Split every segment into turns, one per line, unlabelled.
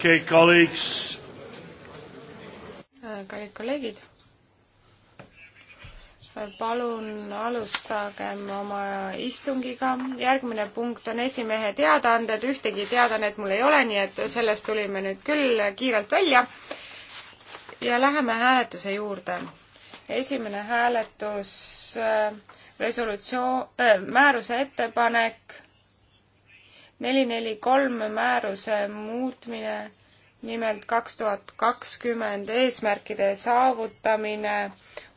Okay, colleagues.
kallid kolleegid, palun alustagem oma istungiga. järgmine punkt on esimehe teadaanded, ühtegi teadaannet mul ei ole, nii et sellest tulime nüüd küll kiirelt välja. ja läheme hääletuse juurde. esimene hääletus, äh, resolutsioon äh,, määruse ettepanek neli neli kolm määruse muutmine nimelt kaks tuhat kakskümmend eesmärkide saavutamine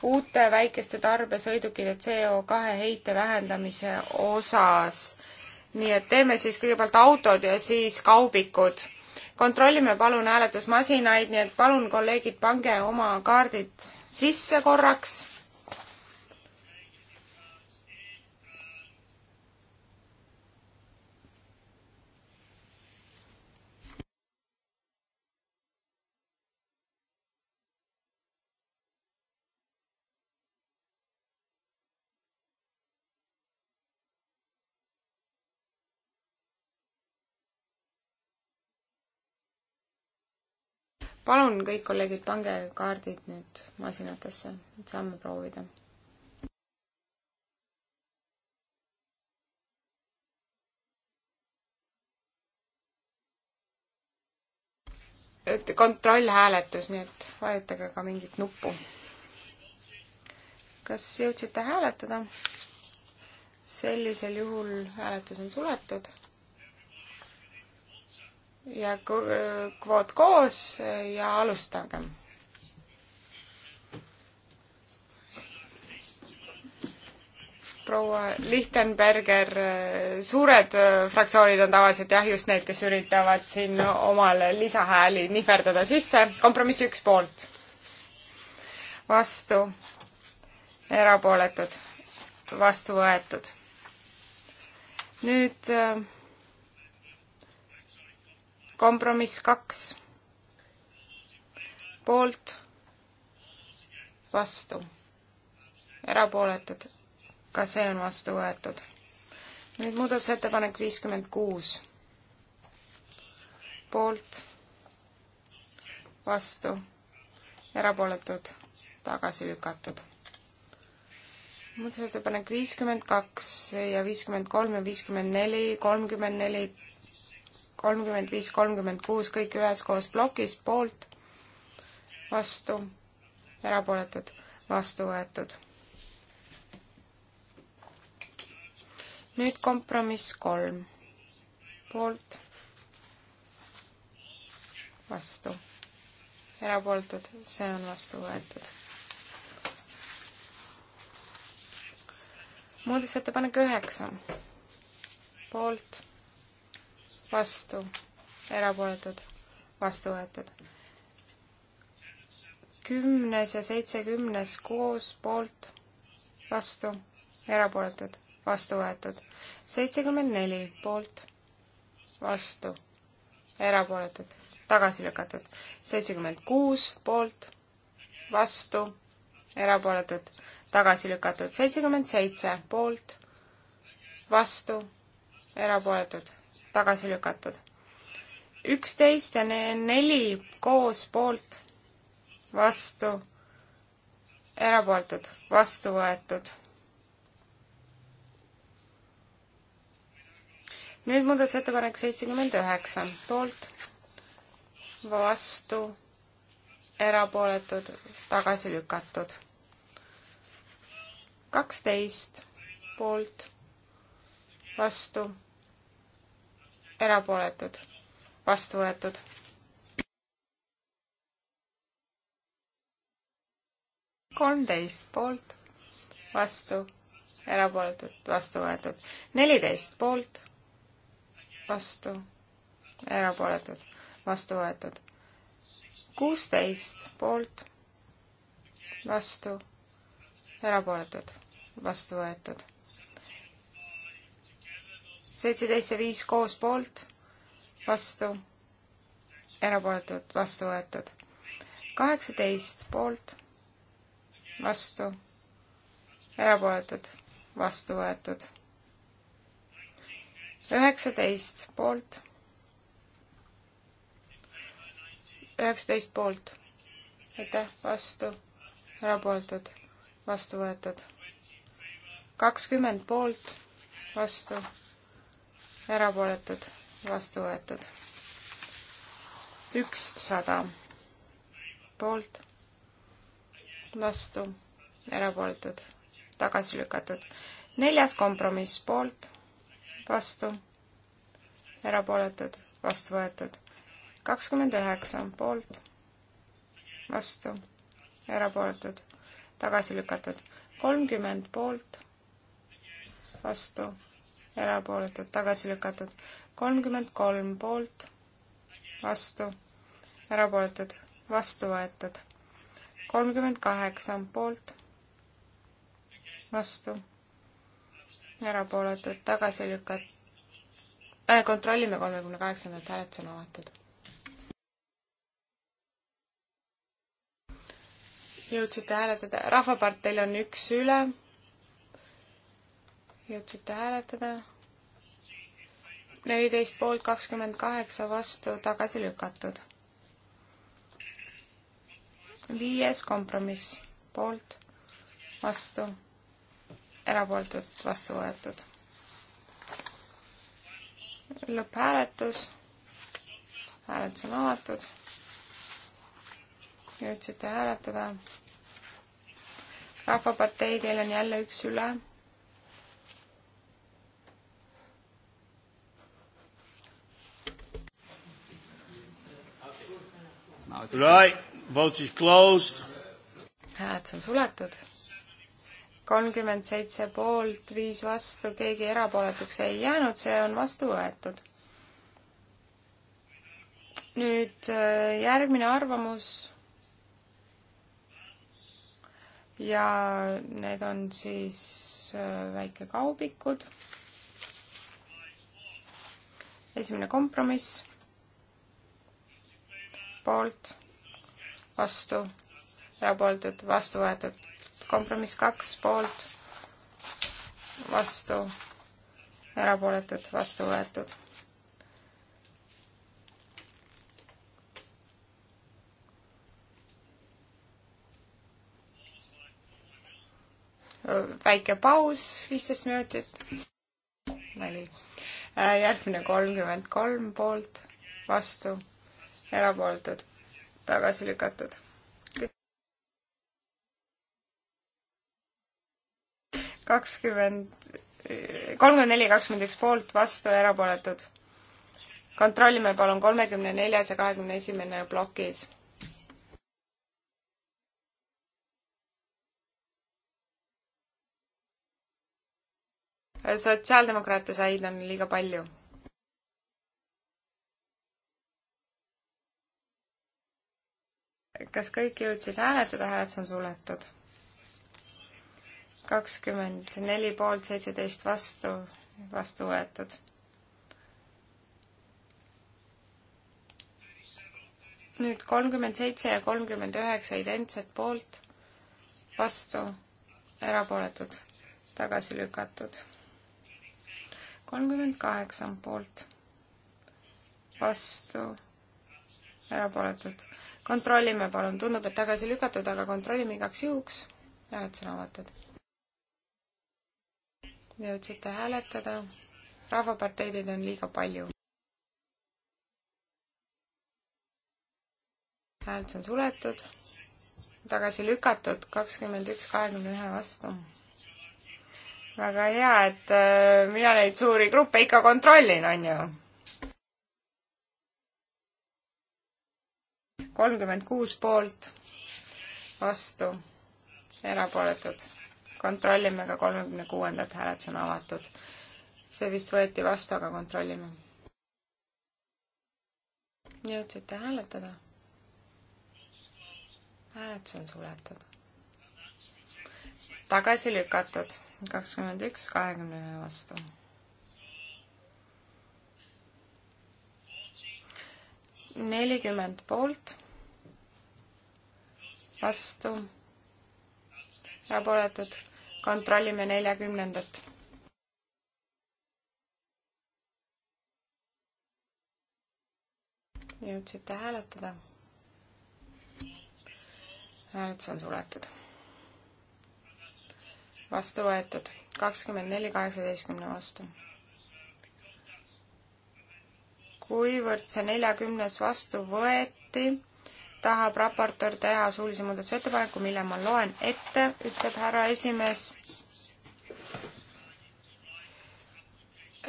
uute väikeste tarbesõidukite CO kahe heite vähendamise osas. nii et teeme siis kõigepealt autod ja siis kaubikud. kontrollime palun hääletusmasinaid, nii et palun, kolleegid, pange oma kaardid sisse korraks palun kõik kolleegid, pange kaardid nüüd masinatesse, et saame proovida et kontrollhääletus, nii et vajutage ka mingit nuppu. kas jõudsite hääletada? sellisel juhul hääletus on suletud ja kvoot koos ja alustagem. proua Lichtenberger, suured äh, fraktsioonid on tavaliselt jah, just need, kes üritavad siin omale lisahääli nihverdada sisse, kompromiss üks poolt. vastu, erapooletud, vastu võetud. nüüd äh, kompromiss kaks. poolt, vastu, erapooletud, ka see on vastu võetud. nüüd muudatusettepanek viiskümmend kuus. poolt, vastu, erapooletud, tagasi lükatud muudatusettepanek viiskümmend kaks ja viiskümmend kolm ja viiskümmend neli, kolmkümmend neli, kolmkümmend viis, kolmkümmend kuus, kõik üheskoos plokis, poolt, vastu, erapooletud, vastu võetud. nüüd kompromiss kolm, poolt, vastu, erapooletud, see on vastu võetud muudatusettepanek üheksa. poolt, vastu, erapooletud, vastu võetud. kümnes ja seitsekümnes koos poolt, vastu, erapooletud, vastu võetud. seitsekümmend neli poolt, vastu, erapooletud, tagasi lükatud. seitsekümmend kuus poolt, vastu, erapooletud, tagasi lükatud. seitsekümmend seitse poolt, vastu, erapooletud tagasi lükatud. üksteist ja neli koos poolt, vastu, erapooletud, vastu võetud. nüüd muudatusettepanek seitsekümmend üheksa, poolt, vastu, erapooletud, tagasi lükatud. kaksteist poolt, vastu erapooletud, vastu võetud. kolmteist poolt, vastu, erapooletud, vastu võetud. neliteist poolt, vastu, erapooletud, vastu võetud. kuusteist poolt, vastu, erapooletud, vastu võetud seitseteist ja viis koos poolt, vastu, erapooletud, vastu võetud. kaheksateist poolt, vastu, erapooletud, vastu võetud. üheksateist poolt, üheksateist poolt, aitäh, vastu, erapooletud, vastu võetud. kakskümmend poolt, vastu erapooletud, vastu võetud. ükssada poolt, vastu, erapooletud, tagasi lükatud. neljas kompromiss poolt, vastu, erapooletud, vastu võetud. kakskümmend üheksa poolt, vastu, erapooletud, tagasi lükatud. kolmkümmend poolt, vastu erapooletud, tagasi lükatud. kolmkümmend kolm poolt, vastu, erapooletud, vastu võetud. kolmkümmend kaheksa poolt, vastu, erapooletud, tagasi lükatud äh,. kontrollime kolmekümne kaheksandat, hääletus on avatud. jõudsite hääletada, Rahvaparteil on üks üle jõudsite hääletada. neliteist poolt, kakskümmend kaheksa vastu, tagasi lükatud. viies kompromiss, poolt, vastu, erapooletud, vastu võetud. lõpphääletus, hääletus on avatud. jõudsite hääletada. rahvaparteidel on jälle üks üle Right, vote is closed. hääled on suletud. kolmkümmend seitse poolt, viis vastu, keegi erapooletuks ei jäänud, see on vastu võetud. nüüd äh, järgmine arvamus. ja need on siis äh, väikekaubikud. esimene kompromiss poolt, vastu, erapooletud, vastu võetud. kompromiss kaks poolt, vastu, erapooletud, vastu võetud. väike paus, viisteist minutit. nali. järgmine kolmkümmend kolm poolt, vastu erapooletud, tagasi lükatud. kakskümmend, kolmkümmend neli, kakskümmend üks poolt, vastu, erapooletud. kontrollime palun kolmekümne neljas ja kahekümne esimene plokis sotsiaaldemokraate said on liiga palju. kas kõik jõudsid hääletada, hääletus on suletud. kakskümmend neli poolt, seitseteist vastu, vastu võetud. nüüd kolmkümmend seitse ja kolmkümmend üheksa identset poolt, vastu, erapooletud, tagasi lükatud. kolmkümmend kaheksa on poolt, vastu, erapooletud kontrollime, palun, tundub, et tagasi lükatud, aga kontrollime igaks juhuks. hääletus on avatud. jõudsite hääletada. rahvaparteidid on liiga palju. hääletus on suletud. tagasi lükatud kakskümmend üks kahekümne ühe vastu väga hea, et äh, mina neid suuri gruppe ikka kontrollin, on ju kolmkümmend kuus poolt, vastu, erapooletud. kontrollime ka kolmekümne kuuendat, hääletus on avatud. see vist võeti vastu, aga kontrollime. jõudsite hääletada? hääletus on suletud. tagasi lükatud, kakskümmend üks, kahekümne ühe vastu nelikümmend poolt, vastu, erapooletud, kontrollime neljakümnendat. jõudsite hääletada? hääletus on suletud. vastu võetud kakskümmend neli kaheksateistkümne vastu. kuivõrd see neljakümnes vastu võeti, tahab raportöör teha suulise muudatusettepaneku, mille ma loen ette, ütleb härra esimees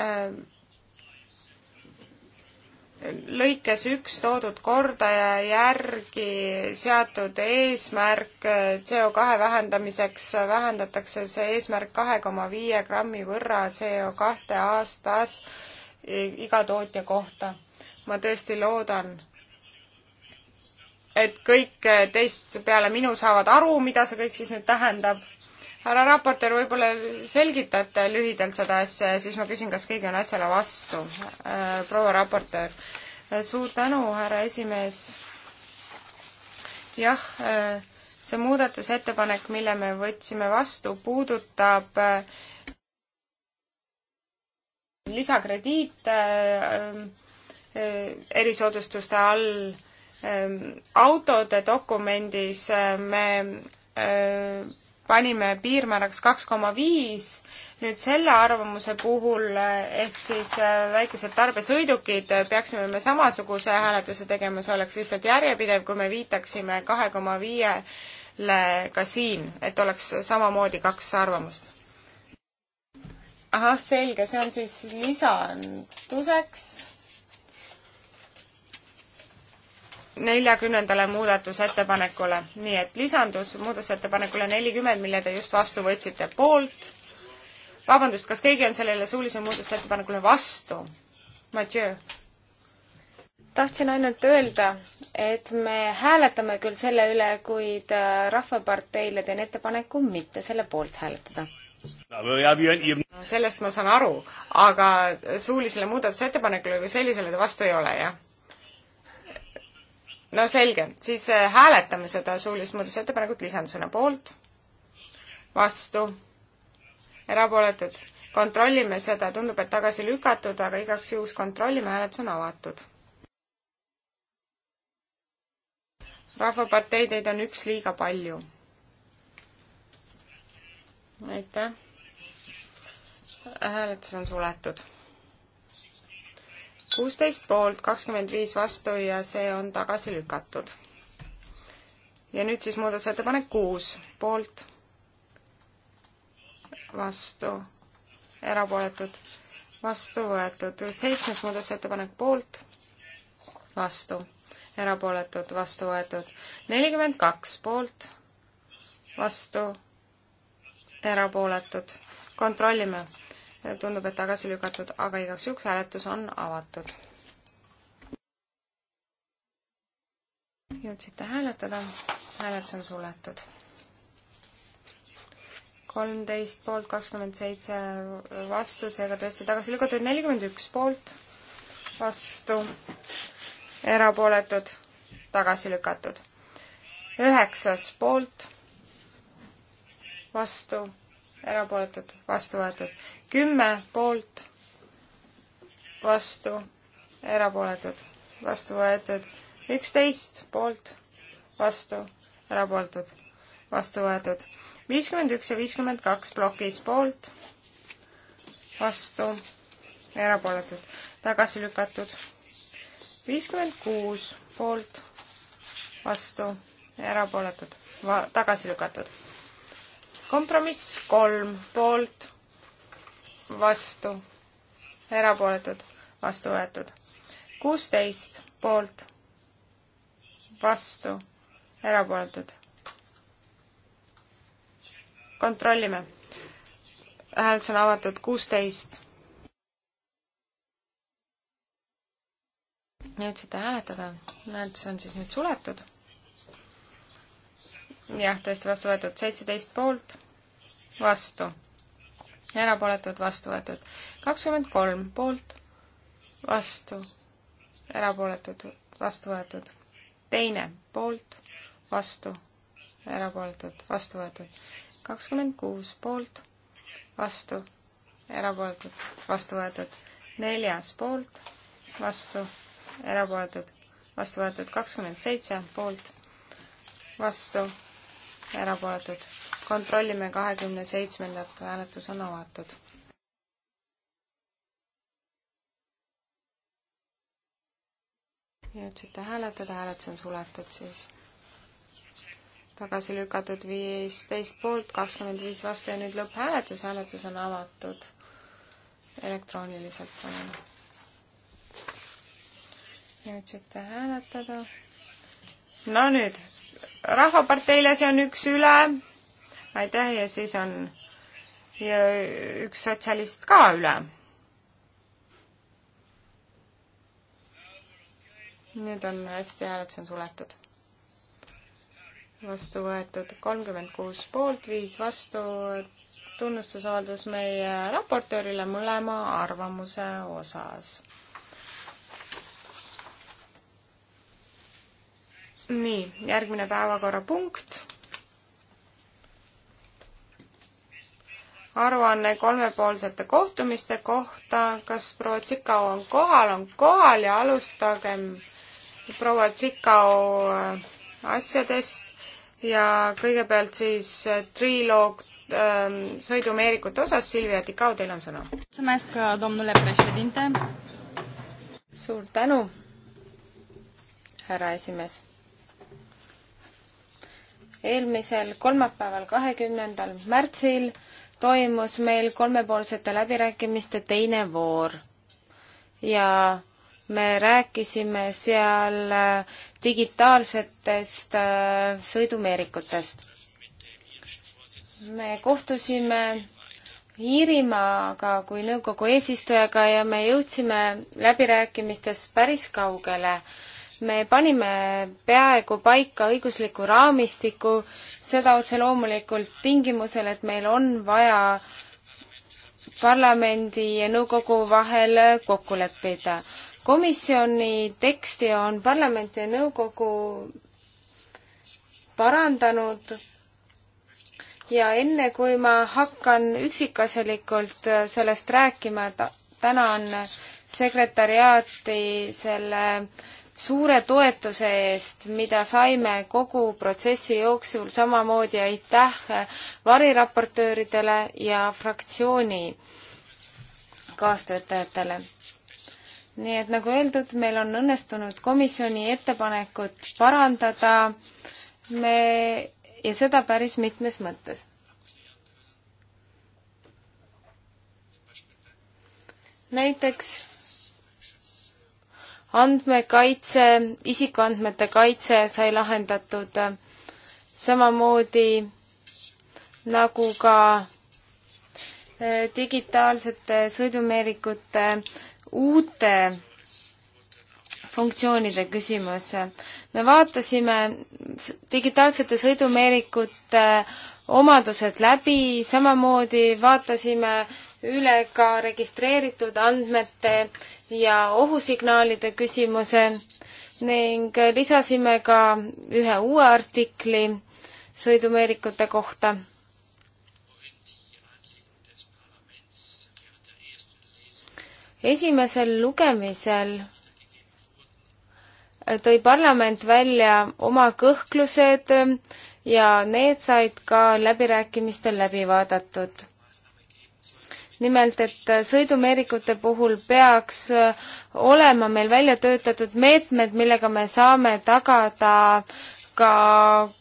ähm lõikes üks toodud kordaja järgi seatud eesmärk äh, CO2 vähendamiseks vähendatakse see eesmärk kahe koma viie grammi võrra CO2 aastas iga tootja kohta. ma tõesti loodan, et kõik teist peale minu saavad aru, mida see kõik siis nüüd tähendab. härra raportöör, võib-olla selgitate lühidalt seda asja ja siis ma küsin, kas keegi on asjale vastu. Äh, proua raportöör, suur tänu, härra esimees. jah, äh, see muudatusettepanek, mille me võtsime vastu, puudutab äh, lisakrediite erisoodustuste all Ehm, autode dokumendis ehm, me ehm, panime piirmääraks kaks koma viis, nüüd selle arvamuse puhul eh, ehk siis eh, väikesed tarbesõidukid eh, peaksime me samasuguse hääletuse tegema, see oleks lihtsalt järjepidev, kui me viitaksime kahe koma viiele ka siin, et oleks samamoodi kaks arvamust. ahah, selge, see on siis lisanduseks neljakümnendale muudatusettepanekule, nii et lisandus muudatusettepanekule nelikümmend, mille te just vastu võtsite, poolt. vabandust, kas keegi on sellele suulise muudatusettepanekule vastu? Mathieu? tahtsin ainult öelda, et me hääletame küll selle üle, kuid äh, Rahvaparteile teen ettepaneku mitte selle poolt hääletada. sellest ma saan aru, aga suulisele muudatusettepanekule kui sellisele te vastu ei ole, jah? no selge, siis äh, hääletame seda suulist muudatusettepanekut lisandusena poolt, vastu, erapooletud. kontrollime seda, tundub, et tagasi lükatud, aga igaks juhuks kontrollime, hääletus on avatud. rahvapartei, teid on üks liiga palju. aitäh. hääletus on suletud kuusteist poolt, kakskümmend viis vastu ja see on tagasi lükatud. ja nüüd siis muudatusettepanek kuus, poolt, vastu, erapooletud, vastu võetud, seitsmes muudatusettepanek poolt, vastu, erapooletud, vastu võetud, nelikümmend kaks poolt, vastu, erapooletud, kontrollime tundub, et tagasi lükatud, aga igaks juhuks hääletus on avatud. jõudsite hääletada, hääletus on suletud. kolmteist poolt, kakskümmend seitse vastu, seega tõesti tagasi lükatud, nelikümmend üks poolt, vastu, erapooletud, tagasi lükatud. üheksas poolt, vastu, erapooletud, vastu võetud kümme poolt, vastu, erapooletud, vastu võetud. üksteist poolt, vastu, erapooletud, vastu võetud. viiskümmend üks ja viiskümmend kaks plokis poolt, vastu, erapooletud, tagasi lükatud. viiskümmend kuus poolt, vastu, erapooletud, tagasi lükatud kompromiss kolm poolt, vastu, erapooletud, vastu võetud. kuusteist poolt, vastu, erapooletud. kontrollime. hääletus on avatud kuusteist. nüüd saate hääletada, hääletus on siis nüüd suletud. jah, tõesti vastu võetud, seitseteist poolt, vastu erapooletud, vastu võetud. kakskümmend kolm poolt, vastu, erapooletud, vastu võetud. teine poolt, vastu, erapooletud, vastu võetud. kakskümmend kuus poolt, vastu, erapooletud, vastu võetud. neljas poolt, vastu, erapooletud, vastu võetud. kakskümmend seitse poolt, vastu, erapooletud kontrollime kahekümne seitsmendat, hääletus on avatud.
jõudsite hääletada, hääletus on suletud siis.
tagasi lükatud viisteist poolt, kakskümmend viis vastu ja nüüd lõpphääletus, hääletus on avatud elektrooniliselt, palun. jõudsite hääletada. no nüüd, Rahvaparteil asi on üks üle aitäh ja siis on ja üks sotsialist ka üle. nüüd on hästi, hääletus on suletud. vastu võetud kolmkümmend kuus poolt, viis vastu, tunnustusavaldus meie raportöörile mõlema arvamuse osas. nii, järgmine päevakorrapunkt aruanne kolmepoolsete kohtumiste kohta, kas proua Tsikao on kohal, on kohal ja alustagem proua Tsikao äh, asjadest ja kõigepealt siis äh, triloog ähm, sõidumeerikute osas, Silvia Tikao, teil on sõna. suur tänu, härra esimees. eelmisel kolmapäeval, kahekümnendal märtsil toimus meil kolmepoolsete läbirääkimiste teine voor ja me rääkisime seal äh, digitaalsetest äh, sõidumeerikutest. me kohtusime Iirimaaga kui nõukogu eesistujaga ja me jõudsime läbirääkimistes päris kaugele. me panime peaaegu paika õigusliku raamistiku seda otse loomulikult tingimusel, et meil on vaja parlamendi ja nõukogu vahel kokku leppida. komisjoni teksti on parlament ja nõukogu parandanud ja enne, kui ma hakkan üksikasjalikult sellest rääkima, tänan sekretäriaati selle äh, suure toetuse eest, mida saime kogu protsessi jooksul, samamoodi aitäh variraportööridele ja fraktsiooni kaastöötajatele. nii et nagu öeldud, meil on õnnestunud komisjoni ettepanekut parandada me ja seda päris mitmes mõttes. näiteks andmekaitse, isikuandmete kaitse sai lahendatud samamoodi nagu ka eh, digitaalsete sõidumeerikute uute funktsioonide küsimus. me vaatasime digitaalsete sõidumeerikute omadused läbi, samamoodi vaatasime üle ka registreeritud andmete ja ohusignaalide küsimuse ning lisasime ka ühe uue artikli sõidumeerikute kohta esimesel lugemisel tõi parlament välja oma kõhklused ja need said ka läbirääkimistel läbi vaadatud nimelt, et äh, sõidumeerikute puhul peaks äh, olema meil välja töötatud meetmed, millega me saame tagada ka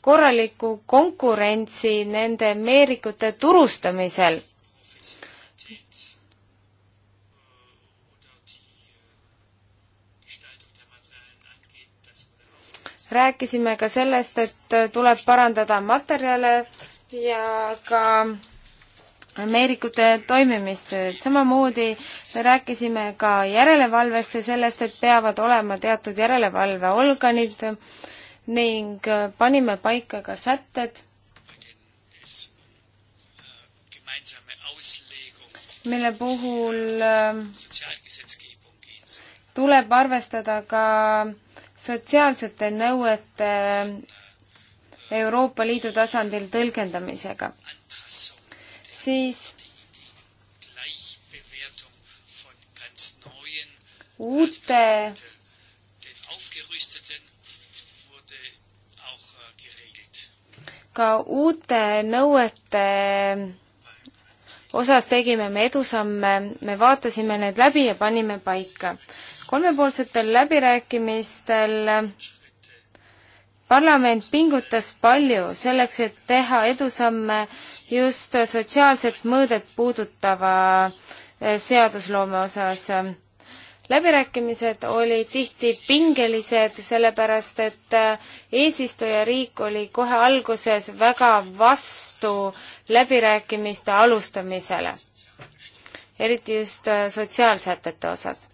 korraliku konkurentsi nende meerikute turustamisel. rääkisime ka sellest, et äh, tuleb parandada materjale ja ka meedikute toimimistööd, samamoodi me rääkisime ka järelevalvest ja sellest, et peavad olema teatud järelevalveorganid ning äh, panime paika ka sätted, mille puhul äh, tuleb arvestada ka sotsiaalsete nõuete Euroopa Liidu tasandil tõlgendamisega siis uute äh, ka uute nõuete osas tegime me edusamme, me vaatasime need läbi ja panime paika. kolmepoolsetel läbirääkimistel parlament pingutas palju selleks, et teha edusamme just sotsiaalset mõõdet puudutava eh, seadusloome osas. läbirääkimised olid tihti pingelised, sellepärast et eh, eesistujariik oli kohe alguses väga vastu läbirääkimiste alustamisele, eriti just eh, sotsiaalsätete osas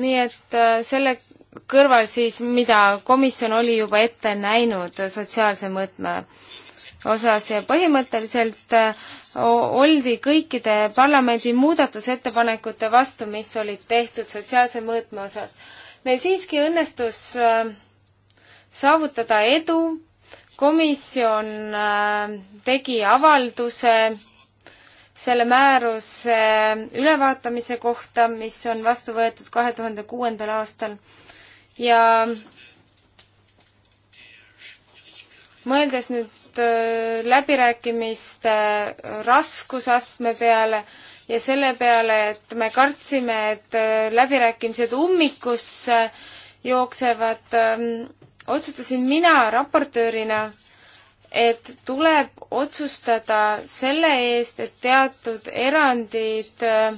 nii et äh, selle kõrval siis, mida komisjon oli juba ette näinud sotsiaalse mõõtme osas ja põhimõtteliselt äh, oldi kõikide parlamendi muudatusettepanekute vastu, mis olid tehtud sotsiaalse mõõtme osas. meil siiski õnnestus äh, saavutada edu, komisjon tegi avalduse selle määruse ülevaatamise kohta, mis on vastu võetud kahe tuhande kuuendal aastal ja mõeldes nüüd äh, läbirääkimiste raskusastme peale ja selle peale, et me kartsime, et äh, läbirääkimised ummikusse jooksevad, ähm, otsustasin mina raportöörina, et tuleb otsustada selle eest, et teatud erandid äh,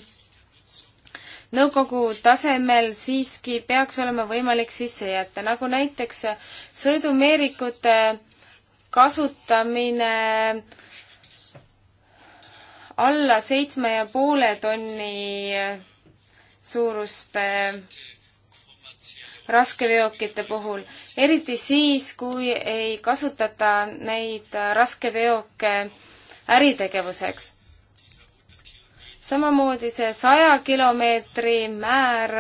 nõukogu tasemel siiski peaks olema võimalik sisse jätta, nagu näiteks sõidumeerikute kasutamine alla seitsme ja poole tonni suuruste äh, raskeveokite puhul, eriti siis, kui ei kasutata neid raskeveoke äritegevuseks. samamoodi see saja kilomeetri määr,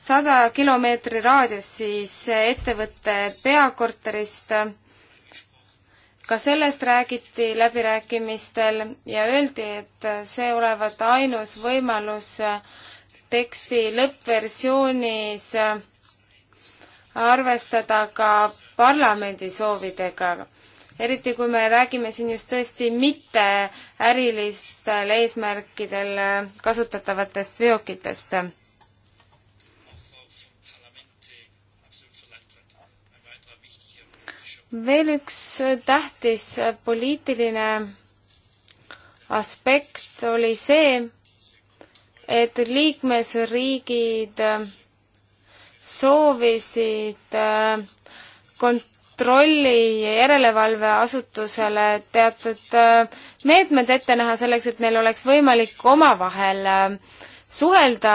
sada kilomeetri raadius siis ettevõtte peakorterist, ka sellest räägiti läbirääkimistel ja öeldi, et see olevat ainus võimalus teksti lõppversioonis arvestada ka parlamendi soovidega, eriti kui me räägime siin just tõesti mitte ärilistel eesmärkidel kasutatavatest veokitest veel üks tähtis poliitiline aspekt oli see, et liikmesriigid äh, soovisid äh, kontrolli ja järelevalveasutusele teatud äh, meetmed ette näha selleks, et neil oleks võimalik omavahel suhelda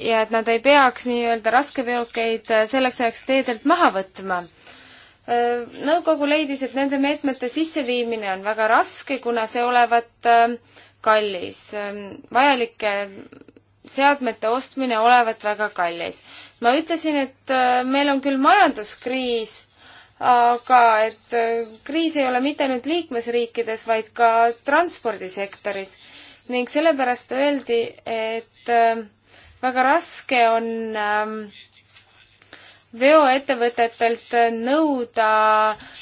ja et nad ei peaks nii-öelda raskeveokeid selleks ajaks teedelt maha võtma nõukogu leidis, et nende meetmete sisseviimine on väga raske, kuna see olevat kallis. vajalike seadmete ostmine olevat väga kallis. ma ütlesin, et äh, meil on küll majanduskriis, aga et äh, kriis ei ole mitte ainult liikmesriikides, vaid ka transpordisektoris. ning sellepärast öeldi, et äh, väga raske on äh, veoettevõtetelt nõuda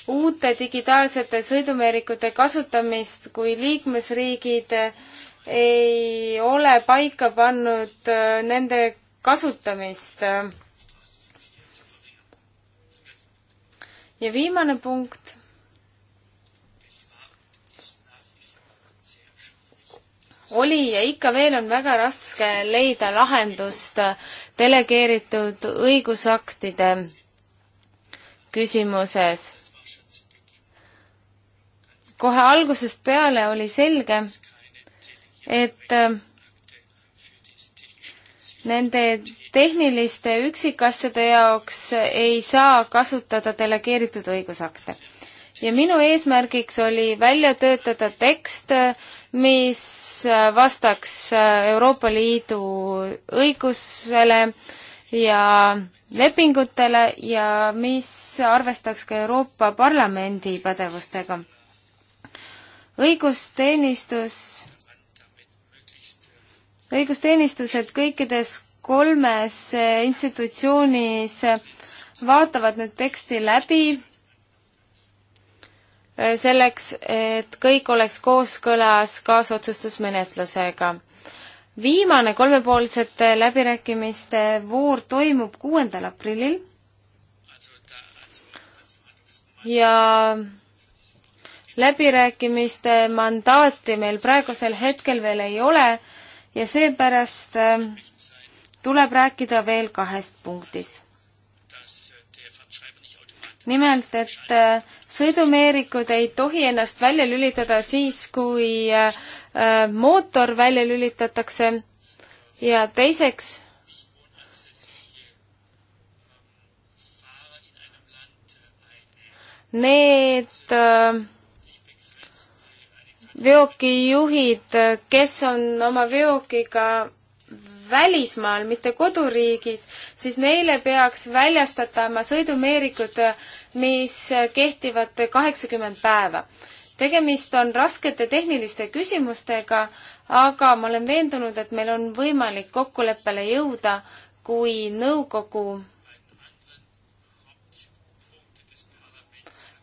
uute digitaalsete sõidumeerikute kasutamist, kui liikmesriigid ei ole paika pannud äh, nende kasutamist. ja viimane punkt oli ja ikka veel on väga raske leida lahendust delegeeritud õigusaktide küsimuses. kohe algusest peale oli selge, et äh, nende tehniliste üksikasjade jaoks ei saa kasutada delegeeritud õigusakte. ja minu eesmärgiks oli välja töötada tekst, äh, mis äh, vastaks äh, Euroopa Liidu õigusele ja lepingutele ja mis arvestaks ka Euroopa Parlamendi pädevustega. õigusteenistus, õigusteenistused kõikides kolmes institutsioonis vaatavad nüüd teksti läbi Äh, selleks, et kõik oleks kooskõlas kaasotsustusmenetlusega. viimane kolmepoolsete läbirääkimiste voor toimub kuuendal aprillil ja läbirääkimiste mandaati meil praegusel hetkel veel ei ole ja seepärast äh, tuleb rääkida veel kahest punktist. nimelt, et äh, sõidumeerikud ei tohi ennast välja lülitada siis, kui äh, äh, mootor välja lülitatakse ja teiseks need äh, veokijuhid, kes on oma veokiga välismaal, mitte koduriigis, siis neile peaks väljastatama sõidumeerikud, mis kehtivad kaheksakümmend päeva. tegemist on raskete tehniliste küsimustega, aga ma olen veendunud, et meil on võimalik kokkuleppele jõuda, kui nõukogu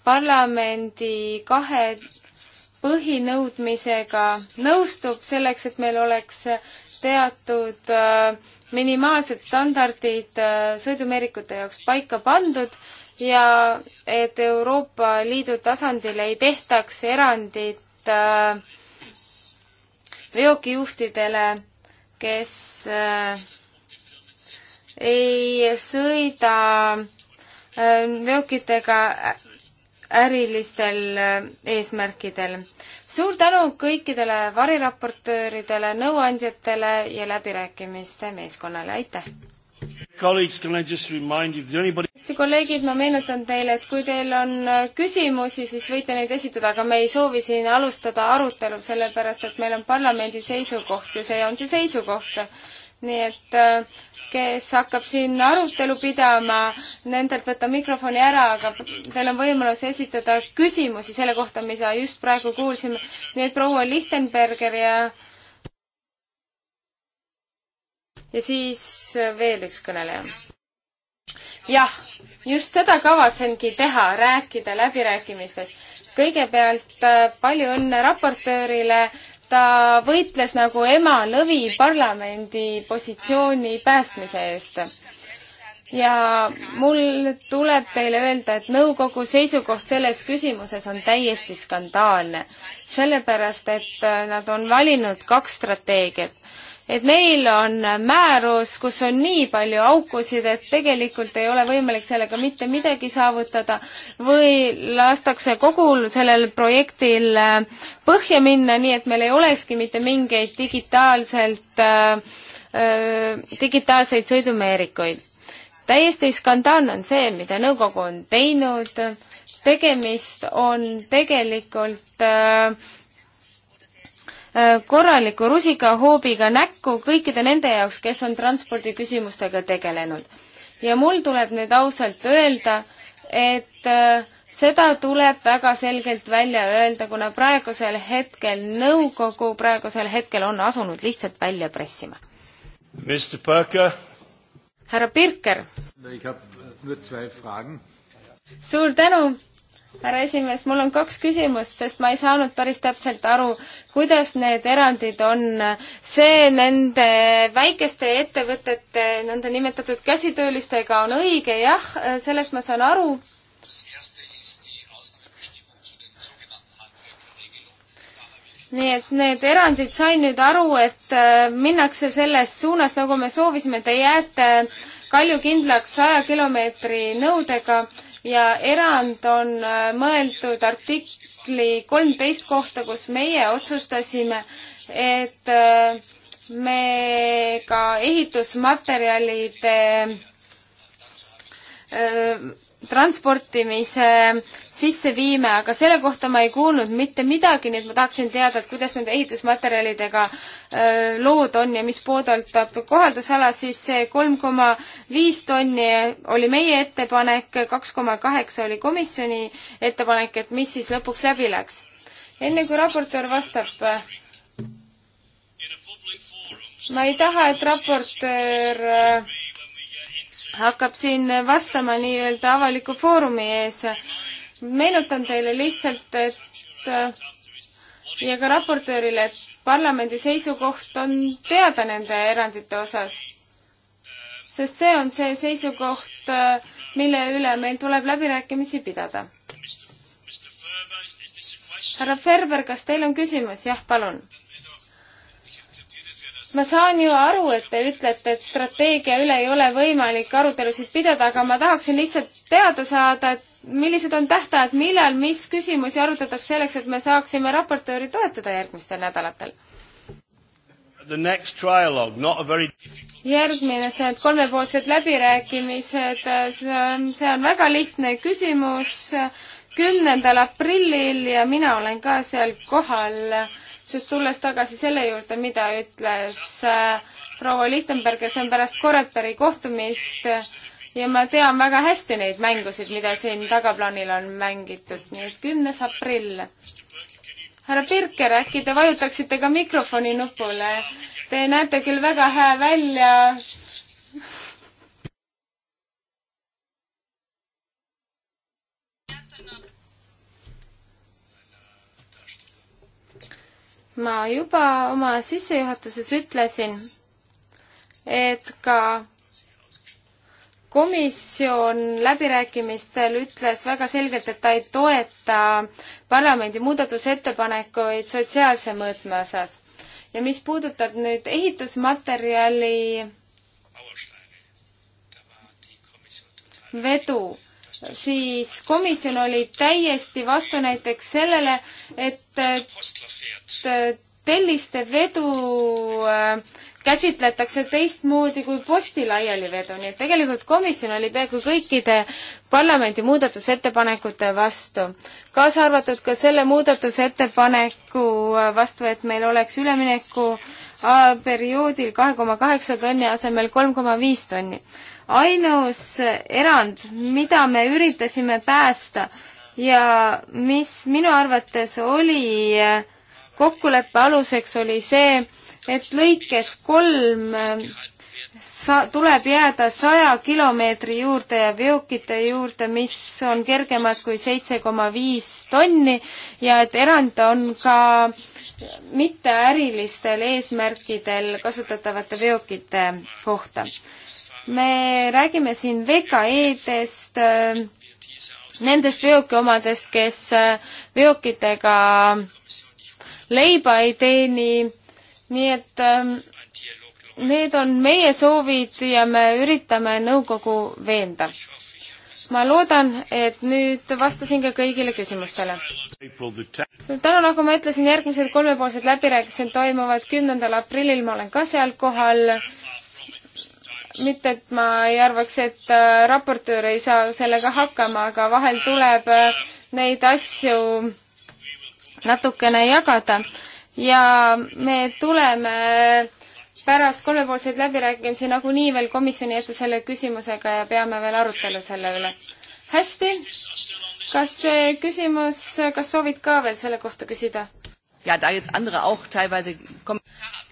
parlamendi kahe põhinõudmisega nõustub, selleks et meil oleks teatud äh, minimaalsed standardid äh, sõidumeerikute jaoks paika pandud ja et Euroopa Liidu tasandil ei tehtaks erandit äh, veokijuhtidele, kes ei sõida veokitega ärilistel äh, eesmärkidel. suur tänu kõikidele variraportööridele, nõuandjatele ja läbirääkimiste meeskonnale, aitäh! hästi, kolleegid, ma meenutan teile, et kui teil on äh, küsimusi, siis võite neid esitada, aga me ei soovi siin alustada arutelu, sellepärast et meil on parlamendi seisukoht ja see on see seisukoht nii et äh, kes hakkab siin arutelu pidama, nendelt võtan mikrofoni ära, aga teil on võimalus esitada küsimusi selle kohta, mida just praegu kuulsime. nii et proua Lichtenberger ja ja siis veel üks kõneleja. jah, just seda kavatsengi teha, rääkida läbirääkimistest kõigepealt äh, palju õnne raportöörile ta võitles nagu ema lõvi parlamendi positsiooni päästmise eest. ja mul tuleb teile öelda, et nõukogu seisukoht selles küsimuses on täiesti skandaalne, sellepärast et nad on valinud kaks strateegiat et meil on määrus, kus on nii palju aukusid, et tegelikult ei ole võimalik sellega mitte midagi saavutada või lastakse kogul sellel projektil äh, põhja minna, nii et meil ei olekski mitte mingeid digitaalselt äh, äh,, digitaalseid sõidumeerikuid. täiesti skandaalne on see, mida nõukogu on teinud, tegemist on tegelikult äh, Äh, korraliku rusikahoobiga näkku kõikide nende jaoks, kes on transpordiküsimustega tegelenud. ja mul tuleb nüüd ausalt öelda, et äh, seda tuleb väga selgelt välja öelda, kuna praegusel hetkel nõukogu praegusel hetkel on asunud lihtsalt välja pressima. härra Pirker. suur tänu härra esimees, mul on kaks küsimust, sest ma ei saanud päris täpselt aru, kuidas need erandid on. see nende väikeste ettevõtete, nõndanimetatud käsitöölistega on õige, jah, sellest ma saan aru. nii et need erandid, sain nüüd aru, et äh, minnakse selles suunas, nagu me soovisime, te jääte kaljukindlaks saja kilomeetri nõudega ja erand on äh, mõeldud artikli kolmteist kohta, kus meie otsustasime, et äh, me ka ehitusmaterjalide äh, transportimise sisse viime, aga selle kohta ma ei kuulnud mitte midagi, nii et ma tahaksin teada, et kuidas nende ehitusmaterjalidega öö, lood on ja mis puudutab kohaldusala, siis see kolm koma viis tonni oli meie ettepanek, kaks koma kaheksa oli komisjoni ettepanek, et mis siis lõpuks läbi läks. enne kui raportöör vastab, ma ei taha, et raportöör öö, hakkab siin vastama nii-öelda avaliku foorumi ees. meenutan teile lihtsalt, et ja ka raportöörile, et parlamendi seisukoht on teada nende erandite osas. sest see on see seisukoht, mille üle meil tuleb läbirääkimisi pidada. härra Ferber, kas teil on küsimus? jah, palun ma saan ju aru, et te ütlete, et strateegia üle ei ole võimalik arutelusid pidada, aga ma tahaksin lihtsalt teada saada, et millised on tähtajad, millal, mis küsimusi arutatakse selleks, et me saaksime raportööri toetada järgmistel nädalatel?
Very...
järgmine, see on kolmepoolsed läbirääkimised, see on väga lihtne küsimus, kümnendal aprillil ja mina olen ka seal kohal sest tulles tagasi selle juurde, mida ütles äh, proua Lichtenberg ja see on pärast Coreperi kohtumist ja ma tean väga hästi neid mängusid, mida siin tagaplaanil on mängitud, nii et kümnes aprill. härra Pirker, äkki te vajutaksite ka mikrofoni nupule? Te näete küll väga hea välja ma juba oma sissejuhatuses ütlesin, et ka komisjon läbirääkimistel ütles väga selgelt, et ta ei toeta parlamendi muudatusettepanekuid sotsiaalse mõõtme osas. ja mis puudutab nüüd ehitusmaterjali vedu, siis komisjon oli täiesti vastu näiteks sellele, et telliste vedu äh, käsitletakse teistmoodi kui posti laialivedu, nii et tegelikult komisjon oli peaaegu kõikide parlamendi muudatusettepanekute vastu. kaasa arvatud ka selle muudatusettepaneku äh, vastu, et meil oleks ülemineku äh, perioodil kahe koma kaheksa tonni asemel kolm koma viis tonni ainus erand, mida me üritasime päästa ja mis minu arvates oli kokkuleppe aluseks, oli see, et lõikes kolm sa-, tuleb jääda saja kilomeetri juurde ja veokite juurde, mis on kergemad kui seitse koma viis tonni ja et erand on ka mitteärilistel eesmärkidel kasutatavate veokite kohta me räägime siin VKE-dest, nendest veokiomadest, kes äh, veokitega leiba ei teeni, nii et ähm, need on meie soovid ja me üritame nõukogu veenda. ma loodan, et nüüd vastasin ka kõigile küsimustele. suur tänu, nagu ma ütlesin, järgmised kolmepoolsed läbirääkimised toimuvad kümnendal aprillil, ma olen ka seal kohal mitte, et ma ei arvaks, et äh, raportöör ei saa sellega hakkama, aga vahel tuleb äh, neid asju natukene jagada ja me tuleme pärast kolmepoolseid läbirääkimisi nagunii veel komisjoni ette selle küsimusega ja peame veel arutelu selle üle. hästi, kas see küsimus, kas soovid ka veel selle kohta küsida?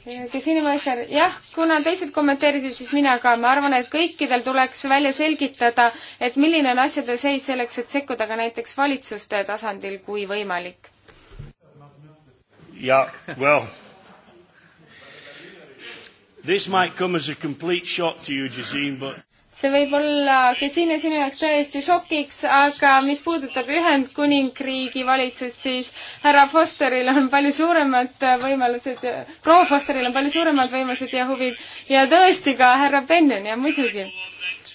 kes inimestel, jah, kuna teised kommenteerisid, siis mina ka, ma arvan, et kõikidel tuleks välja selgitada, et milline on asjade seis selleks, et sekkuda ka näiteks valitsuste tasandil, kui võimalik.
jah, well this might come as a complete shock to you, Jazeen, but
see võib olla Kesine sinu jaoks täiesti šokiks, aga mis puudutab Ühendkuningriigi valitsust, siis härra Fosteril on palju suuremad võimalused, proua Fosteril on palju suuremad võimalused ja huvid ja tõesti ka härra Bennion ja muidugi.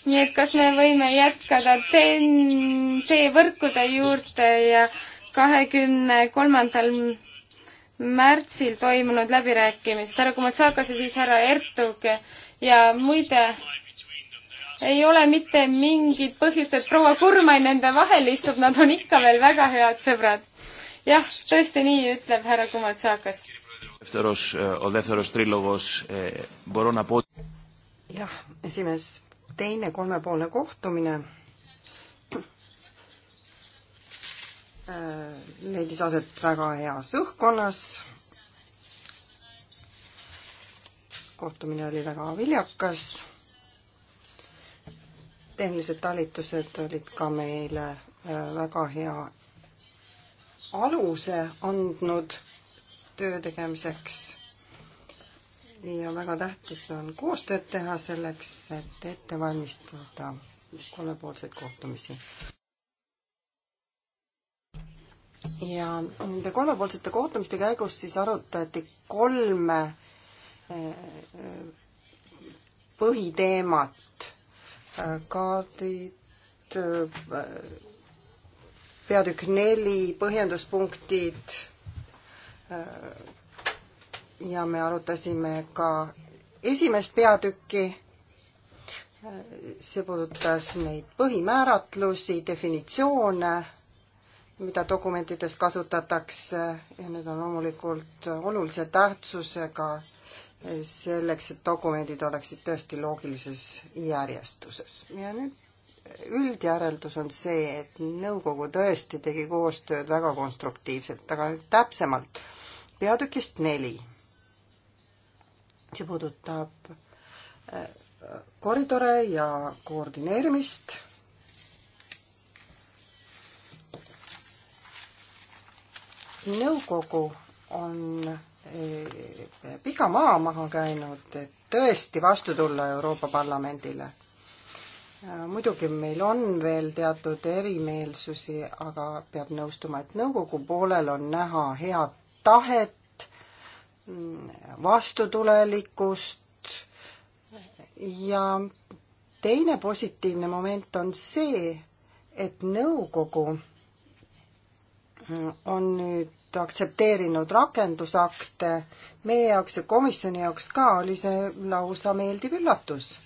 nii et kas me võime jätkada TNT võrkude juurde ja kahekümne kolmandal märtsil toimunud läbirääkimised, härra Kumasakase, siis härra Ertug ja muide ei ole mitte mingit põhjust, et proua Kurmai nende vahel istub, nad on ikka veel väga head sõbrad. jah, tõesti nii, ütleb härra Kumatsakas.
Eh, eh, jah, esimees, teine kolmepoolne kohtumine äh, leidis aset väga heas õhkkonnas. kohtumine oli väga viljakas tehnilised talitused olid ka meile äh, väga hea aluse andnud töö tegemiseks ja väga tähtis on koostööd teha selleks, et ette valmistada kolmepoolseid kohtumisi. ja nende kolmepoolsete kohtumiste käigus siis arutati kolme äh, äh, põhiteemat kaardid, peatükk neli, põhjenduspunktid ja me arutasime ka esimest peatükki, see puudutas neid põhimääratlusi, definitsioone, mida dokumentides kasutatakse ja need on loomulikult olulise tähtsusega äh, selleks, et dokumendid oleksid tõesti loogilises järjestuses. ja nüüd üldjäreldus on see, et nõukogu tõesti tegi koostööd väga konstruktiivselt, aga täpsemalt peatükist neli. see puudutab äh, koridore ja koordineerimist. nõukogu on pika maa maha käinud, et tõesti vastu tulla Euroopa Parlamendile. muidugi meil on veel teatud erimeelsusi, aga peab nõustuma, et nõukogu poolel on näha head tahet, vastutulelikkust ja teine positiivne moment on see, et nõukogu on nüüd aktsepteerinud rakendusakte, meie jaoks ja komisjoni jaoks ka oli see lausa meeldiv üllatus.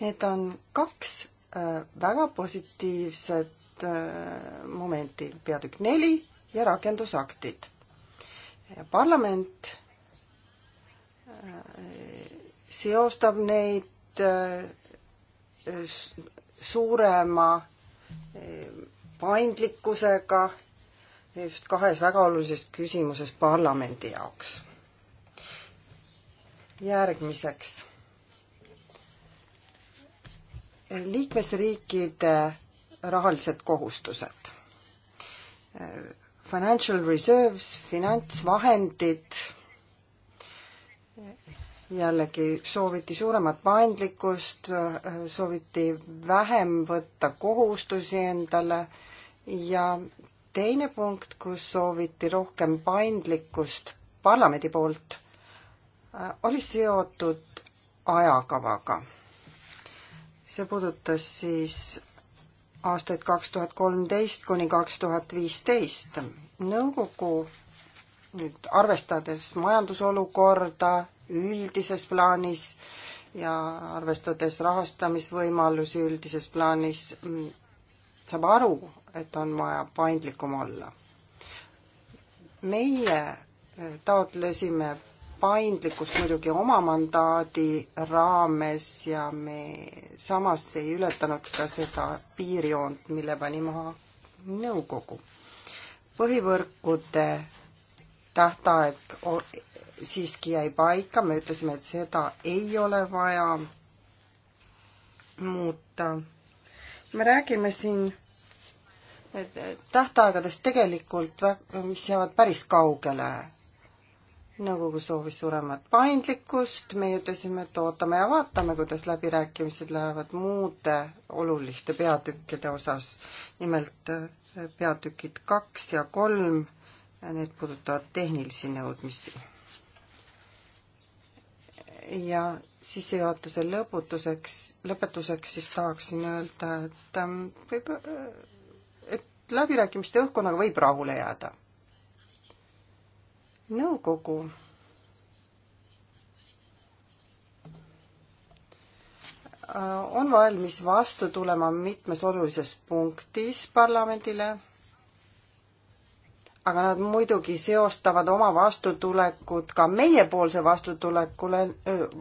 Need on kaks äh, väga positiivset äh, momenti, peatükk neli ja rakendusaktid. parlament äh, seostab neid suurema paindlikkusega just kahes väga olulises küsimuses parlamendi jaoks. järgmiseks. liikmesriikide rahalised kohustused. Financial reserves, finantsvahendid jällegi sooviti suuremat paindlikkust, sooviti vähem võtta kohustusi endale ja teine punkt, kus sooviti rohkem paindlikkust parlamendi poolt, oli seotud ajakavaga. see puudutas siis aastaid kaks tuhat kolmteist kuni kaks tuhat viisteist. nõukogu nüüd arvestades majandusolukorda üldises plaanis ja arvestades rahastamisvõimalusi üldises plaanis, mm, saab aru, et on vaja paindlikum olla. meie eh, taotlesime paindlikkust muidugi oma mandaadi raames ja me samas ei ületanud ka seda piirjoont, mille pani maha nõukogu. põhivõrkude tähtaeg siiski jäi paika, me ütlesime, et seda ei ole vaja muuta. me räägime siin tähtaegadest tegelikult, mis jäävad päris kaugele. nõukogu soovis suuremat paindlikkust, meie ütlesime, et ootame ja vaatame, kuidas läbirääkimised lähevad muude oluliste peatükkide osas. nimelt eh, peatükid kaks ja kolm, need puudutavad tehnilisi nõudmisi ja sissejuhatuse lõputuseks, lõpetuseks siis tahaksin öelda, et ähm, võib, äh, et läbirääkimiste õhkkonnaga võib rahule jääda. nõukogu on valmis vastu tulema mitmes olulises punktis parlamendile aga nad muidugi seostavad oma vastutulekut ka meiepoolse vastutulekule,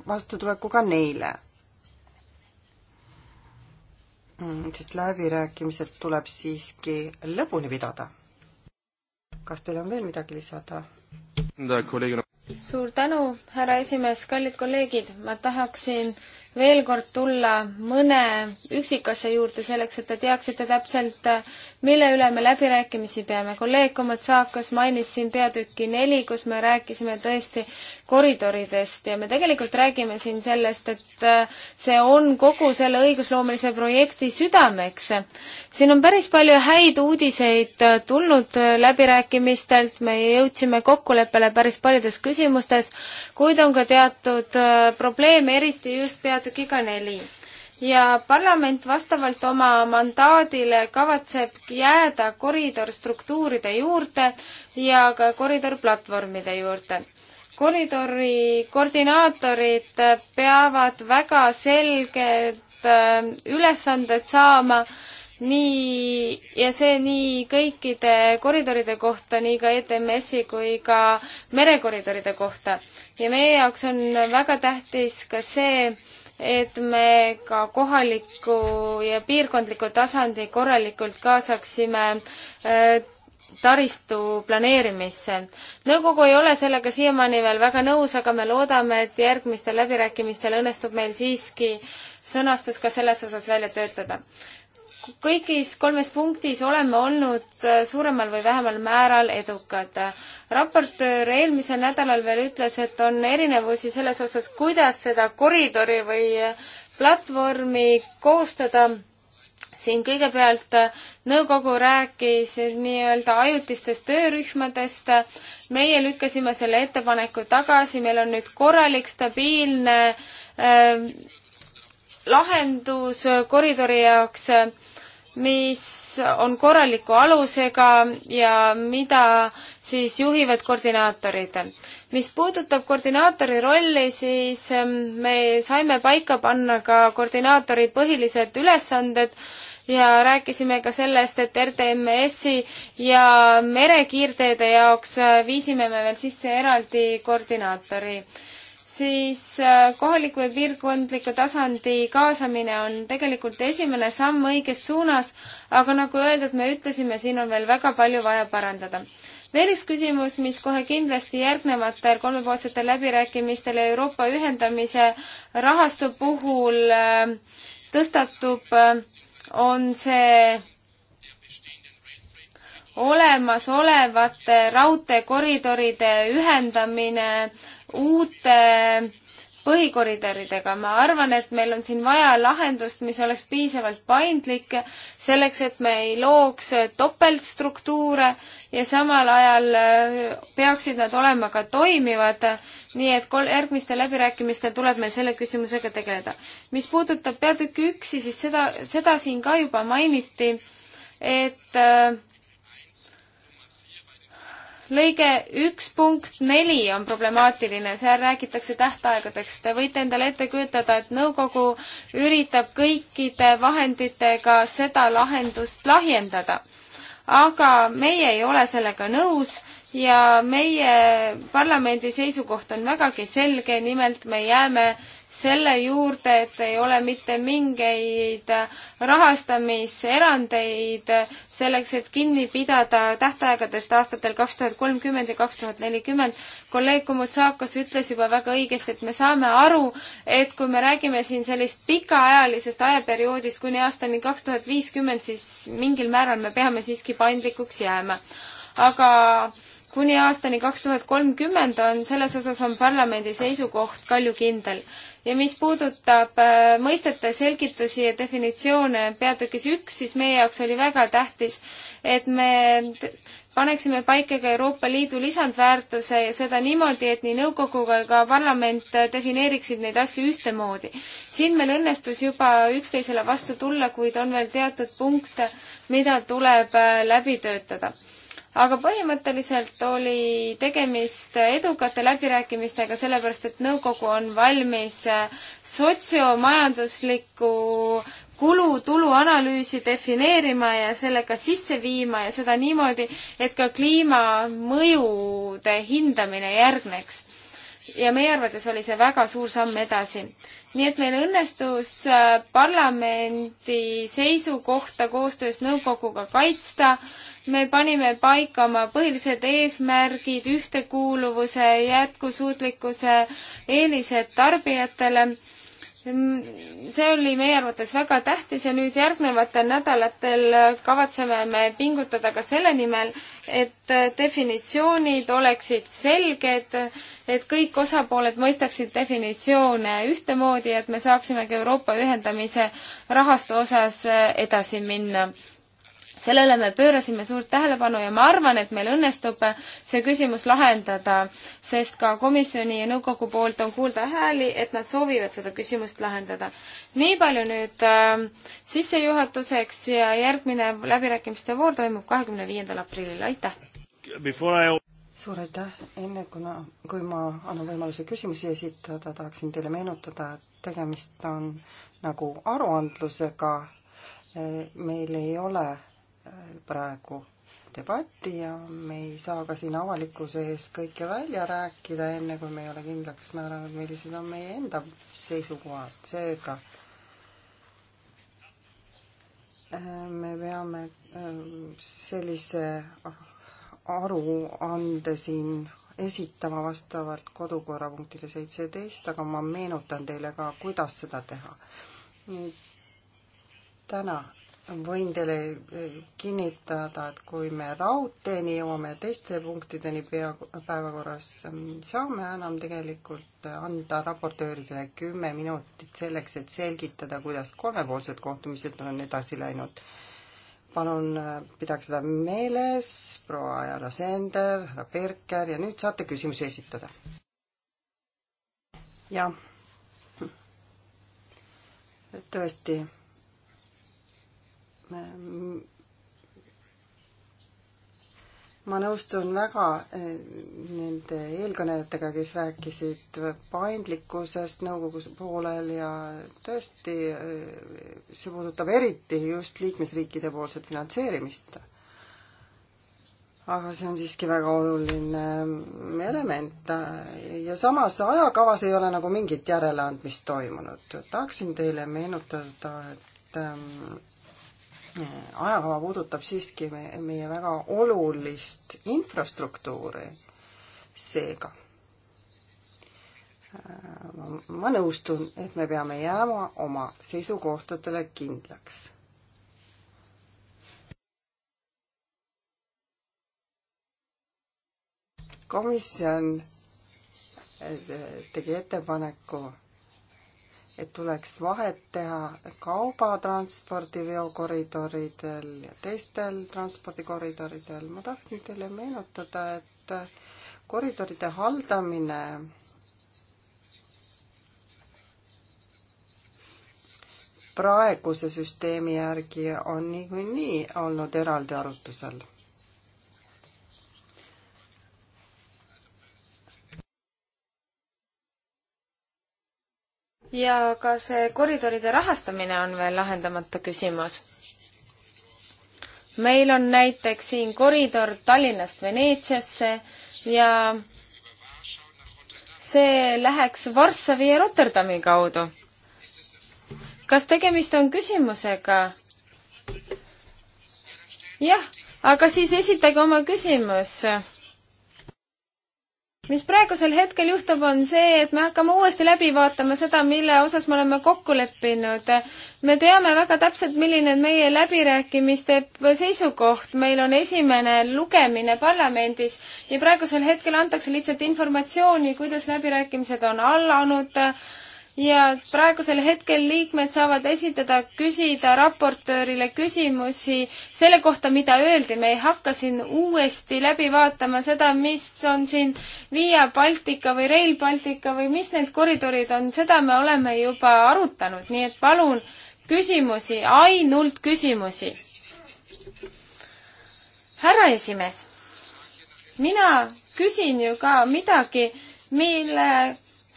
vastutulekuga neile. Mm, sest läbirääkimised tuleb siiski lõpuni pidada. kas teil on veel midagi lisada?
suur tänu, härra esimees, kallid kolleegid, ma tahaksin veel kord tulla mõne üksikasja juurde selleks, et te teaksite täpselt, mille üle me läbirääkimisi peame. kolleeg Komatsakas mainis siin peatüki neli, kus me rääkisime tõesti koridoridest ja me tegelikult räägime siin sellest, et äh, see on kogu selle õigusloomelise projekti südameks. siin on päris palju häid uudiseid äh, tulnud äh, läbirääkimistelt, me jõudsime kokkuleppele päris paljudes küsimustes, kuid on ka teatud probleeme, eriti just peatüki peatükiga neli ja parlament vastavalt oma mandaadile kavatseb jääda koridorstruktuuride juurde ja ka koridorplatvormide juurde. koridori koordinaatorid peavad väga selged äh, ülesanded saama nii, ja see nii kõikide koridoride kohta, nii ka ETMS-i kui ka merekoridoride kohta. ja meie jaoks on väga tähtis ka see, et me ka kohaliku ja piirkondliku tasandi korralikult kaasaksime äh, taristu planeerimisse. nõukogu ei ole sellega siiamaani veel väga nõus, aga me loodame, et järgmistel läbirääkimistel õnnestub meil siiski sõnastus ka selles osas välja töötada kõigis kolmes punktis oleme olnud äh, suuremal või vähemal määral edukad. raportöör eelmisel nädalal veel ütles, et on erinevusi selles osas, kuidas seda koridori või äh, platvormi koostada. siin kõigepealt äh, nõukogu rääkis nii-öelda ajutistest töörühmadest. meie lükkasime selle ettepaneku tagasi, meil on nüüd korralik, stabiilne äh, lahendus koridori jaoks äh, mis on korraliku alusega ja mida siis juhivad koordinaatorid. mis puudutab koordinaatori rolli, siis ähm, me saime paika panna ka koordinaatori põhilised ülesanded ja rääkisime ka sellest, et RTMS-i ja merekiirteede jaoks äh, viisime me veel sisse eraldi koordinaatori siis äh, kohaliku ja piirkondliku tasandi kaasamine on tegelikult esimene samm õiges suunas, aga nagu öeldud, me ütlesime, siin on veel väga palju vaja parandada. veel üks küsimus, mis kohe kindlasti järgnevatel kolmepoolsetel läbirääkimistel Euroopa ühendamise rahastu puhul äh, tõstatub, äh, on see olemasolevate raudteekoridoride ühendamine uute põhikoridoridega, ma arvan, et meil on siin vaja lahendust, mis oleks piisavalt paindlik, selleks et me ei looks topeltstruktuure ja samal ajal äh, peaksid nad olema ka toimivad, nii et kol-, järgmistel läbirääkimistel tuleb meil selle küsimusega tegeleda. mis puudutab peatükki üksi, siis seda, seda siin ka juba mainiti, et äh, lõige üks punkt neli on problemaatiline, seal räägitakse tähtaegadeks. Te võite endale ette kujutada, et nõukogu üritab kõikide vahenditega seda lahendust lahjendada. aga meie ei ole sellega nõus ja meie parlamendi seisukoht on vägagi selge, nimelt me jääme selle juurde, et ei ole mitte mingeid rahastamiserandeid selleks, et kinni pidada tähtaegadest aastatel kaks tuhat kolmkümmend ja kaks tuhat nelikümmend. kolleeg Kumutsakos ütles juba väga õigesti, et me saame aru, et kui me räägime siin sellist pikaajalisest ajaperioodist kuni aastani kaks tuhat viiskümmend, siis mingil määral me peame siiski paindlikuks jääma. aga kuni aastani kaks tuhat kolmkümmend on selles osas on parlamendi seisukoht kaljukindel ja mis puudutab äh, mõistete selgitusi ja definitsioone peatükis üks, siis meie jaoks oli väga tähtis, et me paneksime paika ka Euroopa Liidu lisandväärtuse ja seda niimoodi, et nii nõukogu kui ka parlament äh, defineeriksid neid asju ühtemoodi. siin meil õnnestus juba üksteisele vastu tulla, kuid on veel teatud punkte, mida tuleb äh, läbi töötada aga põhimõtteliselt oli tegemist edukate läbirääkimistega, sellepärast et nõukogu on valmis äh, sotsiomajandusliku kulu-tulu analüüsi defineerima ja selle ka sisse viima ja seda niimoodi, et ka kliimamõjude hindamine järgneks ja meie arvates oli see väga suur samm edasi. nii et meil õnnestus äh, parlamendi seisukohta koostöös nõukoguga kaitsta, me panime paika oma põhilised eesmärgid, ühtekuuluvuse, jätkusuutlikkuse, eelised tarbijatele see oli meie arvates väga tähtis ja nüüd järgnevatel nädalatel kavatseme me pingutada ka selle nimel, et definitsioonid oleksid selged, et kõik osapooled mõistaksid definitsioone ühtemoodi, et me saaksimegi Euroopa ühendamise rahastu osas edasi minna sellele me pöörasime suurt tähelepanu ja ma arvan, et meil õnnestub see küsimus lahendada, sest ka komisjoni ja nõukogu poolt on kuulda hääli, et nad soovivad seda küsimust lahendada. nii palju nüüd äh, sissejuhatuseks ja järgmine läbirääkimiste voor toimub kahekümne
viiendal aprillil, aitäh! suur aitäh, enne kuna, kui ma annan võimaluse küsimusi esitada, tahaksin teile meenutada, et tegemist on nagu aruandlusega, meil ei ole praegu debatti ja me ei saa ka siin avalikkuse ees kõike välja rääkida, enne kui me ei ole kindlaks määranud, millised on meie enda seisukohad, seega me peame äh, sellise aruande siin esitama vastavalt kodukorrapunktile seitseteist, aga ma meenutan teile ka, kuidas seda teha. nüüd täna võin teile eh, kinnitada, et kui me raudteeni jõuame ja teiste punktideni pea, päevakorras, mm, saame enam tegelikult anda raportööridele kümme minutit selleks, et selgitada, kuidas kolmepoolsed kohtumised on edasi läinud. palun eh, pidage seda meeles, proua Ajala Sender, härra Berker ja nüüd saate küsimusi esitada. jah. tõesti ma nõustun väga eh, nende eelkõnelejatega, kes rääkisid paindlikkusest nõukogus poolel ja tõesti, eh, see puudutab eriti just liikmesriikide poolset finantseerimist. aga see on siiski väga oluline element ja samas ajakavas ei ole nagu mingit järeleandmist toimunud. tahaksin teile meenutada, et ehm, ajakava puudutab siiski meie väga olulist infrastruktuuri. seega äh, ma nõustun, et me peame jääma oma seisukohtadele kindlaks. komisjon äh, tegi ettepaneku et tuleks vahet teha kaubatranspordi veokoridoridel ja teistel transpordikoridoridel. ma tahtsin teile meenutada, et koridoride haldamine praeguse süsteemi järgi on niikuinii nii olnud eraldi arutusel
ja ka see koridoride rahastamine on veel lahendamata küsimus. meil on näiteks siin koridor Tallinnast Veneetsiasse ja see läheks Varssavi ja Rotterdami kaudu. kas tegemist on küsimusega? jah, aga siis esitage oma küsimus mis praegusel hetkel juhtub, on see, et me hakkame uuesti läbi vaatama seda, mille osas me oleme kokku leppinud. me teame väga täpselt, milline on meie läbirääkimiste seisukoht, meil on esimene lugemine parlamendis ja praegusel hetkel antakse lihtsalt informatsiooni, kuidas läbirääkimised on alanud äh,, ja praegusel hetkel liikmed saavad esitada, küsida raportöörile küsimusi selle kohta, mida öeldi, me ei hakka siin uuesti läbi vaatama seda, mis on siin Via Baltica või Rail Baltica või mis need koridorid on, seda me oleme juba arutanud, nii et palun küsimusi, ainult küsimusi. härra esimees, mina küsin ju ka midagi, mille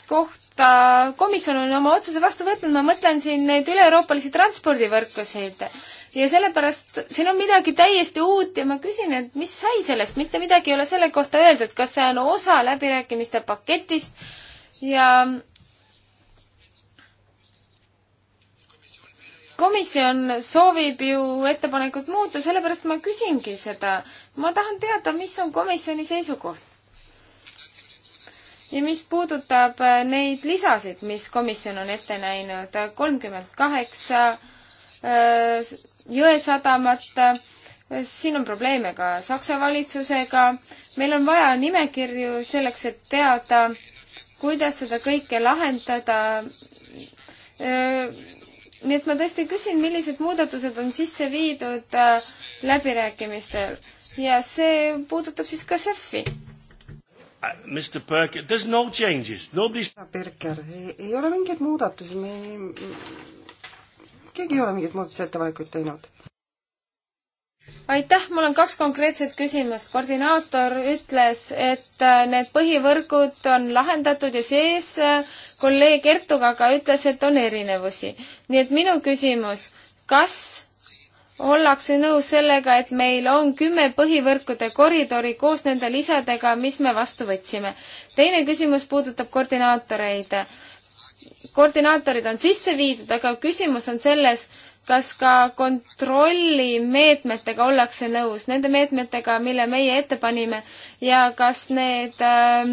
koht kohta komisjon on oma otsuse vastu võtnud, ma mõtlen siin neid üle-euroopalisi transpordivõrkusid. ja sellepärast siin on midagi täiesti uut ja ma küsin, et mis sai sellest, mitte midagi ei ole selle kohta öeldud, kas see on osa läbirääkimiste paketist ja komisjon soovib ju ettepanekut muuta, sellepärast ma küsingi seda. ma tahan teada, mis on komisjoni seisukoht ja mis puudutab äh, neid lisasid, mis komisjon on ette näinud, äh, kolmkümmend kaheksa äh, Jõesadamat, siin on probleeme ka Saksa valitsusega, meil on vaja nimekirju selleks, et teada, kuidas seda kõike lahendada. nii et ma tõesti küsin, millised muudatused on sisse viidud läbirääkimistel
ja see puudutab siis ka SEF-i Mr Berger, there is no changes, nobody's. Berger, ei ole mingeid muudatusi, me ei, keegi ei ole mingeid muudatusettepanekuid teinud.
aitäh, mul on kaks konkreetset küsimust. koordinaator ütles, et äh, need põhivõrgud on lahendatud ja sees äh, kolleeg Ertuga aga ütles, et on erinevusi. nii et minu küsimus, kas ollakse nõus sellega, et meil on kümme põhivõrkude koridori koos nende lisadega, mis me vastu võtsime. teine küsimus puudutab koordinaatoreid. koordinaatorid on sisse viidud, aga küsimus on selles, kas ka kontrollimeetmetega ollakse nõus, nende meetmetega, mille meie ette panime ja kas need äh,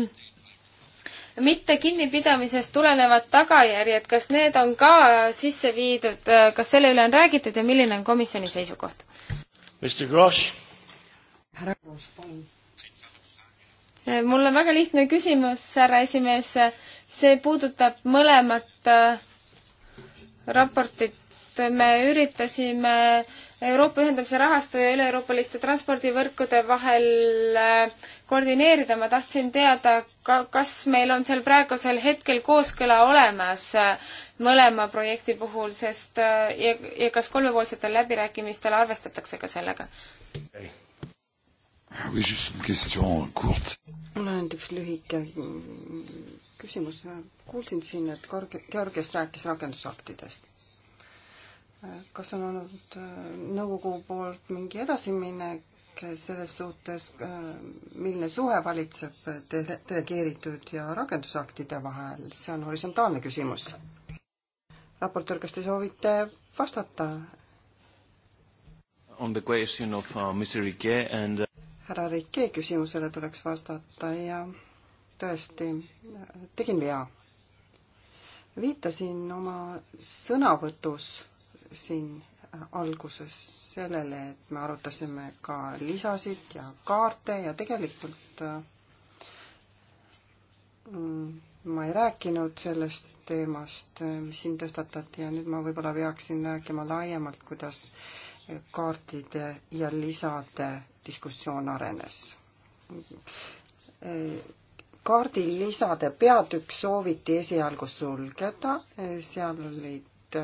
mitte kinnipidamisest tulenevad tagajärjed, kas need on ka sisse viidud, kas selle üle on räägitud ja milline on komisjoni seisukoht?
härra Grosch, palun.
mul on väga lihtne küsimus, härra esimees. see puudutab mõlemat äh, raportit. me üritasime Euroopa ühendamise rahastu ja üle-euroopaliste transpordivõrkude vahel äh, koordineerida, ma tahtsin teada, ka, kas meil on seal praegusel hetkel kooskõla olemas äh, mõlema projekti puhul, sest äh, ja, ja kas kolmepoolsetel läbirääkimistel arvestatakse ka sellega? mul
on ainult üks lühike mm, küsimus. kuulsin siin, et Georgias rääkis rakendusaktidest. Äh, kas on olnud nõukogu poolt mingi edasiminek selles suhtes, äh, milline suhe valitseb delegeeritud ja rakendusaktide vahel, see on horisontaalne küsimus. raportöör, kas te soovite vastata? On the question of uh, Mr Riquet and uh, härra Riquet küsimusele tuleks vastata ja tõesti, tegin vea. viitasin oma sõnavõtus siin alguses sellele, et me arutasime ka lisasid ja kaarte ja tegelikult mm, ma ei rääkinud sellest teemast, mis siin tõstatati ja nüüd ma võib-olla peaksin rääkima laiemalt, kuidas kaartide ja lisade diskussioon arenes. kaardil lisade peatükk sooviti esialgu sulgeda, seal olid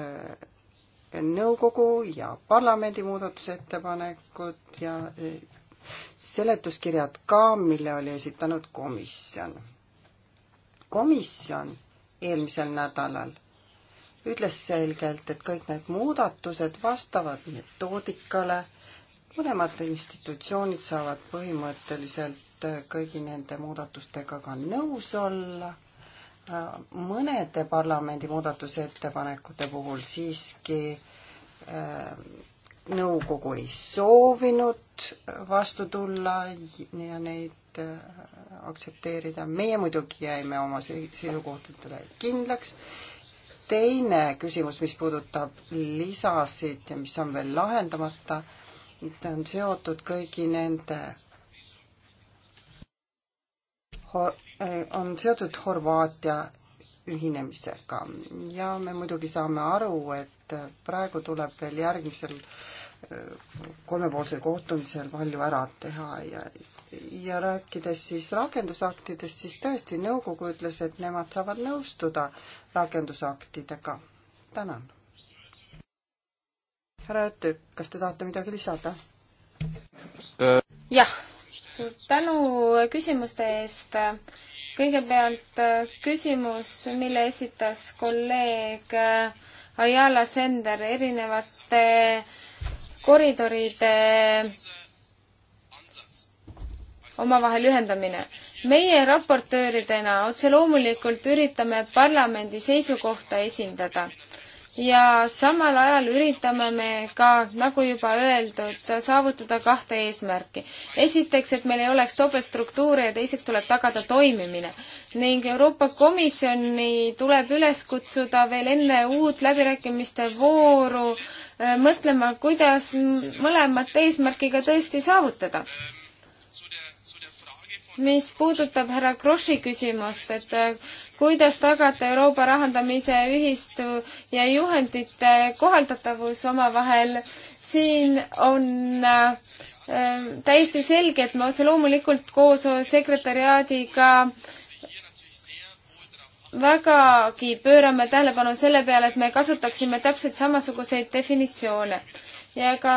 nõukogu ja parlamendi muudatusettepanekud ja eh, seletuskirjad ka, mille oli esitanud komisjon. komisjon eelmisel nädalal ütles selgelt, et kõik need muudatused vastavad metoodikale, mõlemad institutsioonid saavad põhimõtteliselt eh, kõigi nende muudatustega ka nõus olla mõnede parlamendi muudatusettepanekute puhul siiski äh, nõukogu ei soovinud vastu tulla ja neid äh, aktsepteerida. meie muidugi jäime oma seisukohtadele kindlaks. teine küsimus, mis puudutab lisasid ja mis on veel lahendamata, on seotud kõigi nende Äh, on seotud Horvaatia ühinemisega ja me muidugi saame aru, et praegu tuleb veel järgmisel äh, kolmepoolsel kohtumisel palju ära teha ja ja rääkides siis rakendusaktidest, siis tõesti, nõukogu ütles, et nemad saavad nõustuda rakendusaktidega. tänan. härra Ötü, kas te tahate midagi lisada?
Äh. jah suur tänu küsimuste eest. kõigepealt äh, küsimus, mille esitas kolleeg äh, Ayala Sender erinevate koridoride omavahel ühendamine. meie raportööridena otse loomulikult üritame parlamendi seisukohta esindada ja samal ajal üritame me ka, nagu juba öeldud, saavutada kahte eesmärki. esiteks, et meil ei oleks topeltstruktuure ja teiseks tuleb tagada toimimine. ning Euroopa Komisjoni tuleb üles kutsuda veel enne uut läbirääkimiste vooru äh, mõtlema, kuidas mõlemat eesmärki ka tõesti saavutada mis puudutab härra Kroši küsimust, et äh, kuidas tagate Euroopa rahandamise ühistu ja juhendite kohaldatavus omavahel, siin on äh, äh, täiesti selge, et me otse loomulikult koos sekretäriaadiga vägagi pöörame tähelepanu selle peale, et me kasutaksime täpselt samasuguseid definitsioone ja ka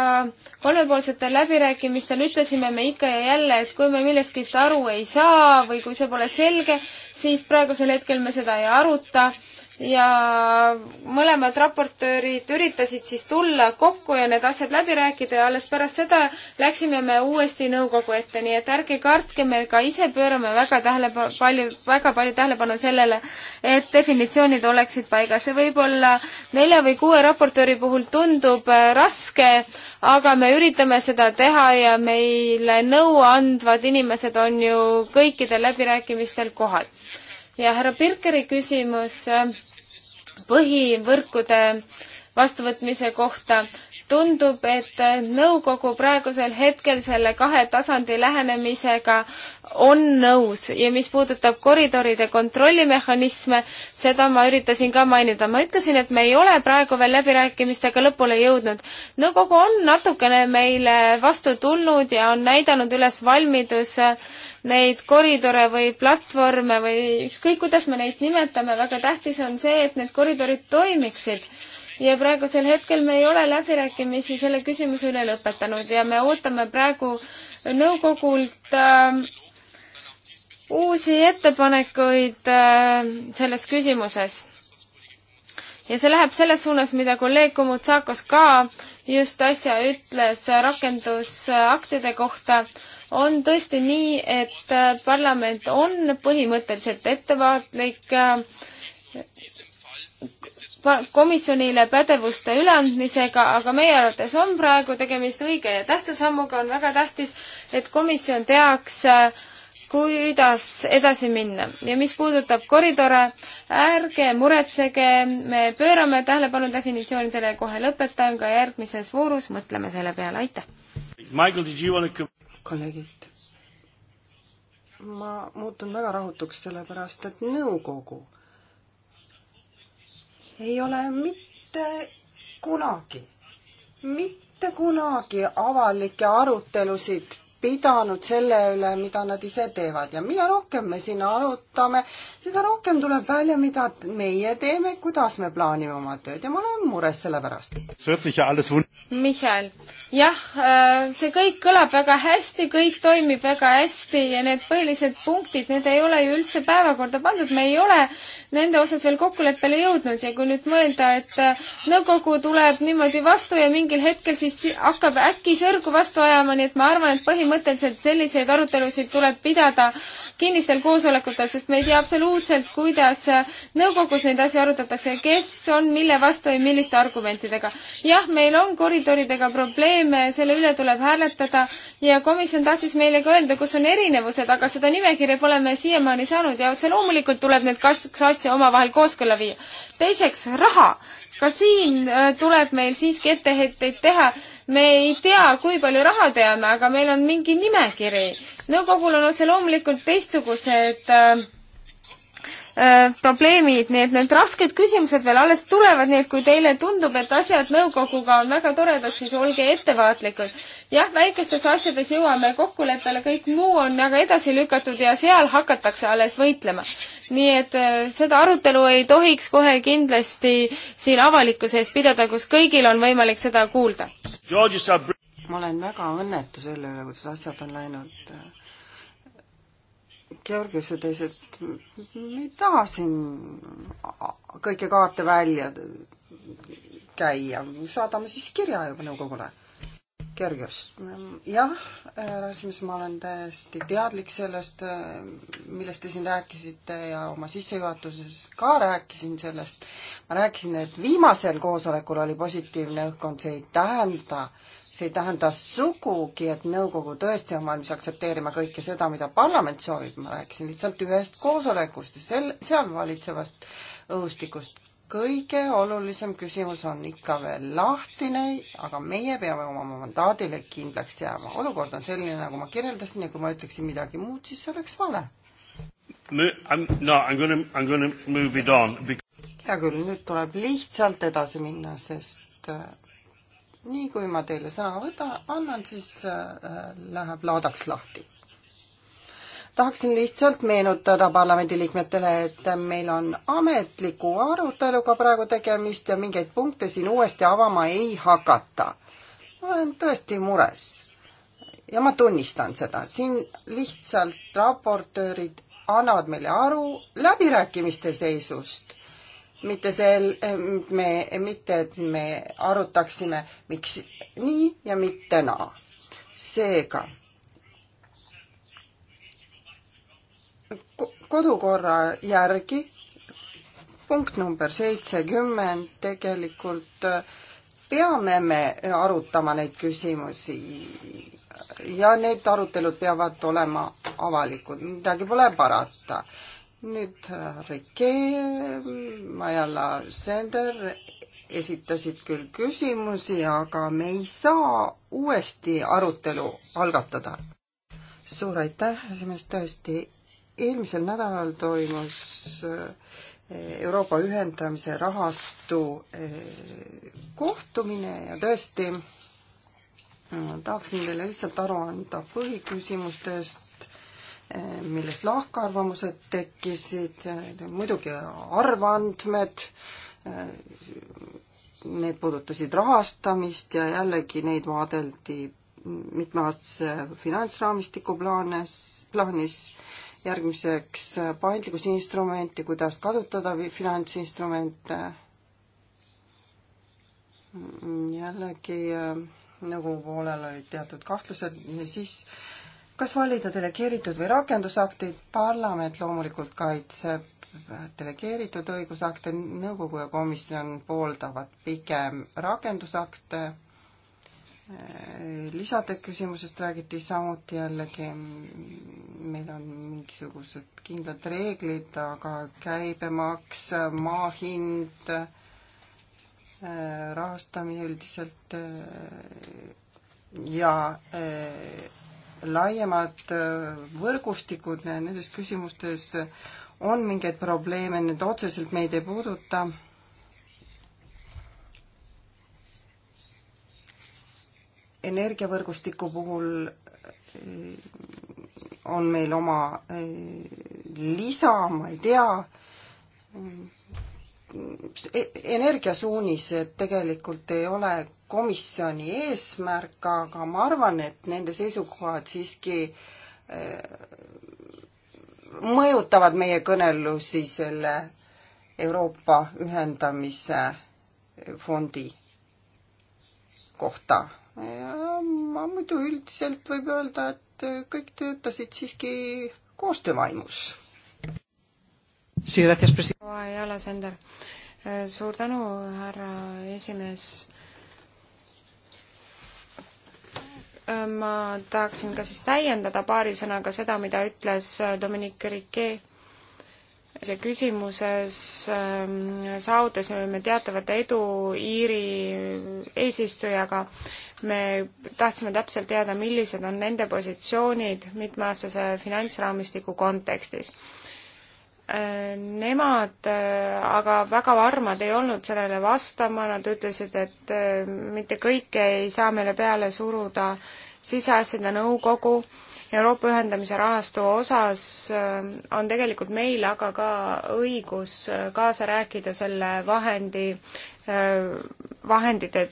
kolmepoolsetel läbirääkimistel ütlesime me ikka ja jälle, et kui me millestki aru ei saa või kui see pole selge, siis praegusel hetkel me seda ei aruta ja mõlemad raportöörid üritasid siis tulla kokku ja need asjad läbi rääkida ja alles pärast seda läksime me uuesti nõukogu ette, nii et ärge kartke, me ka ise pöörame väga tähelepanu, palju, väga palju tähelepanu sellele, et definitsioonid oleksid paigas. see võib olla nelja või kuue raportööri puhul tundub äh, raske, aga me üritame seda teha ja meile nõu andvad inimesed on ju kõikidel läbirääkimistel kohal ja härra Birkeri küsimus äh, põhivõrkude vastuvõtmise kohta tundub, et äh, nõukogu praegusel hetkel selle kahe tasandi lähenemisega on nõus ja mis puudutab koridoride kontrollimehhanisme, seda ma üritasin ka mainida. ma ütlesin, et me ei ole praegu veel läbirääkimistega lõpule jõudnud. nõukogu on natukene meile vastu tulnud ja on näidanud üles valmidus äh, neid koridore või platvorme või ükskõik, kuidas me neid nimetame, väga tähtis on see, et need koridorid toimiksid. ja praegusel hetkel me ei ole läbirääkimisi selle küsimuse üle lõpetanud ja me ootame praegu nõukogult äh, uusi ettepanekuid äh, selles küsimuses ja see läheb selles suunas, mida kolleeg Komutsakos ka just äsja ütles äh, rakendusaktide kohta on tõesti nii, et äh, parlament on põhimõtteliselt ettevaatlik äh, komisjonile pädevuste üleandmisega, aga meie arvates on praegu tegemist õige ja tähtsa sammuga, on väga tähtis, et komisjon teaks, äh, kuidas edasi minna. ja mis puudutab koridore, ärge muretsege, me pöörame tähelepanu definitsioonidele ja kohe lõpetan, ka järgmises voorus mõtleme selle peale, aitäh!
Michael, did you want to kolleegid, ma muutun väga rahutuks, sellepärast et nõukogu ei ole mitte kunagi, mitte kunagi avalikke arutelusid pidanud selle üle, mida nad ise teevad ja mida rohkem me siin arutame, seda rohkem tuleb välja, mida meie teeme, kuidas me plaanime oma tööd ja ma olen mures selle pärast.
Mihhail, jah, äh, see kõik kõlab väga hästi, kõik toimib väga hästi ja need põhilised punktid, need ei ole ju üldse päevakorda pandud, me ei ole nende osas veel kokkuleppele jõudnud ja kui nüüd mõelda, et äh, nõukogu tuleb niimoodi vastu ja mingil hetkel siis hakkab äkki sõrgu vastu ajama, nii et ma arvan, et põhimõtteliselt põhimõtteliselt selliseid arutelusid tuleb pidada kinnistel koosolekutel, sest me ei tea absoluutselt, kuidas nõukogus neid asju arutatakse, kes on mille vastu ja milliste argumentidega. jah, meil on koridoridega probleeme, selle üle tuleb hääletada ja komisjon tahtis meile ka öelda, kus on erinevused, aga seda nimekirja pole me siiamaani saanud ja otse loomulikult tuleb need kaks asja omavahel kooskõlla viia. teiseks, raha ka siin äh, tuleb meil siiski etteheiteid teha. me ei tea, kui palju raha teame, aga meil on mingi nimekiri. nõukogul on otse loomulikult teistsugused äh, Äh, probleemid, nii et need rasked küsimused veel alles tulevad, nii et kui teile tundub, et asjad nõukoguga on väga toredad, siis olge ettevaatlikud. jah, väikestes asjades jõuame kokkuleppele, kõik muu on aga edasi lükatud ja seal hakatakse alles võitlema. nii et äh, seda arutelu ei tohiks kohe kindlasti siin avalikkuse ees pidada, kus kõigil on võimalik seda kuulda.
ma olen väga õnnetu selle üle, kuidas asjad on läinud Georgios ja teised, me ei taha siin kõiki kaarte välja käia, saadame siis kirja juba nõukogule. Georgios, jah, härra esimees, ma olen täiesti teadlik sellest, millest te siin rääkisite ja oma sissejuhatuses ka rääkisin sellest. ma rääkisin, et viimasel koosolekul oli positiivne õhkkond, see ei tähenda, see ei tähenda sugugi, et nõukogu tõesti on valmis aktsepteerima kõike seda, mida parlament soovib, ma rääkisin lihtsalt ühest koosolekust ja sel, seal valitsevast õhustikust. kõige olulisem küsimus on ikka veel lahtine, aga meie peame oma mandaadile kindlaks jääma. olukord on selline, nagu ma kirjeldasin ja kui ma ütleksin midagi muud, siis see oleks vale. No, I'm gonna, I'm gonna move it on. hea küll, nüüd tuleb lihtsalt edasi minna, sest äh, nii kui ma teile sõna võta, annan, siis äh, läheb laadaks lahti. tahaksin lihtsalt meenutada parlamendiliikmetele, et meil on ametliku aruteluga praegu tegemist ja mingeid punkte siin uuesti avama ei hakata. ma olen tõesti mures ja ma tunnistan seda, siin lihtsalt raportöörid annavad meile aru läbirääkimiste seisust mitte sel, me, mitte et me arutaksime, miks nii ja mitte naa. seega kodukorra järgi punkt number seitsekümmend tegelikult äh, peame me arutama neid küsimusi ja need arutelud peavad olema avalikud, midagi pole parata nüüd Rikee, Majala Sender esitasid küll küsimusi, aga me ei saa uuesti arutelu algatada. suur aitäh, esimees, tõesti, eelmisel nädalal toimus eh, Euroopa ühendamise rahastu eh, kohtumine ja tõesti tahaksin teile lihtsalt aru anda põhiküsimustest, millest lahkarvamused tekkisid, muidugi arvandmed, need puudutasid rahastamist ja jällegi neid vaadeldi mitmeaastase finantsraamistiku plaanes, plaanis järgmiseks paindlikkusinstrumenti, kuidas kasutada finantsinstrumente. jällegi äh, nõukogu poolel olid teatud kahtlused ja siis äh, kas valida delegeeritud või rakendusaktid, parlament loomulikult kaitseb delegeeritud õigusakte, nõukogu ja komisjon pooldavad pigem rakendusakte, eh, lisade küsimusest räägiti samuti jällegi, meil on mingisugused kindlad reeglid, aga käibemaks, maa hind, eh, rahastamine üldiselt eh, ja laiemad äh, võrgustikud nendes küsimustes, on mingeid probleeme, need otseselt meid ei puuduta. energiavõrgustiku puhul äh, on meil oma äh, lisa, ma ei tea, energiasuunised tegelikult ei ole komisjoni eesmärk, aga ma arvan, et nende seisukohad siiski eh, mõjutavad meie kõnelusi selle Euroopa ühendamise fondi kohta. ma muidu üldiselt võib öelda, et kõik töötasid siiski koostöövaimus proua Jala Sender, eh, suur tänu, härra esimees.
Äh, ma tahaksin ka siis täiendada paari sõnaga seda, mida ütles äh, Dominique Riquet see küsimuses ähm, saavutasime me teatavat edu Iiri eesistujaga. me tahtsime täpselt teada, millised on nende positsioonid mitmeaastase finantsraamistiku kontekstis. Äh, nemad äh, aga väga varmad ei olnud sellele vastama, nad ütlesid, et äh, mitte kõike ei saa meile peale suruda siseasjade nõukogu. Euroopa ühendamise rahastu osas on tegelikult meil aga ka õigus kaasa rääkida selle vahendi, vahendite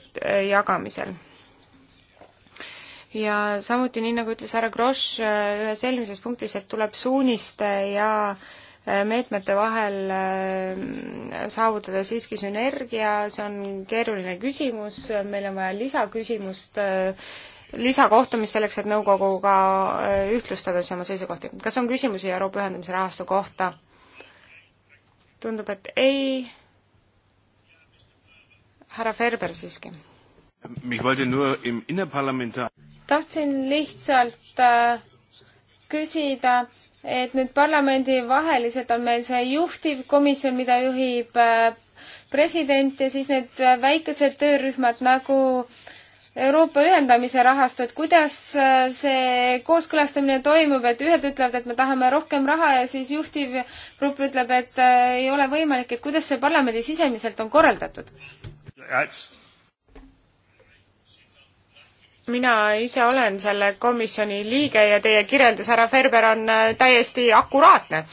jagamisel ja samuti nii, nagu ütles härra Grosch ühes eelmises punktis, et tuleb suuniste ja meetmete vahel äh, saavutada siiski sünergia, see on keeruline küsimus, meil on vaja lisaküsimust, äh, lisakohtumist selleks, et nõukoguga äh, ühtlustada siis oma seisukohti. kas on küsimusi Euroopa ühendamise rahastu kohta? tundub, et ei. härra Ferber siiski. tahtsin lihtsalt küsida, et nüüd parlamendivaheliselt on meil see juhtivkomisjon, mida juhib äh, president ja siis need äh, väikesed töörühmad nagu Euroopa ühendamise rahastu, et kuidas äh, see kooskõlastamine toimub, et ühed ütlevad, et me tahame rohkem raha ja siis juhtivgrupp ütleb, et ei ole võimalik, et kuidas see parlamendi sisemiselt on korraldatud? mina ise olen selle komisjoni liige ja teie kirjeldus, härra Ferber, on äh, täiesti akuraatne.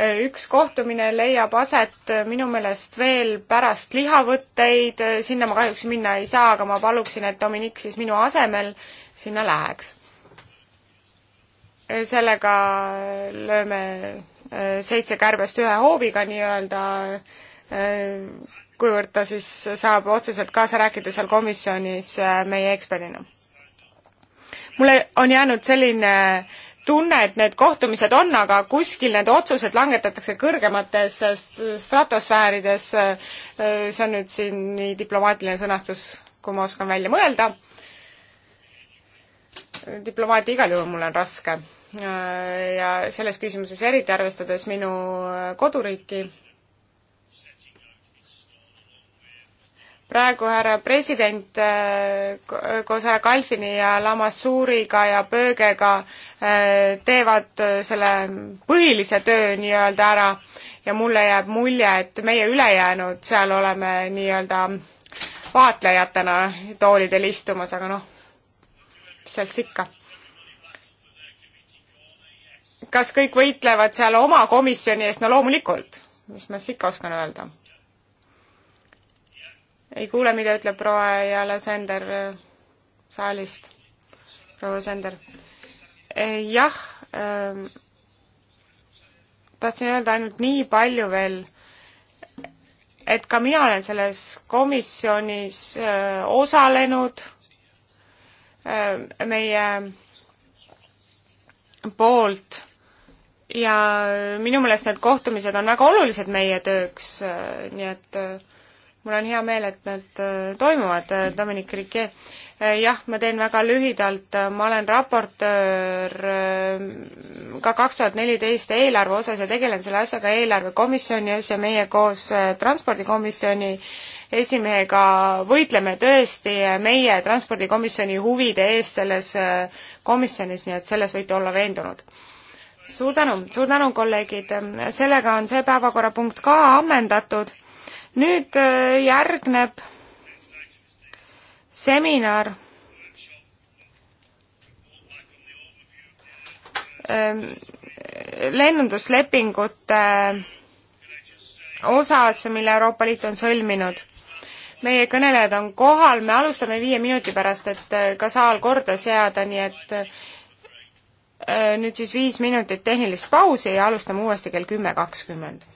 Äh, üks kohtumine leiab aset äh, minu meelest veel pärast lihavõtteid, sinna ma kahjuks minna ei saa, aga ma paluksin, et Dominik siis minu asemel sinna läheks. sellega lööme seitse kärbest ühe hoobiga nii-öelda kuivõrd ta siis saab otseselt kaasa rääkida seal komisjonis meie eksperdina mulle on jäänud selline tunne, et need kohtumised on, aga kuskil need otsused langetatakse kõrgemates äh, stratosfäärides. Äh, äh, see on nüüd siin nii diplomaatiline sõnastus, kui ma oskan välja mõelda. diplomaatia igal juhul mul on raske ja selles küsimuses eriti arvestades minu koduriiki praegu härra president äh, koos härra Kalfini ja Lamassuuriga ja Pöögega äh, teevad äh, selle põhilise töö nii-öelda ära ja mulle jääb mulje, et meie ülejäänud seal oleme nii-öelda vaatlejatena toolidel istumas, aga noh, mis sealt ikka. kas kõik võitlevad seal oma komisjoni eest, no loomulikult, mis ma siis ikka oskan öelda ei kuule, mida ütleb proua Jala Sender äh, saalist. proua Sender. jah ähm,, tahtsin öelda ainult nii palju veel, et ka mina olen selles komisjonis äh, osalenud äh, meie poolt ja minu meelest need kohtumised on väga olulised meie tööks äh,, nii et äh, mul on hea meel, et need äh, toimuvad, äh, Dominic Riquet. Äh, jah, ma teen väga lühidalt, ma olen raportöör ka kaks tuhat neliteist eelarve osas ja tegelen selle asjaga eelarvekomisjonis ja meie koos transpordikomisjoni esimehega võitleme tõesti meie transpordikomisjoni huvide eest selles komisjonis, nii et selles võite olla veendunud suur tänu, suur tänu, kolleegid, sellega on see päevakorrapunkt ka ammendatud nüüd äh, järgneb seminar ähm, lennunduslepingute osas, mille Euroopa Liit on sõlminud. meie kõnelejad on kohal, me alustame viie minuti pärast, et äh, ka saal korda seada, nii et äh, nüüd siis viis minutit tehnilist pausi ja alustame uuesti kell kümme kakskümmend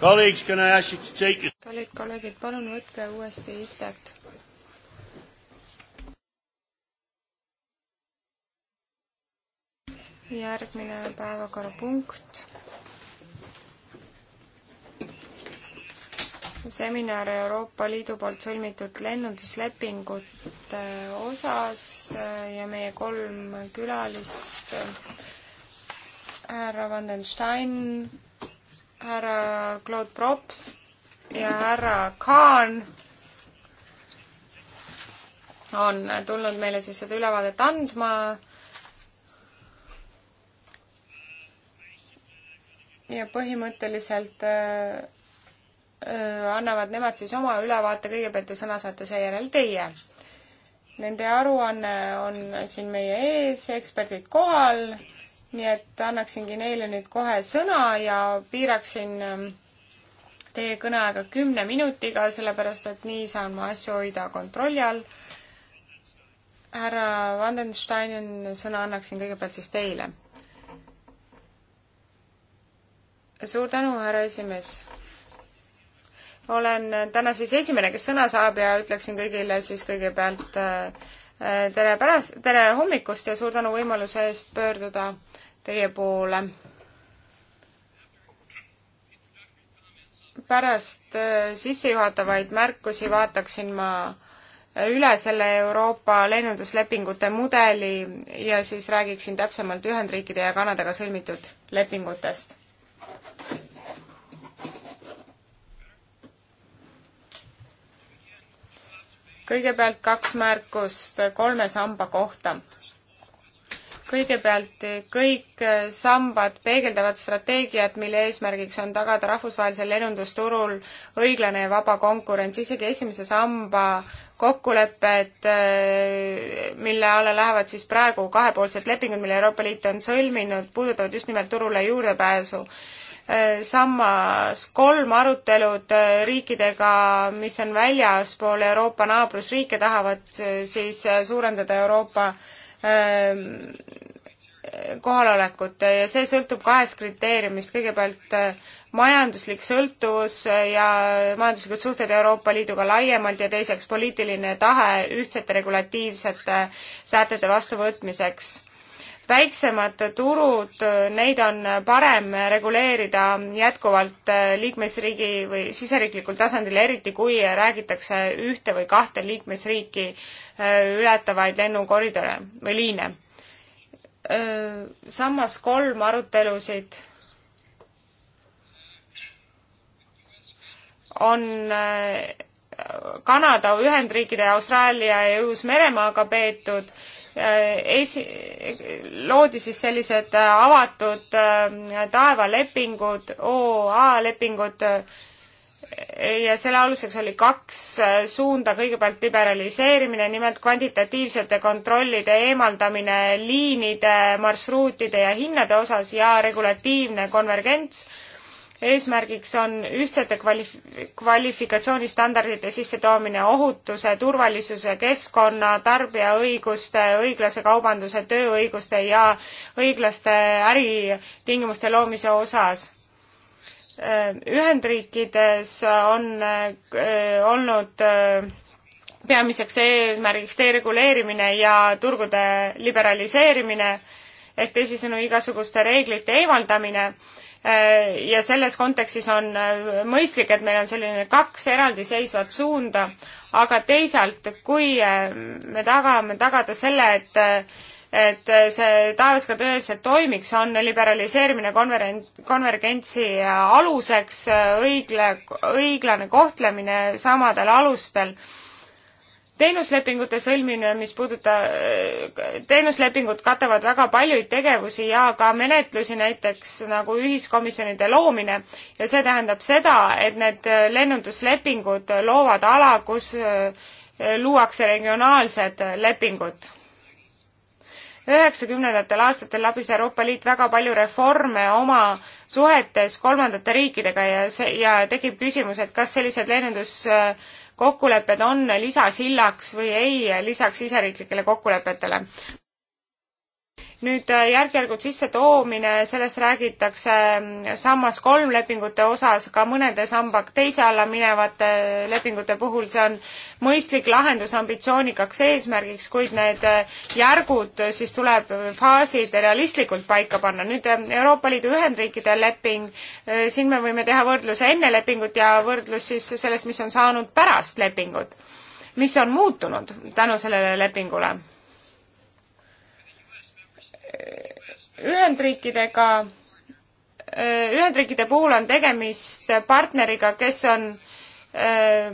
Colleagues, can I ask you to take your...
kallid kolleegid, palun võtke uuesti istet. järgmine päevakorrapunkt seminar Euroopa Liidu poolt sõlmitud lennunduslepingute osas äh, ja meie kolm külalist, äh, härra Vandenstein, härra Claude Props ja härra Kahn on tulnud meile siis seda ülevaadet andma ja põhimõtteliselt äh, annavad nemad siis oma ülevaate kõigepealt ja sõna saate seejärel teie. Nende aruanne on, on siin meie ees, eksperdid kohal, nii et annaksingi neile nüüd kohe sõna ja piiraksin ähm, teie kõneaega kümne minutiga, sellepärast et nii saan ma asju hoida kontrolli all. härra Vandensteinen, sõna annaksin kõigepealt siis teile. suur tänu, härra esimees olen täna siis esimene, kes sõna saab ja ütleksin kõigile siis kõigepealt äh, tere pärast, tere hommikust ja suur tänu võimaluse eest pöörduda teie poole. pärast äh, sissejuhatavaid märkusi vaataksin ma äh, üle selle Euroopa lennunduslepingute mudeli ja siis räägiksin täpsemalt Ühendriikide ja Kanadaga sõlmitud lepingutest kõigepealt kaks märkust kolme samba kohta. kõigepealt kõik sambad peegeldavad strateegiat, mille eesmärgiks on tagada rahvusvahelisel lennundusturul õiglane ja vaba konkurents, isegi esimese samba kokkulepped, mille alla lähevad siis praegu kahepoolsed lepingud, mille Euroopa Liit on sõlminud, puudutavad just nimelt turule juurdepääsu Äh, sammas kolm arutelud äh, riikidega, mis on väljaspool Euroopa naabrusriike, tahavad äh, siis suurendada Euroopa ähm, kohalolekut ja see sõltub kahest kriteeriumist, kõigepealt majanduslik sõltuvus ja majanduslikud suhted Euroopa Liiduga laiemalt ja teiseks poliitiline tahe ühtsete regulatiivsete sätete vastuvõtmiseks väiksemad turud, neid on parem reguleerida jätkuvalt äh, liikmesriigi või siseriiklikul tasandil, eriti kui räägitakse ühte või kahte liikmesriiki äh, ületavaid lennukoridore või liine. Äh, Sammas kolm arutelusid on Kanada, Ühendriikide, Austraalia ja Uus-Meremaaga peetud Äh, esi-, loodi siis sellised äh, avatud äh, taevalepingud, OA lepingud ja selle aluseks oli kaks suunda, kõigepealt liberaliseerimine, nimelt kvantitatiivsete kontrollide eemaldamine liinide, marsruutide ja hinnade osas ja regulatiivne konvergents eesmärgiks on ühtsete kvalif-, kvalifikatsioonistandardite sissetoomine ohutuse, turvalisuse, keskkonna, tarbijaõiguste, õiglase kaubanduse, tööõiguste ja õiglaste äritingimuste loomise osas. Äh, Ühendriikides on äh, olnud äh, peamiseks eesmärgiks dereguleerimine ja turgude liberaliseerimine ehk teisisõnu igasuguste reeglite eemaldamine Äh, ja selles kontekstis on äh, mõistlik, et meil on selline kaks eraldiseisvat suunda, aga teisalt, kui äh, me tagame tagada selle, et et see taevas ka tõeliselt toimiks, on liberaliseerimine konverent-, konvergentsi aluseks, õigle, õiglane kohtlemine samadel alustel teenuslepingute sõlmimine, mis puuduta, teenuslepingud katavad väga paljuid tegevusi ja ka menetlusi, näiteks nagu ühiskomisjonide loomine ja see tähendab seda, et need lennunduslepingud loovad ala, kus äh, luuakse regionaalsed lepingud. üheksakümnendatel aastatel läbis Euroopa Liit väga palju reforme oma suhetes kolmandate riikidega ja see, ja tekib küsimus, et kas sellised lennundus äh, kokkulepped on lisasillaks või ei lisaks siseriiklikele kokkulepetele nüüd äh, järk-järgult sissetoomine, sellest räägitakse mm, sammas kolm lepingute osas, ka mõnede samba teise alla minevate lepingute puhul see on mõistlik lahendus ambitsioonikaks eesmärgiks, kuid need äh, järgud äh, siis tuleb faasid realistlikult paika panna. nüüd Euroopa Liidu Ühendriikide leping, siin me võime teha võrdluse enne lepingut ja võrdlus siis sellest, mis on saanud pärast lepingut. mis on muutunud tänu sellele lepingule Ühendriikidega, Ühendriikide puhul on tegemist partneriga, kes on eh,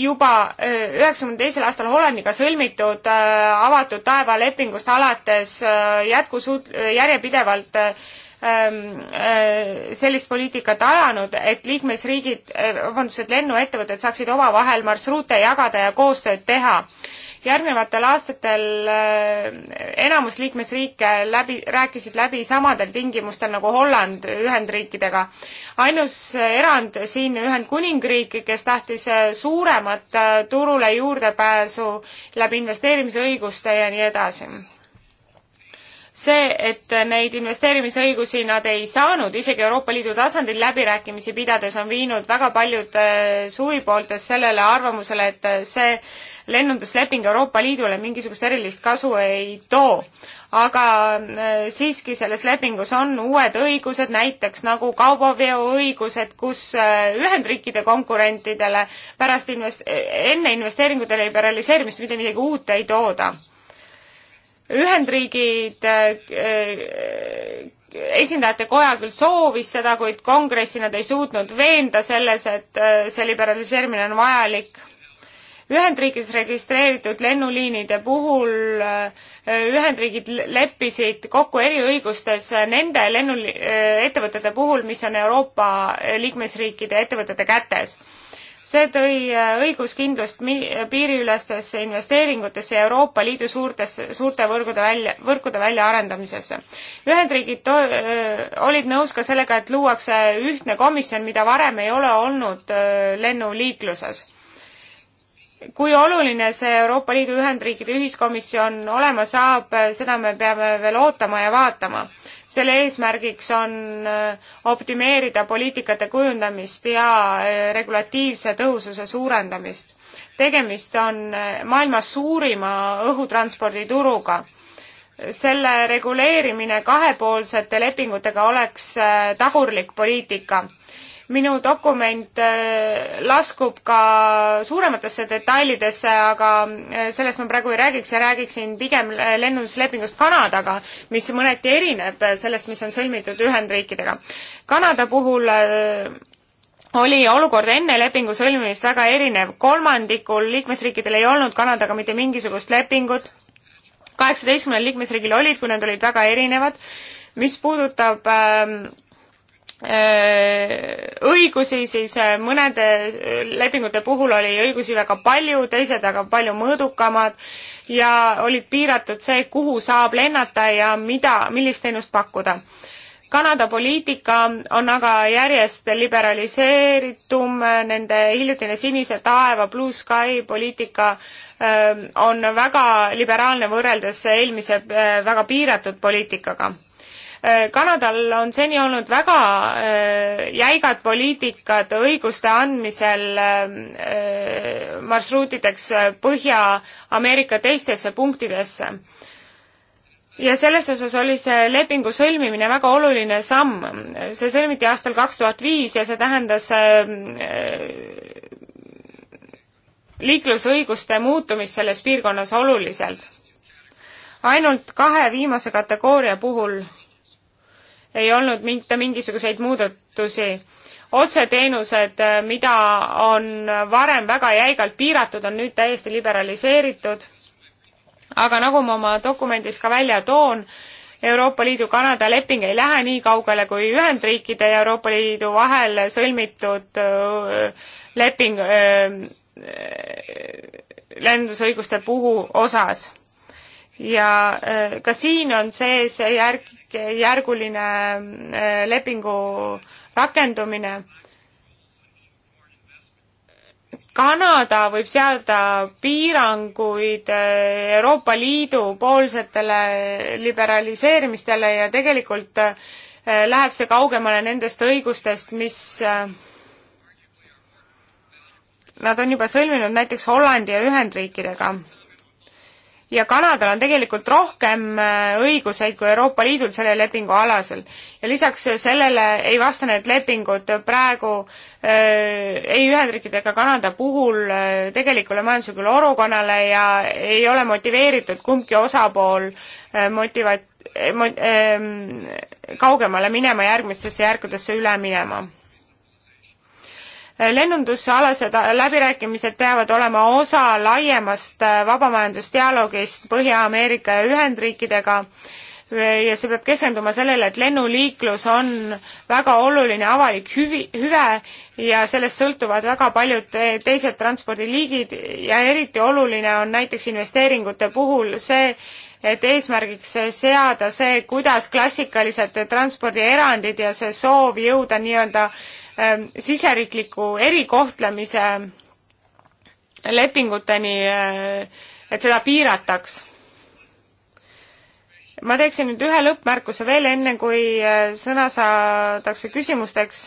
juba eh, üheksakümne teisel aastal Hollandiga sõlmitud eh, avatud taeva lepingust alates jätkusuut-, järjepidevalt sellist poliitikat ajanud, et liikmesriigid, vabandust, et lennuettevõtted saaksid omavahel marsruute jagada ja koostööd teha järgnevatel aastatel eh, enamus liikmesriike läbi, rääkisid läbi samadel tingimustel nagu Holland Ühendriikidega. ainus eh, erand siin Ühendkuningriik, kes tahtis eh, suuremat turule juurdepääsu läbi investeerimisõiguste ja nii edasi see, et neid investeerimisõigusi nad ei saanud, isegi Euroopa Liidu tasandil läbirääkimisi pidades on viinud väga paljud äh, suvipooltes sellele arvamusele, et äh, see lennundusleping Euroopa Liidule mingisugust erilist kasu ei too. aga äh, siiski selles lepingus on uued õigused, näiteks nagu kaubaveoõigused, kus Ühendriikide konkurentidele pärast invest-, enne investeeringute liberaliseerimist mitte midagi uut ei tooda Ühendriigid äh, äh, esindajate koja küll soovis seda, kuid kongressi nad ei suutnud veenda selles, et äh, see liberaliseerimine on vajalik. Ühendriigis registreeritud lennuliinide puhul Ühendriigid leppisid kokku eriõigustes nende lennu, ettevõtete puhul, mis on Euroopa liikmesriikide ettevõtete kätes see tõi äh, õiguskindlust piiriülestesse investeeringutesse ja Euroopa Liidu suurtesse, suurte võrgude välja, võrkude väljaarendamisesse. Ühendriigid to-, äh, olid nõus ka sellega, et luuakse ühtne komisjon, mida varem ei ole olnud äh, lennuliikluses kui oluline see Euroopa Liidu Ühendriikide ühiskomisjon olema saab, seda me peame veel ootama ja vaatama. selle eesmärgiks on äh, optimeerida poliitikate kujundamist ja äh, regulatiivse tõhususe suurendamist. tegemist on äh, maailma suurima õhutranspordituruga selle reguleerimine kahepoolsete lepingutega oleks tagurlik poliitika minu dokument äh, laskub ka suurematesse detailidesse, aga äh, sellest ma praegu ei räägiks ja räägiksin pigem äh, lennunduslepingust Kanadaga, mis mõneti erineb sellest, mis on sõlmitud Ühendriikidega. Kanada puhul oli olukord enne lepingu sõlmimist väga erinev, kolmandikul liikmesriikidel ei olnud Kanadaga mitte mingisugust lepingut, kaheksateistkümnel liikmesriigil olid, kui nad olid väga erinevad, mis puudutab äh, Äh, õigusi, siis äh, mõnede äh, lepingute puhul oli õigusi väga palju, teised aga palju mõõdukamad ja olid piiratud see, kuhu saab lennata ja mida, millist teenust pakkuda. Kanada poliitika on aga järjest liberaliseeritum, nende hiljutine Sinise taeva, Blue Sky poliitika on väga liberaalne võrreldes eelmise väga piiratud poliitikaga Äh, Kanadal on seni olnud väga äh, jäigad poliitikad õiguste andmisel ähm, äh, marsruutideks Põhja-Ameerika teistesse punktidesse. ja selles osas oli see lepingu sõlmimine väga oluline samm. see sõlmiti aastal kaks tuhat viis ja see tähendas ähm, liiklusõiguste muutumist selles piirkonnas oluliselt ainult kahe viimase kategooria puhul ei olnud mitte mingisuguseid muudatusi. otseteenused, äh, mida on varem väga jäigalt piiratud, on nüüd täiesti liberaliseeritud. aga nagu ma oma dokumendis ka välja toon, Euroopa Liidu Kanada leping ei lähe nii kaugele kui Ühendriikide ja Euroopa Liidu vahel sõlmitud äh, leping äh, lendusõiguste puhu osas ja ka siin on sees järk, järguline eh, lepingu rakendumine. Kanada võib seada piiranguid eh, Euroopa Liidu poolsetele liberaliseerimistele ja tegelikult eh, läheb see kaugemale nendest õigustest, mis nad on juba sõlminud näiteks Hollandi ja Ühendriikidega ja Kanadal on tegelikult rohkem äh, õiguseid kui Euroopa Liidul selle lepingu alasel. ja lisaks sellele ei vasta need lepingud praegu äh, ei Ühendriikide ega Kanada puhul äh, tegelikule majanduslikule orukonnale ja ei ole motiveeritud kumbki osapool äh, motiva- äh,, äh, kaugemale minema, järgmistesse järkudesse üle minema lennundusalased läbirääkimised peavad olema osa laiemast äh, vabamajandusdialoogist Põhja-Ameerika ja Ühendriikidega ja see peab keskenduma sellele, et lennuliiklus on väga oluline avalik hüvi, hüve ja sellest sõltuvad väga paljud teised transpordiliigid ja eriti oluline on näiteks investeeringute puhul see, et eesmärgiks seada see, kuidas klassikalised transpordierandid ja see soov jõuda nii-öelda Ähm, siseriikliku erikohtlemise lepinguteni, äh, et seda piirataks. ma teeksin nüüd ühe lõppmärkuse veel, enne kui äh, sõna saadakse küsimusteks.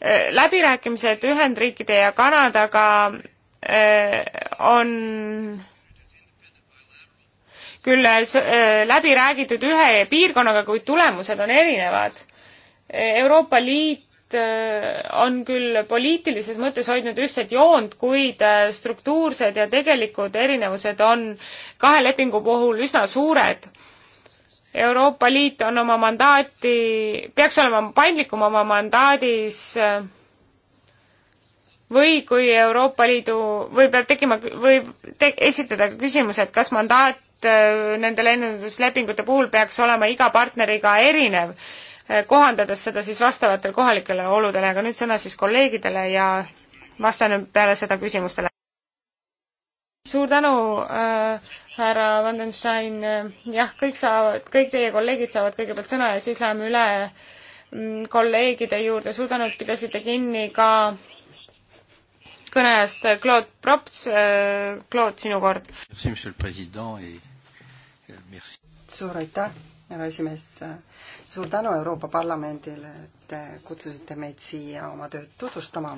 Äh, läbirääkimised Ühendriikide ja Kanadaga on küll läbi räägitud ühe piirkonnaga, kuid tulemused on erinevad Euroopa Liit Äh, on küll poliitilises mõttes hoidnud ühtset joont, kuid äh, struktuursed ja tegelikud erinevused on kahe lepingu puhul üsna suured. Euroopa Liit on oma mandaati, peaks olema paindlikum oma mandaadis äh, või kui Euroopa Liidu või peab tekkima, võib te, esitada ka küsimus, et kas mandaat nende lennunduslepingute puhul peaks olema iga partneriga erinev Eh, kohandades seda siis vastavatele kohalikele oludele, aga nüüd sõna siis kolleegidele ja vastan peale seda küsimustele. suur tänu äh,, härra Vandenstein, jah, kõik saavad, kõik teie kolleegid saavad kõigepealt sõna ja siis läheme üle mm, kolleegide juurde, suur tänu, et pidasite kinni ka kõneajast, äh, Claude
Props äh,, Claude, sinu kord. suur aitäh, härra esimees suur tänu Euroopa Parlamendile, et te kutsusite meid siia oma tööd tutvustama.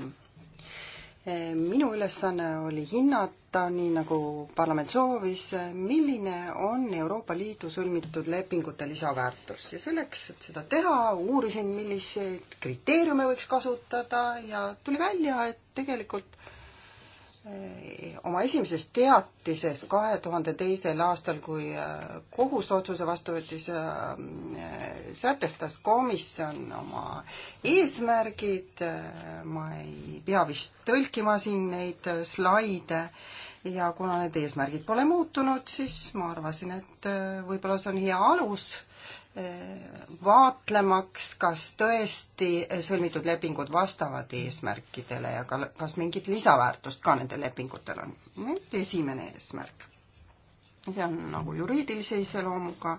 E, minu ülesanne oli hinnata, nii nagu parlament soovis, milline on Euroopa Liidu sõlmitud lepingute lisaväärtus ja selleks, et seda teha, uurisin, milliseid kriteeriume võiks kasutada ja tuli välja, et tegelikult oma esimeses teatises kahe tuhande teisel aastal, kui äh, kohus otsuse vastu võttis, äh, sätestas komisjon oma eesmärgid, äh, ma ei pea vist tõlkima siin neid slaide, ja kuna need eesmärgid pole muutunud, siis ma arvasin, et võib-olla see on hea alus vaatlemaks, kas tõesti sõlmitud lepingud vastavad eesmärkidele ja ka, kas mingit lisaväärtust ka nendel lepingutel on. nüüd esimene eesmärk. see on nagu juriidilise iseloomuga,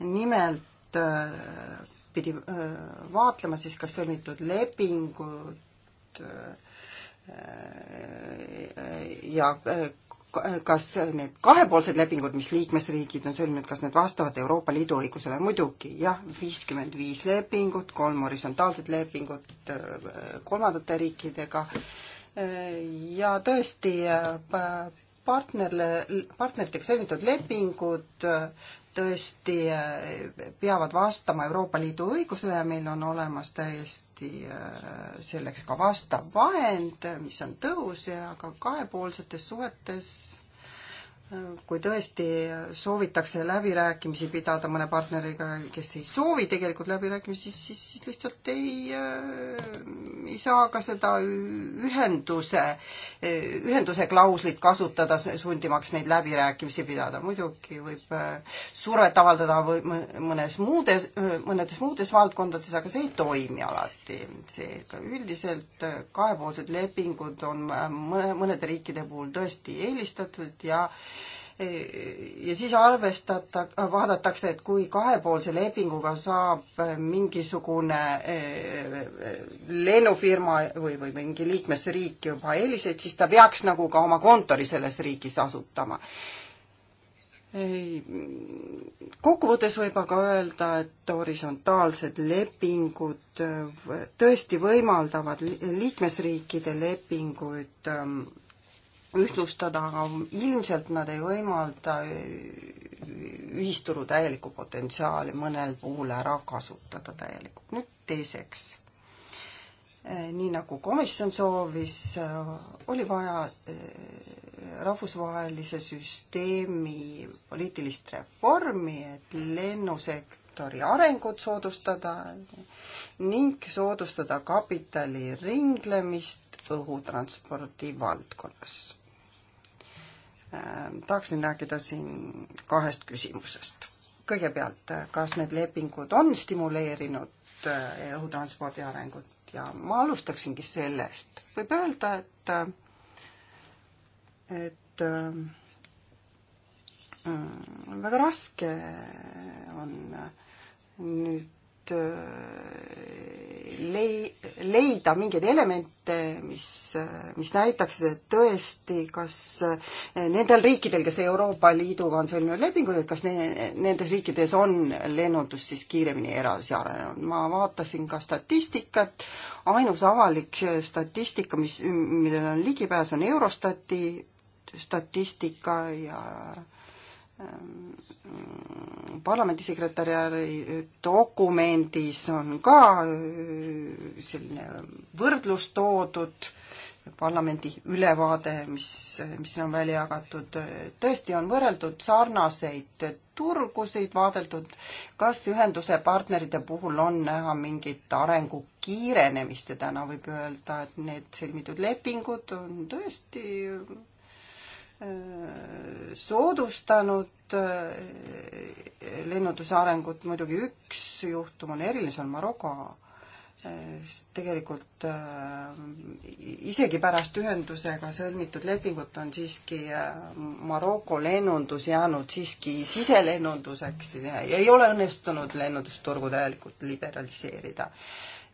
nimelt äh, pidi äh, vaatlema siis, kas sõlmitud lepingud äh, ja kas need kahepoolsed lepingud, mis liikmesriigid on sõlminud, kas need vastavad Euroopa Liidu õigusele? muidugi, jah, viiskümmend viis lepingut, kolm horisontaalset lepingut äh, kolmandate riikidega äh, ja tõesti, äh, partnerle, partneritega sõlmitud lepingud tõesti eh, peavad vastama Euroopa Liidu õigusele ja meil on olemas täiesti eh, selleks ka vastav vahend, mis on tõhus ja ka kahepoolsetes suhetes kui tõesti soovitakse läbirääkimisi pidada mõne partneriga, kes ei soovi tegelikult läbirääkimisi, siis, siis, siis lihtsalt ei äh,, ei saa ka seda ühenduse, ühenduse klauslit kasutada, sundimaks neid läbirääkimisi pidada. muidugi võib äh, survet avaldada või mõnes muudes, mõnedes muudes valdkondades, aga see ei toimi alati. seega üldiselt äh, kahepoolsed lepingud on äh, mõne, mõnede riikide puhul tõesti eelistatud ja äh, ja siis arvestata, vaadatakse, et kui kahepoolse lepinguga saab äh, mingisugune äh, lennufirma või, või mingi liikmesriik juba eeliseid, siis ta peaks nagu ka oma kontori selles riigis asutama. kokkuvõttes võib aga öelda, et horisontaalsed lepingud äh, tõesti võimaldavad liikmesriikide lepinguid ähm, ühtlustada, aga ilmselt nad ei võimalda ühisturu täielikku potentsiaali mõnel puhul ära kasutada täielikult. nüüd teiseks, eh, nii nagu komisjon soovis, eh, oli vaja eh, rahvusvahelise süsteemi poliitilist reformi, et lennusektori arengut soodustada ning soodustada kapitali ringlemist õhutranspordi valdkonnas. Äh, tahaksin rääkida siin kahest küsimusest. kõigepealt, äh, kas need lepingud on stimuleerinud äh, õhutranspordi arengut ja ma alustaksingi sellest. võib öelda, et, et väga raske on nüüd Äh, lei-, leida mingeid elemente, mis, äh, mis näitaksid, et tõesti, kas äh, nendel riikidel, kes Euroopa Liiduga on sõlminud lepingud, et kas ne-, nendes riikides on lennundus siis kiiremini edasi arenenud. ma vaatasin ka statistikat, ainus avalik statistika, mis, millel on ligipääs, on Eurostati statistika ja äh, parlamendi sekretäri dokumendis on ka äh, selline võrdlus toodud, parlamendi ülevaade, mis, mis on välja jagatud, tõesti on võrreldud sarnaseid turgusid, vaadeldud, kas ühenduse partnerite puhul on näha mingit arengu kiirenemist ja täna võib öelda, et need sõlmitud lepingud on tõesti Äh, soodustanud äh, lennunduse arengut, muidugi üks juhtum on eriline, see on Maroko. Äh, tegelikult isegi pärast ühendusega sõlmitud lepingut on siiski Maroko lennundus jäänud siiski siselennunduseks ja ei ole õnnestunud lennundusturgu täielikult liberaliseerida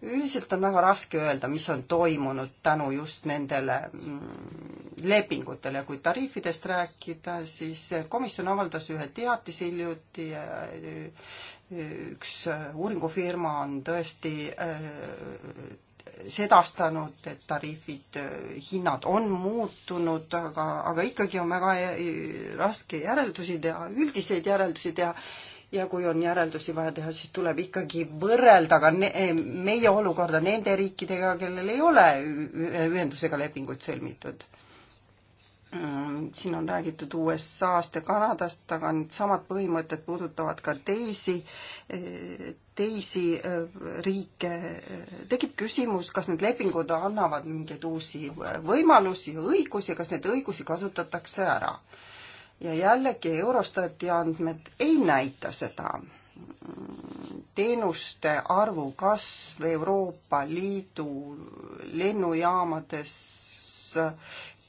üldiselt on väga raske öelda, mis on toimunud tänu just nendele mm, lepingutele. kui tariifidest rääkida, siis komisjon avaldas ühe teatise hiljuti. üks uuringufirma on tõesti äh, sedastanud, et tariifid, äh, hinnad on muutunud, aga, aga ikkagi on väga äh, raske järeldusi teha, üldiseid järeldusi teha ja kui on järeldusi vaja teha, siis tuleb ikkagi võrrelda ka ne-, eh, meie olukorda nende riikidega, kellel ei ole ühendusega lepinguid sõlmitud. Mm, siin on räägitud USA-st ja Kanadast, aga needsamad põhimõtted puudutavad ka teisi, eh, teisi eh, riike. tekib küsimus, kas need lepingud annavad mingeid uusi võimalusi ja õigusi, kas neid õigusi kasutatakse ära ja jällegi Eurostati andmed ei näita seda. teenuste arvu kasv Euroopa Liidu lennujaamades,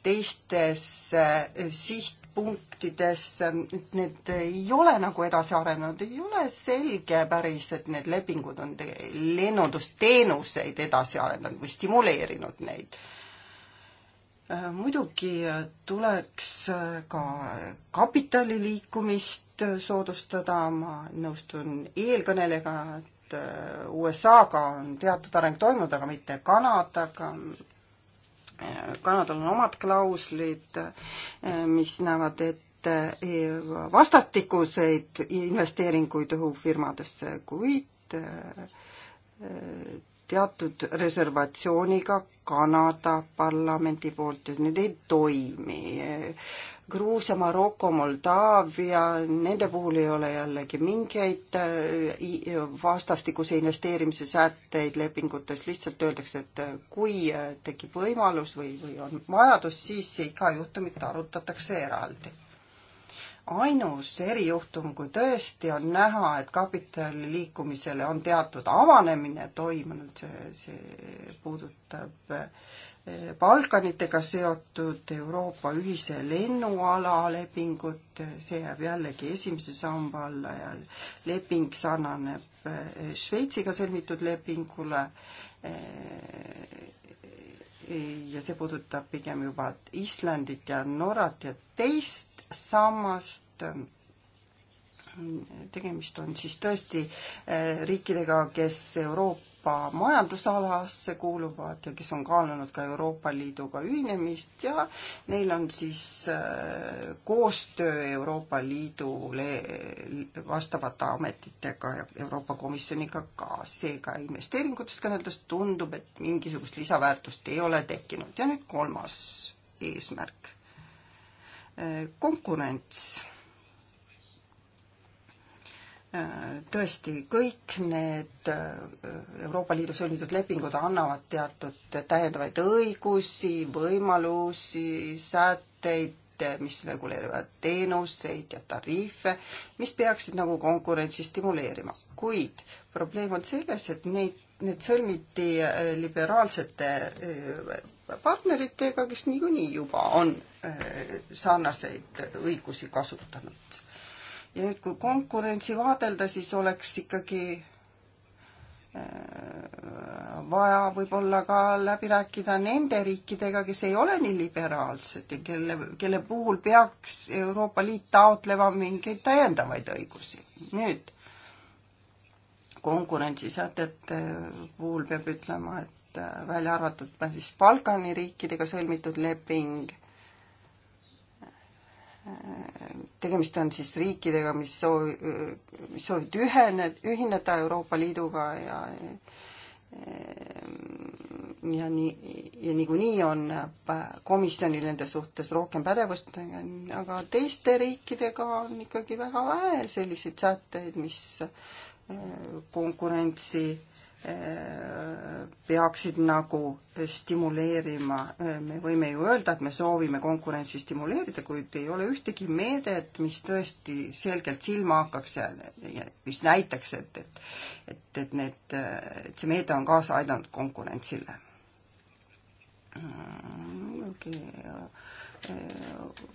teistes eh, sihtpunktides, et need ei ole nagu edasi arenenud, ei ole selge päris, et need lepingud on lennundusteenuseid edasi arendanud või stimuleerinud neid muidugi tuleks ka kapitali liikumist soodustada, ma nõustun eelkõnelejaga, et USA-ga on teatud areng toimunud, aga mitte Kanadaga. Kanadal on omad klauslid, mis näevad ette vastastikuseid investeeringuid õhufirmadesse, kuid teatud reservatsiooniga Kanada parlamendi poolt ja need ei toimi. Gruusia, Maroko, Moldaavia, nende puhul ei ole jällegi mingeid äh, vastastikuse investeerimise sätteid lepingutes, lihtsalt öeldakse, et kui äh, tekib võimalus või, või on vajadus, siis iga juhtumit arutatakse eraldi ainus erijuhtum, kui tõesti on näha, et kapitali liikumisele on teatud avanemine toimunud, see, see puudutab eh, Balkanitega seotud Euroopa ühise lennuala lepingut, see jääb jällegi esimese samba alla ja leping sarnaneb eh, Šveitsiga sõlmitud lepingule eh, ja see puudutab pigem juba Islandit ja Norrat ja teist sammast tegemist on siis tõesti eh, riikidega, kes Euroopa majandusalasse kuuluvad ja kes on kaalunud ka Euroopa Liiduga ühinemist ja neil on siis eh, koostöö Euroopa Liidule eh, vastavate ametitega ja Euroopa Komisjoniga ka. seega investeeringutest kõneldes tundub, et mingisugust lisaväärtust ei ole tekkinud ja nüüd kolmas eesmärk, konkurents tõesti, kõik need äh, Euroopa Liidu sõlmitud lepingud annavad teatud täiendavaid õigusi, võimalusi, sätteid, mis reguleerivad teenuseid ja tariife, mis peaksid nagu konkurentsi stimuleerima. kuid probleem on selles, et neid, need sõlmiti äh, liberaalsete äh, partneritega, kes niikuinii juba on sarnaseid õigusi kasutanud ja nüüd, kui konkurentsi vaadelda, siis oleks ikkagi äh, vaja võib-olla ka läbi rääkida nende riikidega, kes ei ole nii liberaalsed ja kelle, kelle puhul peaks Euroopa Liit taotlema mingeid täiendavaid õigusi. nüüd konkurentsisätete puhul peab ütlema, et äh, välja arvatud siis Balkani riikidega sõlmitud leping tegemist on siis riikidega, mis soovi, mis soovivad ühene, ühineda Euroopa Liiduga ja ja nii, ja niikuinii on komisjonil nende suhtes rohkem pädevust, aga teiste riikidega on ikkagi väga vähe selliseid sätteid, mis konkurentsi peaksid nagu stimuleerima, me võime ju öelda, et me soovime konkurentsi stimuleerida, kuid ei ole ühtegi meedet, mis tõesti selgelt silma hakkaks ja, ja mis näitaks, et, et et, et need, et see meede on kaasa aidanud konkurentsile. muidugi mm, okay Äh,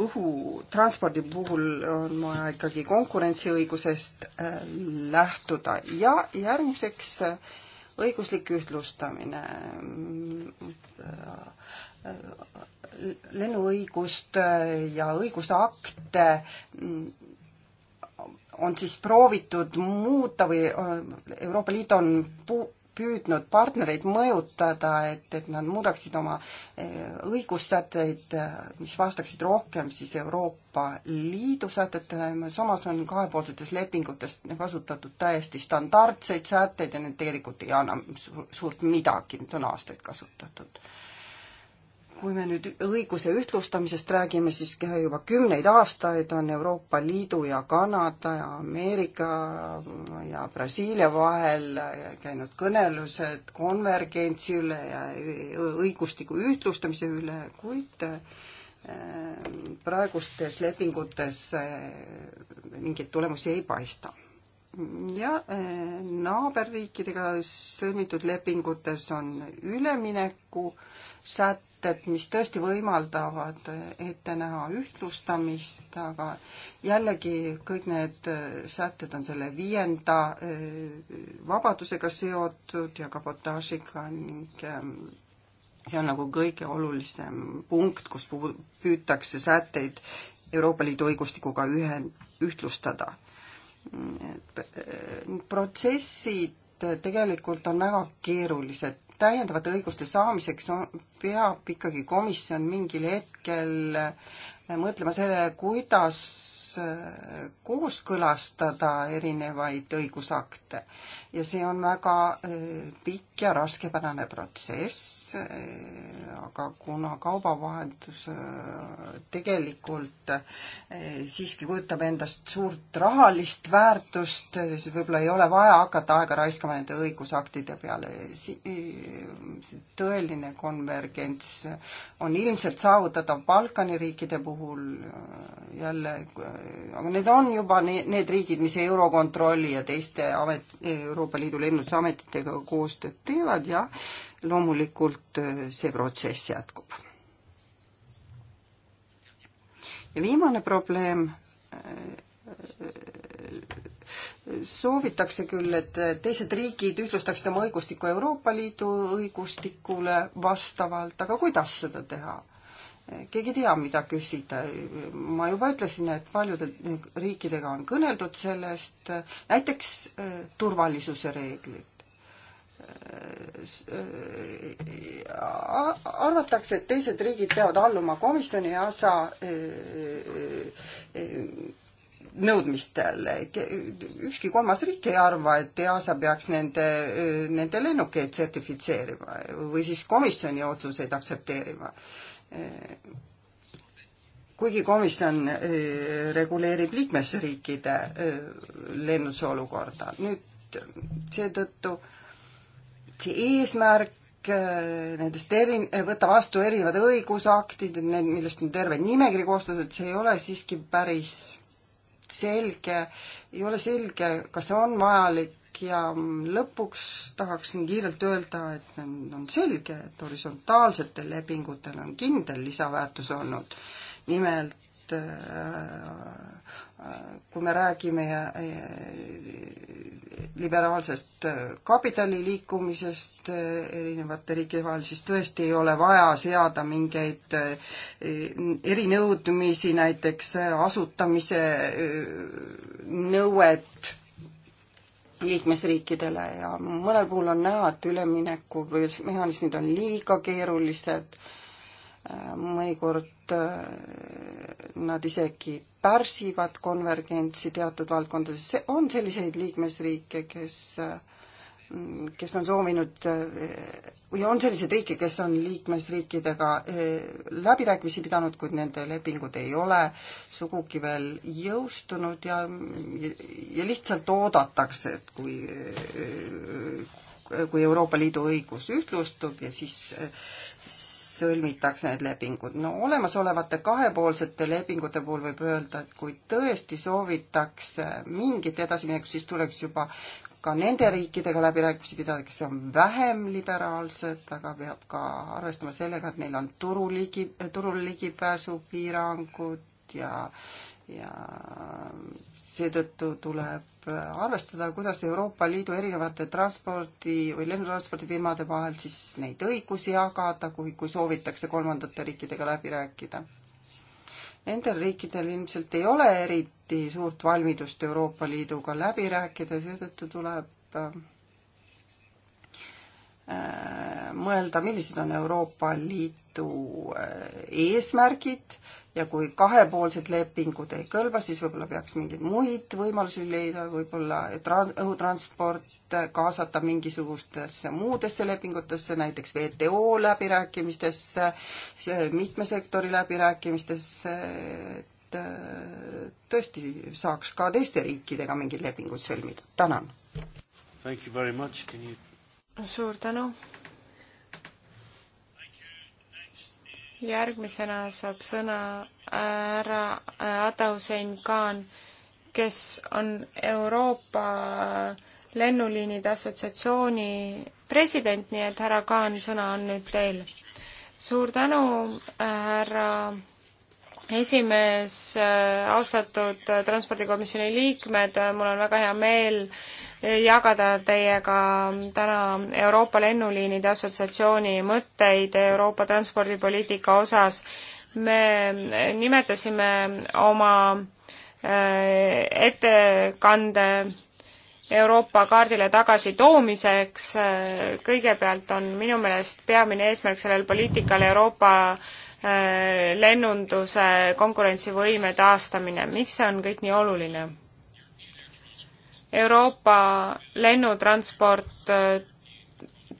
õhutranspordi puhul on vaja ikkagi konkurentsiõigusest äh, lähtuda ja järgmiseks äh, õiguslik ühtlustamine. lennuõigust ja õigusakte mm, on siis proovitud muuta või Euroopa Liit on pu-, püüdnud partnereid mõjutada, et, et nad muudaksid oma eh, õigussätteid, eh, mis vastaksid rohkem siis Euroopa Liidu sätetele, samas on kahepoolsetes lepingutes kasutatud täiesti standardseid sätteid ja need tegelikult ei anna suurt midagi, need on aastaid kasutatud kui me nüüd õiguse ühtlustamisest räägime, siis juba kümneid aastaid on Euroopa Liidu ja Kanada ja Ameerika ja Brasiilia vahel käinud kõnelused konvergentsi üle ja õigustiku ühtlustamise üle, kuid eh, praegustes lepingutes eh, mingeid tulemusi ei paista. ja eh, naaberriikidega sõlmitud lepingutes on ülemineku sätted, sätted, mis tõesti võimaldavad ette näha ühtlustamist, aga jällegi kõik need sätted on selle viienda eh, vabadusega seotud ja kabotaažiga ning eh, see on nagu kõige olulisem punkt, kus püütakse sätteid Euroopa Liidu õigustikuga ühe, ühtlustada. Eh, protsessid tegelikult on väga keerulised täiendavate õiguste saamiseks on, peab ikkagi komisjon mingil hetkel mõtlema sellele, kuidas kooskõlastada erinevaid õigusakte ja see on väga äh, pikk ja raskepärane protsess, äh, aga kuna kaubavahetus äh, tegelikult siiski kujutab endast suurt rahalist väärtust, siis võib-olla ei ole vaja hakata aega raiskama nende õigusaktide peale. tõeline konvergents on ilmselt saavutatav Balkani riikide puhul jälle aga need on juba need, need riigid, mis Eurokontrolli ja teiste amet, Euroopa Liidu lennundusametitega koostööd teevad ja loomulikult äh, see protsess jätkub. ja viimane probleem, äh, äh, soovitakse küll, et teised riigid ühtlustaksid oma õigustikku Euroopa Liidu õigustikule vastavalt, aga kuidas seda teha? keegi ei tea, mida küsida. ma juba ütlesin, et paljude riikidega on kõneldud sellest, näiteks äh, turvalisuse reeglid. Äh, äh, arvatakse, et teised riigid peavad alluma komisjoni ja osa nõudmistel. ükski kolmas riik ei arva, et EASA peaks nende, nende lennukeid sertifitseerima või siis komisjoni otsuseid aktsepteerima kuigi komisjon äh, reguleerib liikmesriikide äh, lennunduse olukorda. nüüd seetõttu see eesmärk äh, nendest eri, võtta vastu erinevad õigusaktid, need, millest on terve nimekiri koostatud, see ei ole siiski päris selge, ei ole selge, kas see on vajalik aeg ja lõpuks tahaksin kiirelt öelda, et on, on selge, et horisontaalsetel lepingutel on kindel lisaväärtus olnud. nimelt äh, äh, kui me räägime äh, liberaalsest kapitali liikumisest erinevate riikide vahel, siis tõesti ei ole vaja seada mingeid erinõudmisi, näiteks asutamise nõuet liikmesriikidele ja mõnel puhul on näha, et üleminekumehhanismid on liiga keerulised, mõnikord äh, nad isegi pärsivad konvergentsi teatud valdkondades, on selliseid liikmesriike, kes äh, kes on soovinud või on selliseid riike, kes on liikmesriikidega eh, läbirääkimisi pidanud, kuid nende lepingud ei ole sugugi veel jõustunud ja, ja lihtsalt oodatakse, et kui, eh, kui Euroopa Liidu õigus ühtlustub ja siis eh, sõlmitakse need lepingud. no olemasolevate kahepoolsete lepingute puhul võib öelda, et kui tõesti soovitakse mingit edasiminekut, siis tuleks juba ka nende riikidega läbirääkimisi pidada, kes on vähem liberaalsed, aga peab ka arvestama sellega, et neil on turuligi, turul ligipääsu piirangud ja, ja seetõttu tuleb arvestada, kuidas Euroopa Liidu erinevate transpordi või lennutranspordifirmade vahel siis neid õigusi jagada, kui, kui soovitakse kolmandate riikidega läbi rääkida nendel riikidel ilmselt ei ole eriti suurt valmidust Euroopa Liiduga läbi rääkida, seetõttu tuleb äh, Äh, mõelda, millised on Euroopa Liidu äh, eesmärgid ja kui kahepoolsed lepingud ei kõlba, siis võib-olla peaks mingeid muid võimalusi leida, võib-olla õhutransport äh, kaasata mingisugustesse muudesse lepingutesse, näiteks WTO läbirääkimistesse, mitme sektori läbirääkimistesse, et tõesti saaks ka teiste riikidega mingeid lepinguid sõlmida. tänan! Thank you very much, can you suur
tänu. järgmisena saab sõna härra äh, äh, Adausein Kaan, kes on Euroopa äh, lennuliinide assotsiatsiooni president, nii et härra Kaan, sõna on nüüd teil. suur tänu, härra esimees, äh, austatud äh, transpordikomisjoni liikmed, äh, mul on väga hea meel jagada teiega täna Euroopa Lennuliinide Assotsiatsiooni mõtteid Euroopa transpordipoliitika osas. me nimetasime oma ettekande Euroopa kaardile tagasitoomiseks, kõigepealt on minu meelest peamine eesmärk sellel poliitikal Euroopa Äh, lennunduse konkurentsivõime taastamine, miks see on kõik nii oluline? Euroopa lennutransport äh,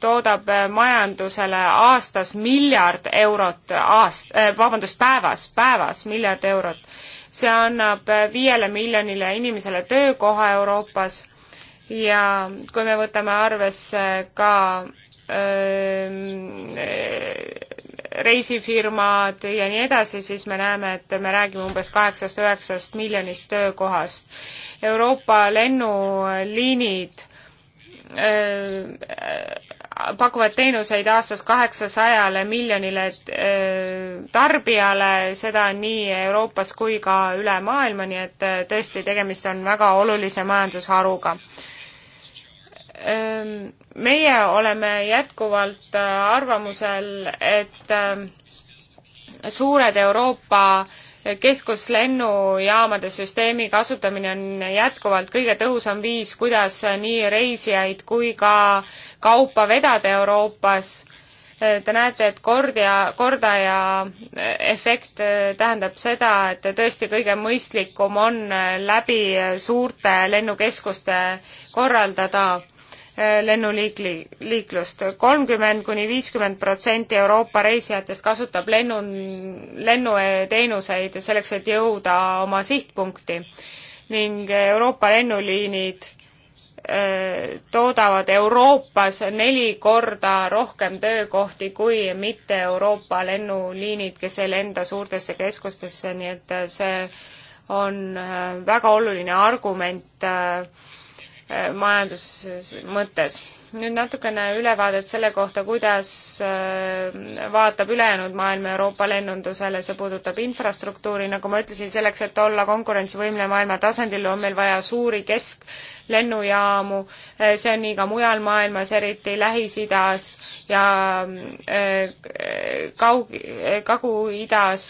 toodab äh, majandusele aastas miljard eurot aast- äh,, vabandust, päevas, päevas miljard eurot. see annab viiele miljonile inimesele töökoha Euroopas ja kui me võtame arvesse ka öö, ähm, reisifirmad ja nii edasi, siis me näeme, et me räägime umbes kaheksast-üheksast miljonist töökohast. Euroopa lennuliinid äh, pakuvad teenuseid aastas kaheksasajale miljonile äh, tarbijale, seda nii Euroopas kui ka üle maailma, nii et äh, tõesti, tegemist on väga olulise majandusharuga. Ehm, meie oleme jätkuvalt äh, arvamusel, et äh, suured Euroopa keskuslennujaamade süsteemi kasutamine on jätkuvalt kõige tõhusam viis, kuidas nii reisijaid kui ka kaupa vedada Euroopas. Äh, te näete, et kord ja, kordaja efekt tähendab seda, et tõesti kõige mõistlikum on läbi suurte lennukeskuste korraldada Äh, lennuliiklust. kolmkümmend kuni viiskümmend protsenti Euroopa reisijatest kasutab lennu, lennuteenuseid selleks, et jõuda oma sihtpunkti ning Euroopa lennuliinid äh, toodavad Euroopas neli korda rohkem töökohti kui mitte Euroopa lennuliinid, kes ei lenda suurtesse keskustesse, nii et äh, see on väga oluline argument äh, Äh, majandusmõttes. nüüd natukene ülevaadet selle kohta, kuidas äh, vaatab ülejäänud maailm Euroopa lennundusele, see puudutab infrastruktuuri, nagu ma ütlesin, selleks, et olla konkurentsivõimeline maailma tasandil, on meil vaja suuri kesklennujaamu, äh, see on nii ka mujal maailmas, eriti Lähis-Idas ja kaug-, Kagu-Idas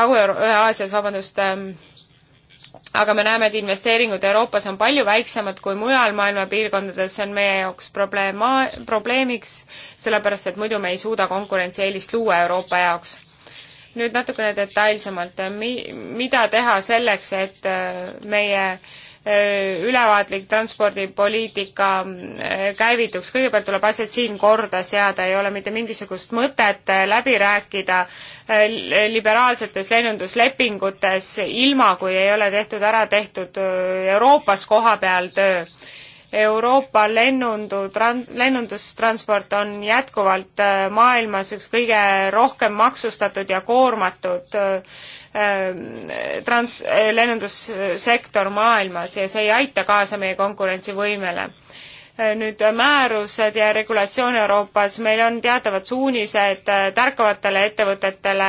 Kagu-Aasias, vabandust, ähm, aga me näeme, et investeeringud Euroopas on palju väiksemad kui mujal maailma piirkondades, see on meie jaoks probleema, probleemiks, sellepärast et muidu me ei suuda konkurentsieelist luua Euroopa jaoks. nüüd natukene detailsemalt, mi-, mida teha selleks, et äh, meie äh, Äh, ülevaatlik transpordipoliitika äh, käivituks, kõigepealt tuleb asjad siin korda seada, ei ole mitte mingisugust mõtet äh, läbi rääkida liberaalsetes lennunduslepingutes, ilma kui ei ole tehtud ära tehtud Euroopas kohapeal töö Euroopa lennundu, lennundustransport on jätkuvalt äh, maailmas üks kõige rohkem maksustatud ja koormatud äh, äh, trans-, lennundussektor maailmas ja see ei aita kaasa meie konkurentsivõimele. Eh, nüüd eh, määrused ja regulatsioon Euroopas, meil on teatavad suunised eh, tärkavatele ettevõtetele,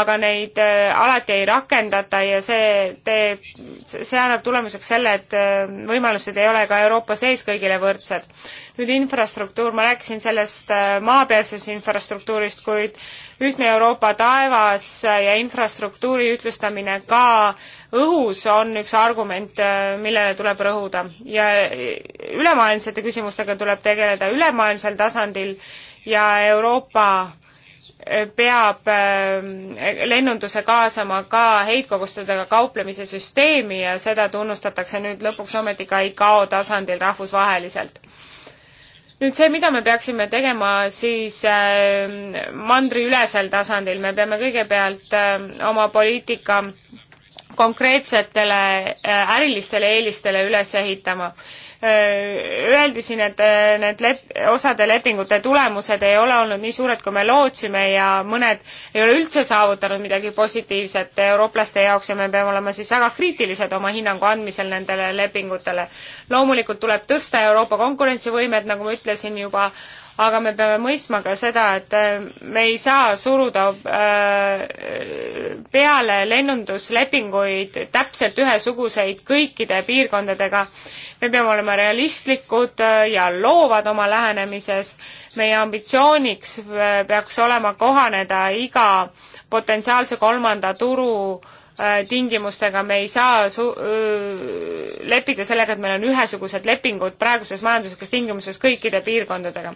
aga neid alati ei rakendata ja see teeb, see annab tulemuseks selle, et võimalused ei ole ka Euroopa sees kõigile võrdsed. nüüd infrastruktuur, ma rääkisin sellest maapealsest infrastruktuurist, kuid ühtne Euroopa taevas ja infrastruktuuri ütlustamine ka õhus on üks argument, millele tuleb rõhuda. ja ülemaailmsete küsimustega tuleb tegeleda ülemaailmsel tasandil ja Euroopa peab eh, lennunduse kaasama ka heitkogustega kauplemise süsteemi ja seda tunnustatakse nüüd lõpuks ometi ka ICAO tasandil rahvusvaheliselt nüüd see, mida me peaksime tegema siis äh, mandriülesel tasandil, me peame kõigepealt äh, oma poliitika konkreetsetele äh, ärilistele eelistele üles ehitama öeldi siin, et eh, need lep-, osade lepingute tulemused ei ole olnud nii suured, kui me lootsime ja mõned ei ole üldse saavutanud midagi positiivset eurooplaste jaoks ja me peame olema siis väga kriitilised oma hinnangu andmisel nendele lepingutele. loomulikult tuleb tõsta Euroopa konkurentsivõimet, nagu ma ütlesin juba äh, aga me peame mõistma ka seda, et äh, me ei saa suruda äh, peale lennunduslepinguid täpselt ühesuguseid kõikide piirkondadega. me peame olema realistlikud äh, ja loovad oma lähenemises. meie ambitsiooniks peaks olema kohaneda iga potentsiaalse kolmanda turu äh, Äh, tingimustega, me ei saa su-, öö, äh, leppida sellega, et meil on ühesugused lepingud praeguses majanduslikus tingimuses kõikide piirkondadega.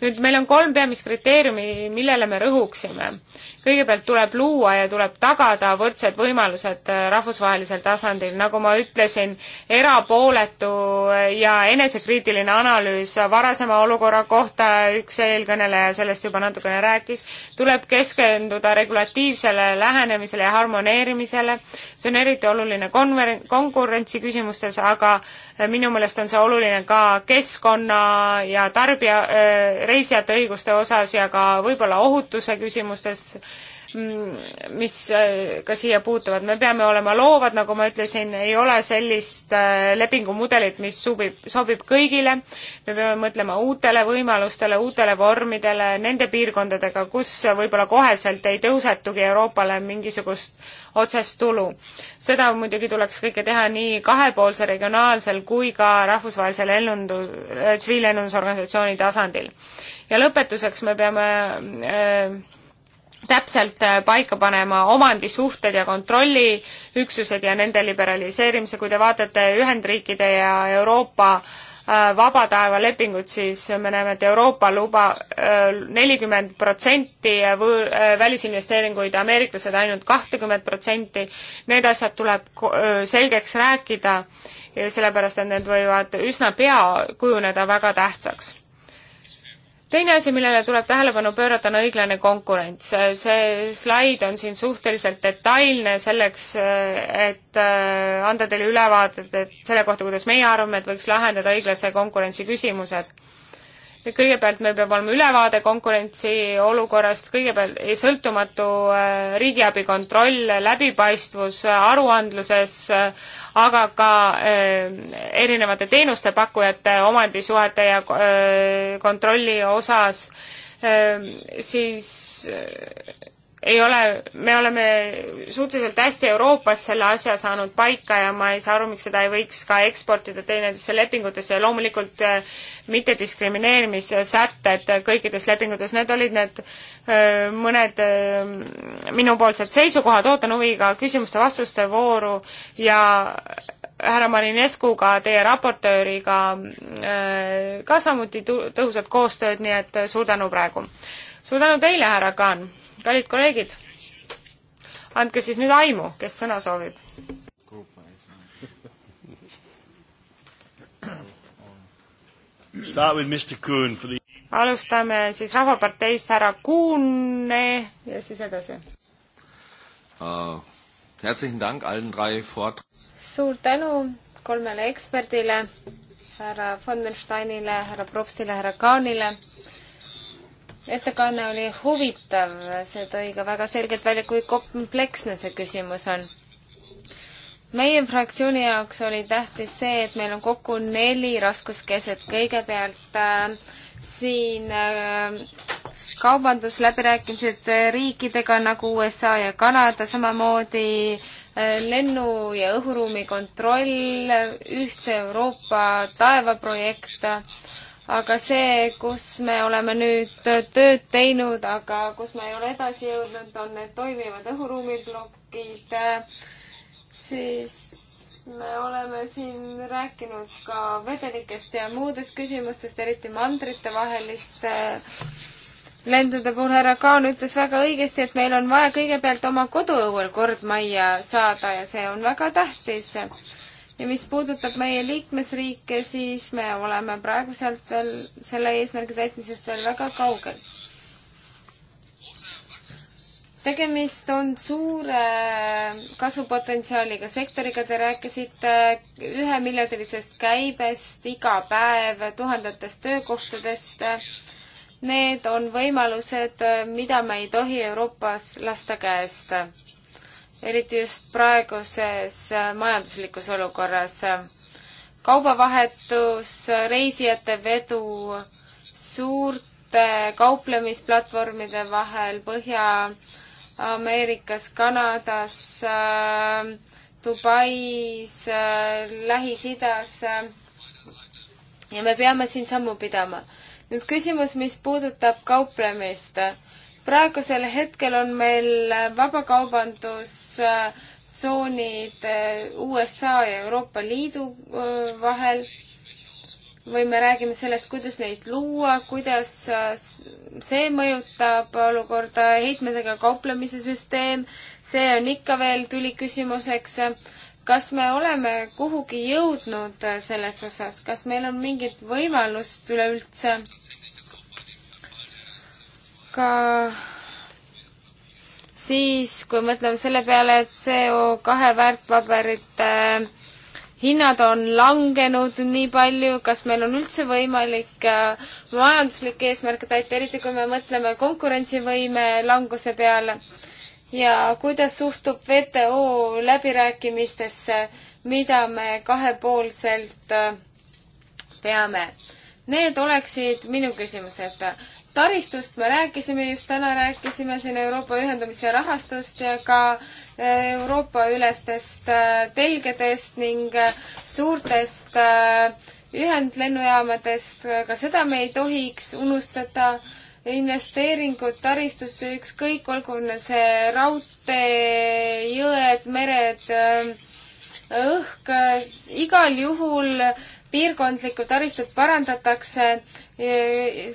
nüüd meil on kolm peamist kriteeriumi, millele me rõhuksime kõigepealt tuleb luua ja tuleb tagada võrdsed võimalused äh, rahvusvahelisel tasandil, nagu ma ütlesin, erapooletu äh, ja enesekriitiline analüüs varasema olukorra kohta, üks eelkõneleja sellest juba natukene rääkis, tuleb keskenduda regulatiivsele lähenemisele ja harmoneerimisele, see on eriti oluline konver-, konkurentsi küsimustes, aga äh, minu meelest on see oluline ka keskkonna ja tarbija, reisijate õiguste osas ja ka võib-olla ohutuse küsimustes, Mm, mis äh, ka siia puutuvad. me peame olema loovad, nagu ma ütlesin, ei ole sellist äh, lepingumudelit, mis sobib, sobib kõigile. me peame mõtlema uutele võimalustele, uutele vormidele, nende piirkondadega, kus võib-olla koheselt ei tõusetugi Euroopale mingisugust otsest tulu. seda muidugi tuleks kõike teha nii kahepoolse, regionaalsel kui ka rahvusvahelisel lennundu-, äh, tsiviillennundusorganisatsiooni tasandil. ja lõpetuseks me peame äh, täpselt äh, paika panema omandisuhted ja kontrolliüksused ja nende liberaliseerimise, kui te vaatate Ühendriikide ja Euroopa äh, vaba taeva lepingut, siis me näeme, et Euroopa luba äh, nelikümmend protsenti välisinvesteeringuid, ameeriklased ainult kahtekümmet protsenti. Need asjad tuleb selgeks rääkida, sellepärast et need võivad üsna pea kujuneda väga tähtsaks teine asi, millele tuleb tähelepanu pöörata, on õiglane konkurents. see slaid on siin suhteliselt detailne selleks, et äh, anda teile ülevaadet, et selle kohta, kuidas meie arvame, et võiks lahendada õiglase konkurentsi küsimused kõigepealt meil peab olema ülevaade konkurentsi olukorrast, kõigepealt sõltumatu äh, riigiabi kontroll, läbipaistvus äh, aruandluses, äh, aga ka erinevate teenustepakkujate omandisuhete ja kontrolli osas, siis ei ole, me oleme suhteliselt hästi Euroopas selle asja saanud paika ja ma ei saa aru, miks seda ei võiks ka eksportida teineteise lepingutesse ja loomulikult eh, mittediskrimineerimise sätted kõikides lepingutes, need olid need öö, eh, mõned eh, minupoolsed seisukohad, ootan huviga küsimuste-vastuste vooru ja härra Marinescuga, teie raportööriga ka samuti tõhusat koostööd, nii et suur tänu praegu. suur tänu teile, härra Kaan kallid kolleegid, andke siis nüüd aimu, kes sõna soovib. alustame siis Rahvaparteist härra Kuune ja siis edasi uh,. suur tänu kolmele eksperdile, härra Fondensteinile, härra Propstile, härra Kaanile ettekanne oli huvitav, see tõi ka väga selgelt välja, kui kompleksne see küsimus on. meie fraktsiooni jaoks oli tähtis see, et meil on kokku neli raskuskeset, kõigepealt äh, siin äh, kaubandusläbirääkimised riikidega nagu USA ja Kanada, samamoodi äh, lennu- ja õhuruumi kontroll, ühtse Euroopa taevaprojekt aga see, kus me oleme nüüd tööd teinud, aga kus me ei ole edasi jõudnud, on need toimivad õhuruumiplokid, siis me oleme siin rääkinud ka vedelikest ja muudest küsimustest, eriti mandritevaheliste lendude puhul härra Kaan ütles väga õigesti, et meil on vaja kõigepealt oma koduõuel kord majja saada ja see on väga tähtis ja mis puudutab meie liikmesriike, siis me oleme praegu sealt veel, selle eesmärgi täitmisest veel väga kaugel. tegemist on suure kasvupotentsiaaliga sektoriga, te rääkisite ühemiljardilisest käibest iga päev, tuhandetest töökohtadest. Need on võimalused, mida me ei tohi Euroopas lasta käest eriti just praeguses äh, majanduslikus olukorras. kaubavahetus, reisijate vedu, suurte kauplemisplatvormide vahel Põhja-Ameerikas, Kanadas, äh, Dubais, äh, Lähis-Idas ja me peame siin sammu pidama. nüüd küsimus, mis puudutab kauplemist praegusel hetkel on meil vabakaubandustsoonid äh, USA ja Euroopa Liidu äh, vahel või me räägime sellest, kuidas neid luua, kuidas äh, see mõjutab olukorda, heitmetega kauplemise süsteem, see on ikka veel tuli küsimuseks. kas me oleme kuhugi jõudnud selles osas, kas meil on mingit võimalust üleüldse? aga siis, kui mõtleme selle peale, et CO kahe väärtpaberite äh, hinnad on langenud nii palju, kas meil on üldse võimalik äh, majanduslikke eesmärke täita, eriti kui me mõtleme konkurentsivõime languse peale. ja kuidas suhtub WTO läbirääkimistesse, mida me kahepoolselt äh, peame? Need oleksid minu küsimused taristust me rääkisime just täna, rääkisime siin Euroopa ühendamise rahastust ja ka äh, Euroopa-ülestest äh, telgedest ning äh, suurtest ühendlennujaamadest, ka seda me ei tohiks unustada. investeeringud taristusse, ükskõik, olgu see raudtee, jõed, mered, õhk, igal juhul piirkondlikku taristut parandatakse e,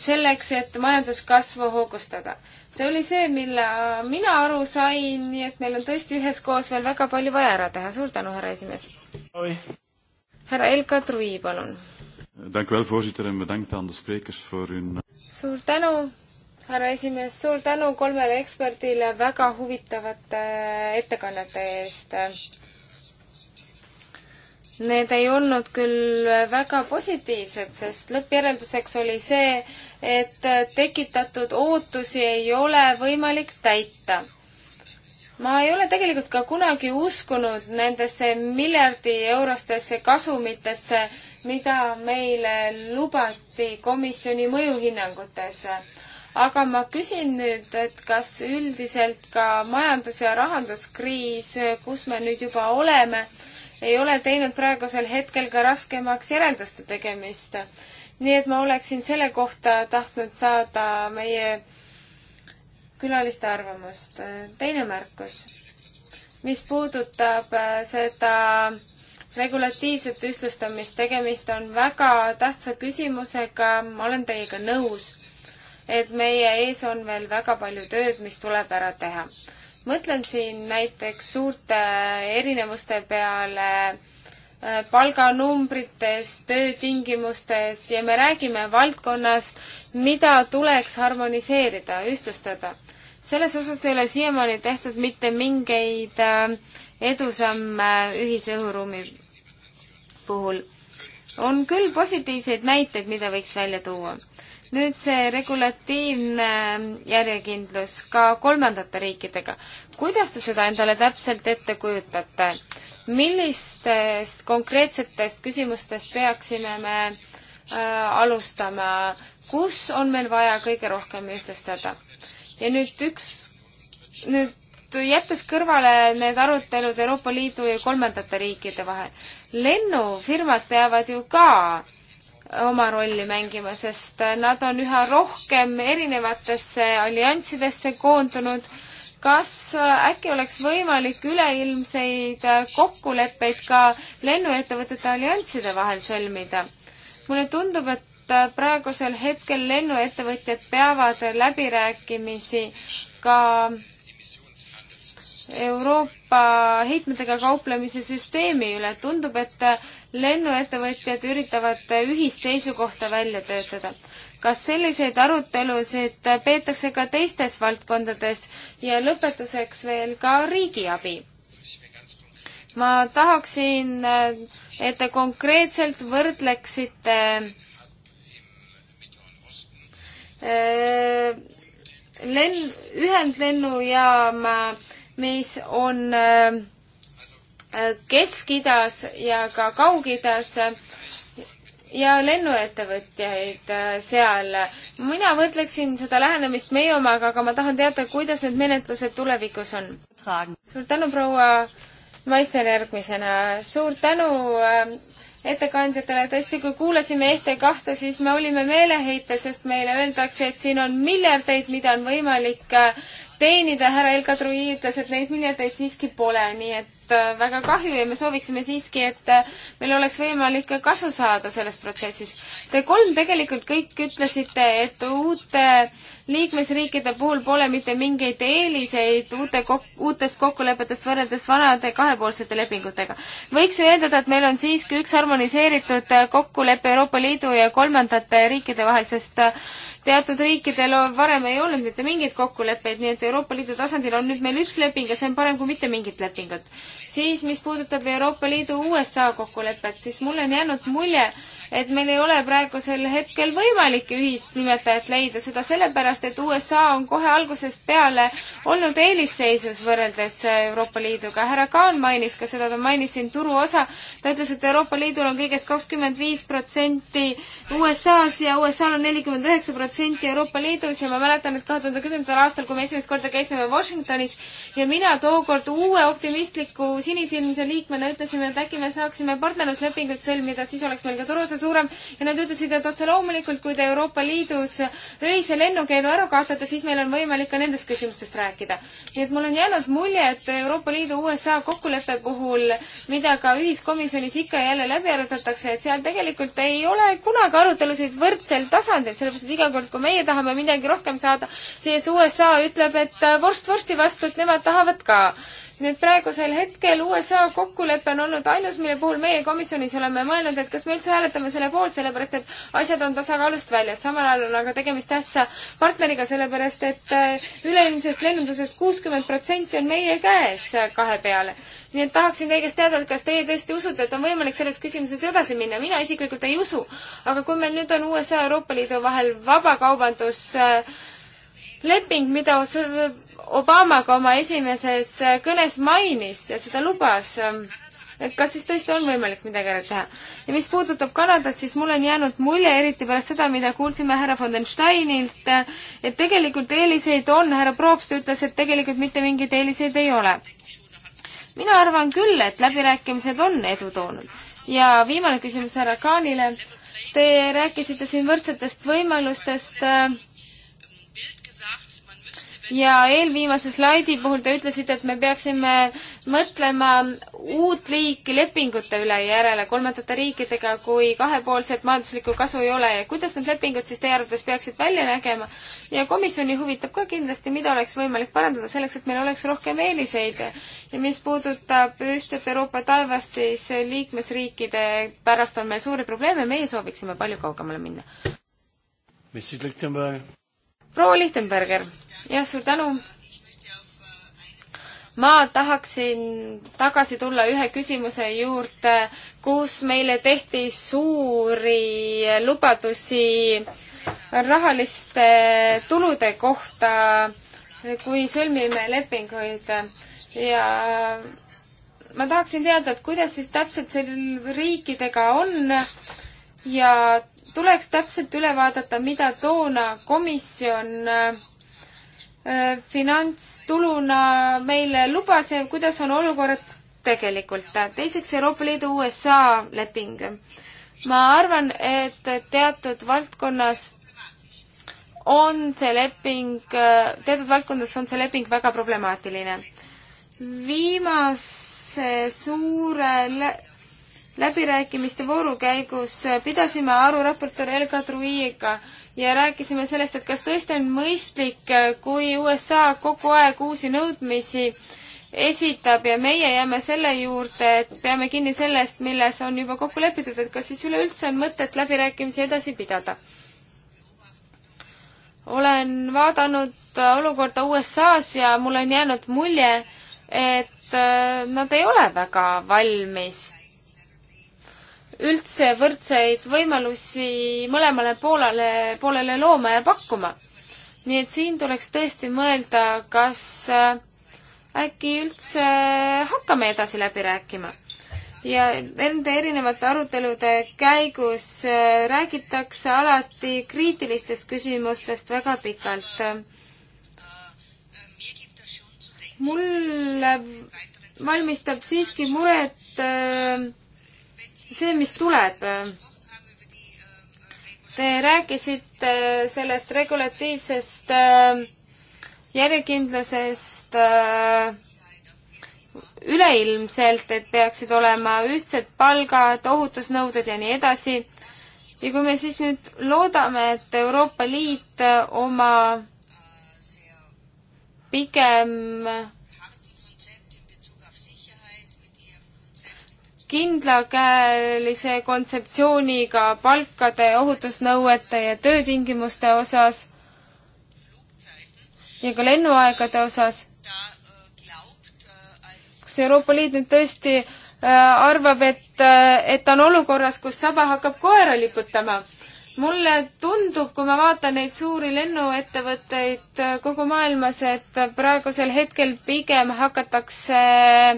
selleks, et majanduskasvu hoogustada. see oli see, mille mina aru sain, nii et meil on tõesti üheskoos veel väga palju vaja ära teha. suur tänu, härra esimees! härra Elka Trui, palun!
Eh,
suur tänu, härra esimees, suur tänu kolmele eksperdile väga huvitavate eh, ettekannete eest Need ei olnud küll väga positiivsed, sest lõppjärelduseks oli see, et tekitatud ootusi ei ole võimalik täita. ma ei ole tegelikult ka kunagi uskunud nendesse miljardi eurostesse kasumitesse, mida meile lubati komisjoni mõjuhinnangutes aga ma küsin nüüd, et kas üldiselt ka majandus- ja rahanduskriis, kus me nüüd juba oleme, ei ole teinud praegusel hetkel ka raskemaks järelduste tegemist. nii et ma oleksin selle kohta tahtnud saada meie külaliste arvamust. teine märkus, mis puudutab äh, seda regulatiivset ühtlustamist, tegemist on väga tähtsa küsimusega, ma olen teiega nõus, et meie ees on veel väga palju tööd, mis tuleb ära teha mõtlen siin näiteks suurte erinevuste peale äh, palganumbrites, töötingimustes ja me räägime valdkonnast, mida tuleks harmoniseerida, ühtlustada. selles osas ei ole siiamaani tehtud mitte mingeid äh, edusamme äh, ühise õhuruumi puhul. on küll positiivseid näiteid, mida võiks välja tuua nüüd see regulatiivne ähm, järjekindlus ka kolmandate riikidega. kuidas te seda endale täpselt ette kujutate? millistest konkreetsetest küsimustest peaksime me äh, alustama, kus on meil vaja kõige rohkem ühtlustada? ja nüüd üks, nüüd jättes kõrvale need arutelud Euroopa Liidu ja kolmandate riikide vahel, lennufirmad peavad ju ka äh, oma rolli mängima, sest nad on üha rohkem erinevatesse allianssidesse koondunud. kas äkki oleks võimalik üleilmseid kokkuleppeid ka lennuettevõtete allianside vahel sõlmida? mulle tundub, et praegusel hetkel lennuettevõtjad peavad läbirääkimisi ka Euroopa heitmetega kauplemise süsteemi üle. tundub, et lennuettevõtjad üritavad ühist seisukohta välja töötada. kas selliseid arutelusid peetakse ka teistes valdkondades ja lõpetuseks veel ka riigiabi? ma tahaksin, et te konkreetselt võrdleksite äh, lenn, ühendlennujaama, mis on äh, Kesk-Idas ja ka Kaug-Idas ja lennuettevõtjaid äh, seal. mina mõtleksin seda lähenemist meie omaga, aga ma tahan teada, kuidas need menetlused tulevikus on. suur tänu, proua Maister, järgmisena. suur tänu äh, ettekandjatele, tõesti, kui kuulasime Ehte kahte, siis me olime meeleheitel, sest meile öeldakse, et siin on miljardeid, mida on võimalik äh, teenida. härra Elka Trui ütles, et neid miljardeid siiski pole, nii et Äh, väga kahju ja me sooviksime siiski, et äh, meil oleks võimalik kasu saada sellest protsessist. Te kolm tegelikult kõik ütlesite, et uute liikmesriikide puhul pole mitte mingeid eeliseid uute kok-, uutest kokkulepetest võrreldes vanade kahepoolsete lepingutega. võiks ju eeldada, et meil on siiski üks harmoniseeritud äh, kokkulepe Euroopa Liidu ja kolmandate riikide vahel, sest teatud riikidel varem ei olnud mitte mingeid kokkuleppeid, nii et Euroopa Liidu tasandil on nüüd meil üks leping ja see on parem kui mitte mingit lepingut siis mis puudutab Euroopa Liidu USA kokkulepet, siis mulle on jäänud mulje, et meil ei ole praegusel hetkel võimalik ühist nimetajat leida, seda sellepärast, et USA on kohe algusest peale olnud eelisseisus võrreldes Euroopa Liiduga. härra Kaan mainis ka seda, ta mainis siin turuosa, ta ütles, et Euroopa Liidul on kõigest kakskümmend viis protsenti USA-s ja USA-l on nelikümmend üheksa protsenti Euroopa Liidus ja ma mäletan, et kahe tuhande kümnendal aastal, kui me esimest korda käisime Washingtonis ja mina tookord uue optimistliku sinisilmse liikmena ütlesime, et äkki me saaksime partnerluslepingut sõlmida, siis oleks meil ka turuosa see suurem ja nad ütlesid, et otse loomulikult, kui te Euroopa Liidus öise lennukeelu ära kaotate, siis meil on võimalik ka nendest küsimustest rääkida. nii et mul on jäänud mulje, et Euroopa Liidu USA kokkuleppe puhul, mida ka ühiskomisjonis ikka ja jälle läbi arutatakse, et seal tegelikult ei ole kunagi arutelusid võrdsel tasandil, sellepärast et iga kord, kui meie tahame midagi rohkem saada, siis USA ütleb, et vorst vorsti vastu, et nemad tahavad ka nii et praegusel hetkel USA kokkulepe on olnud ainus, mille puhul meie komisjonis oleme mõelnud, et kas me üldse hääletame selle poolt, sellepärast et asjad on tasakaalust väljas. samal ajal on aga tegemist tähtsa partneriga, sellepärast et äh, üleilmsest lennundusest kuuskümmend protsenti on meie käes kahe peale. nii et tahaksin teie käest teada, et kas teie tõesti usute, et on võimalik selles küsimuses edasi minna. mina isiklikult ei usu. aga kui meil nüüd on USA ja Euroopa Liidu vahel vabakaubandus leping, mida Obama ka oma esimeses kõnes mainis ja seda lubas. et kas siis tõesti on võimalik midagi ära teha? ja mis puudutab Kanadat, siis mul on jäänud mulje, eriti pärast seda, mida kuulsime härra von den Steinilt, et tegelikult eeliseid on, härra Probst ütles, et tegelikult mitte mingeid eeliseid ei ole. mina arvan küll, et läbirääkimised on edu toonud. ja viimane küsimus härra Kaanile. Te rääkisite siin võrdsetest võimalustest äh, ja eelviimase slaidi puhul te ütlesite, et me peaksime mõtlema uut liiki lepingute üle järele kolmandate riikidega, kui kahepoolset majanduslikku kasu ei ole ja kuidas need lepingud siis teie arvates peaksid välja nägema. ja komisjoni huvitab ka kindlasti, mida oleks võimalik parandada selleks, et meil oleks rohkem eeliseid. ja mis puudutab ühtset Euroopa taevast, siis liikmesriikide pärast on meil suuri probleeme, meie sooviksime palju kaugemale minna. Mrs. Lichtenberg proua Lichtenberger, jah, suur tänu. ma tahaksin tagasi tulla ühe küsimuse juurde, kus meile tehti suuri lubadusi rahaliste tulude kohta, kui sõlmime lepinguid ja ma tahaksin teada, et kuidas siis täpselt seal riikidega on ja tuleks täpselt üle vaadata, mida toona komisjon äh, äh, finantstuluna meile lubas ja kuidas on olukorrad tegelikult. teiseks Euroopa Liidu USA leping. ma arvan, et teatud valdkonnas on see leping, äh, teatud valdkondades on see leping väga problemaatiline. viimase suure läbirääkimiste vooru käigus pidasime aru raportöör Elga Truiiga ja rääkisime sellest, et kas tõesti on mõistlik, kui USA kogu aeg uusi nõudmisi esitab ja meie jääme selle juurde, et peame kinni sellest, milles on juba kokku lepitud, et kas siis üleüldse on mõtet läbirääkimisi edasi pidada. olen vaadanud olukorda USA-s ja mul on jäänud mulje, et äh, nad ei ole väga valmis üldse võrdseid võimalusi mõlemale poolele, poolele looma ja pakkuma. nii et siin tuleks tõesti mõelda, kas äh, äkki üldse hakkame edasi läbi rääkima. ja nende erinevate arutelude käigus äh, räägitakse alati kriitilistest küsimustest väga pikalt. mulle valmistab siiski muret äh, see, mis tuleb. Te rääkisite sellest regulatiivsest äh, järjekindlusest äh, üleilmselt, et peaksid olema ühtsed palgad, ohutusnõuded ja nii edasi. ja kui me siis nüüd loodame, et Euroopa Liit oma pigem kindlakäelise kontseptsiooniga palkade, ohutusnõuete ja töötingimuste osas ja ka lennuaegade osas. kas Euroopa Liit nüüd tõesti äh, arvab, et, äh, et ta on olukorras, kus saba hakkab koera liputama? mulle tundub, kui ma vaatan neid suuri lennuettevõtteid äh, kogu maailmas, et praegusel hetkel pigem hakatakse äh,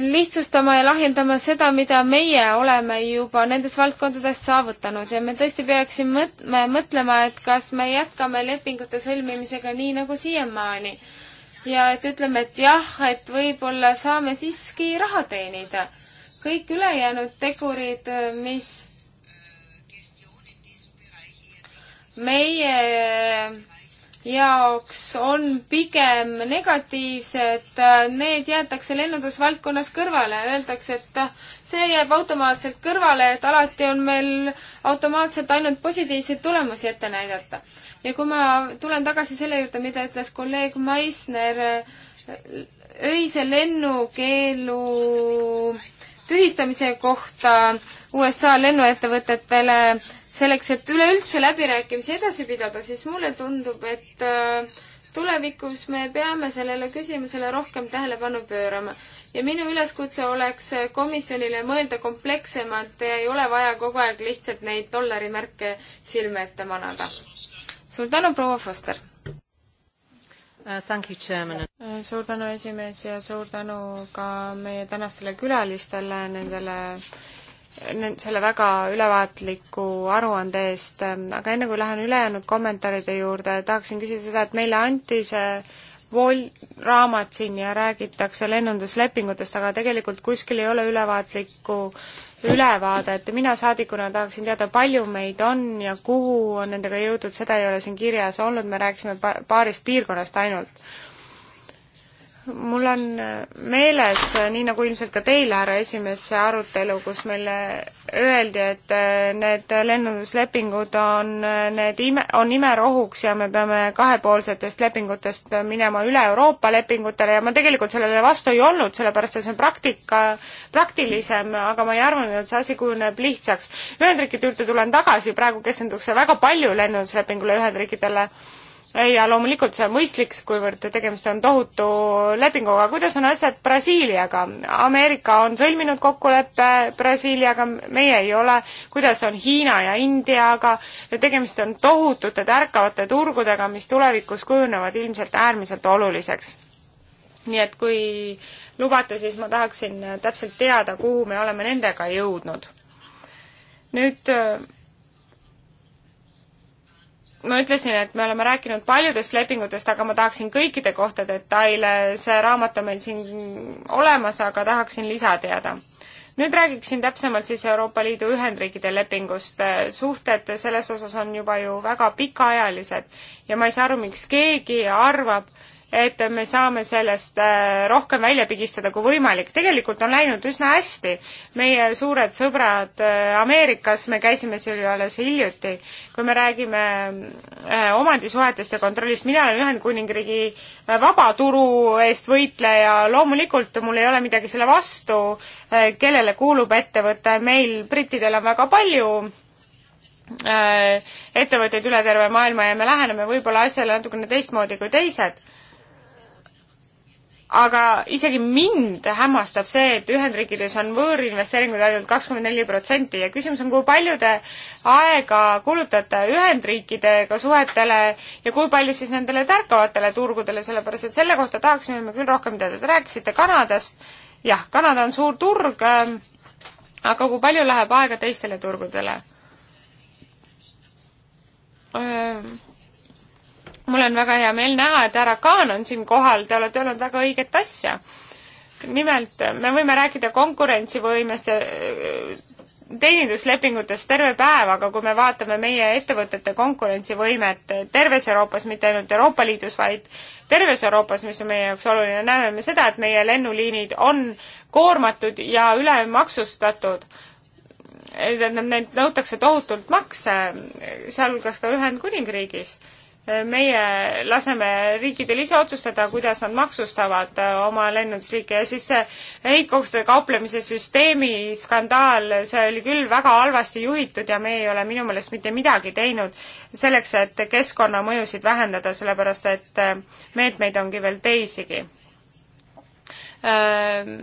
lihtsustama ja lahjendama seda, mida meie oleme juba nendes valdkondades saavutanud ja me tõesti peaksime mõt-, mõtlema, et kas me jätkame lepingute sõlmimisega nii nagu siiamaani. ja et ütleme, et jah, et võib-olla saame siiski raha teenida. kõik ülejäänud tegurid, mis meie jaoks on pigem negatiivsed, need jäetakse lennundusvaldkonnas kõrvale, öeldakse, et see jääb automaatselt kõrvale, et alati on meil automaatselt ainult positiivseid tulemusi ette näidata. ja kui ma tulen tagasi selle juurde, mida ütles kolleeg Maisner öise lennukeelu tühistamise kohta USA lennuettevõtetele, selleks, et üleüldse läbirääkimisi edasi pidada, siis mulle tundub, et äh, tulevikus me peame sellele küsimusele rohkem tähelepanu pöörama. ja minu üleskutse oleks äh, komisjonile mõelda komplekssemalt ja ei ole vaja kogu aeg lihtsalt neid dollarimärke silme ette manada. suur tänu, proua Foster! Uh, thank you, Chairman. Uh, suur tänu, esimees, ja suur tänu ka meie tänastele külalistele, nendele selle väga ülevaatliku aruande eest, aga enne kui lähen ülejäänud kommentaaride juurde, tahaksin küsida seda, et meile anti see vol-, raamat siin ja räägitakse lennunduslepingutest, aga tegelikult kuskil ei ole ülevaatlikku ülevaadet ja mina saadikuna tahaksin teada, palju meid on ja kuhu on nendega jõudnud, seda ei ole siin kirjas olnud, me rääkisime pa-, paarist piirkonnast ainult mul on meeles, nii nagu ilmselt ka teile, härra esimees, see arutelu, kus meile öeldi, et eh, need lennunduslepingud on eh, need ime, on imerohuks ja me peame kahepoolsetest lepingutest minema üle Euroopa lepingutele ja ma tegelikult sellele vastu ei olnud, sellepärast et see on praktika, praktilisem, aga ma ei arvanud, et see asi kujuneb lihtsaks. Ühendriikide juurde tulen tagasi, praegu keskendutakse väga palju lennunduslepingule Ühendriikidele ja loomulikult see on mõistlik, kuivõrd tegemist on tohutu lepinguga. kuidas on asjad Brasiiliaga? Ameerika on sõlminud kokkuleppe Brasiiliaga, meie ei ole. kuidas on Hiina ja Indiaga? tegemist on tohutute tärkavate turgudega, mis tulevikus kujunevad ilmselt äärmiselt oluliseks. nii et kui lubate, siis ma tahaksin täpselt teada, kuhu me oleme nendega jõudnud. nüüd ma ütlesin, et me oleme rääkinud paljudest lepingutest, aga ma tahaksin kõikide kohta detaile, see raamat on meil siin olemas, aga tahaksin lisa teada. nüüd räägiksin täpsemalt siis Euroopa Liidu Ühendriikide lepingust. suhted selles osas on juba ju väga pikaajalised ja ma ei saa aru, miks keegi arvab, et me saame sellest äh, rohkem välja pigistada kui võimalik. tegelikult on läinud üsna hästi. meie suured sõbrad äh, Ameerikas, me käisime seal ju alles hiljuti, kui me räägime äh, omandisuhetest ja kontrollist, mina olen Ühendkuningriigi vabaturu eest võitleja, loomulikult mul ei ole midagi selle vastu, kellele kuulub ettevõte, meil brittidel on väga palju ettevõtteid üle terve maailma ja me läheneme võib-olla asjale natukene teistmoodi kui teised aga isegi mind hämmastab see, et Ühendriikides on võõrinvesteeringuid ainult kakskümmend neli protsenti ja küsimus on, kui palju te aega kulutate Ühendriikidega suhetele ja kui palju siis nendele tärkavatele turgudele, sellepärast et selle kohta tahaksime me küll rohkem teada, te rääkisite Kanadast, jah, Kanada on suur turg, ähm, aga kui palju läheb aega teistele turgudele? mul on väga hea meel näha, et härra Kaan on siin kohal, te olete öelnud väga õiget asja. nimelt, me võime rääkida konkurentsivõimest ja äh, teeninduslepingutest terve päev, aga kui me vaatame meie ettevõtete konkurentsivõimet terves Euroopas, mitte ainult Euroopa Liidus, vaid terves Euroopas, mis on meie jaoks oluline, näeme me seda, et meie lennuliinid on koormatud ja ülemaksustatud. tähendab, neid nõutakse tohutult makse, sealhulgas ka Ühendkuningriigis meie laseme riikidel ise otsustada, kuidas nad maksustavad äh, oma lennundusliike ja siis see heitkoguste kauplemise süsteemi skandaal, see oli küll väga halvasti juhitud ja me ei ole minu meelest mitte midagi teinud selleks, et keskkonnamõjusid vähendada, sellepärast et äh, meetmeid ongi veel teisigi äh,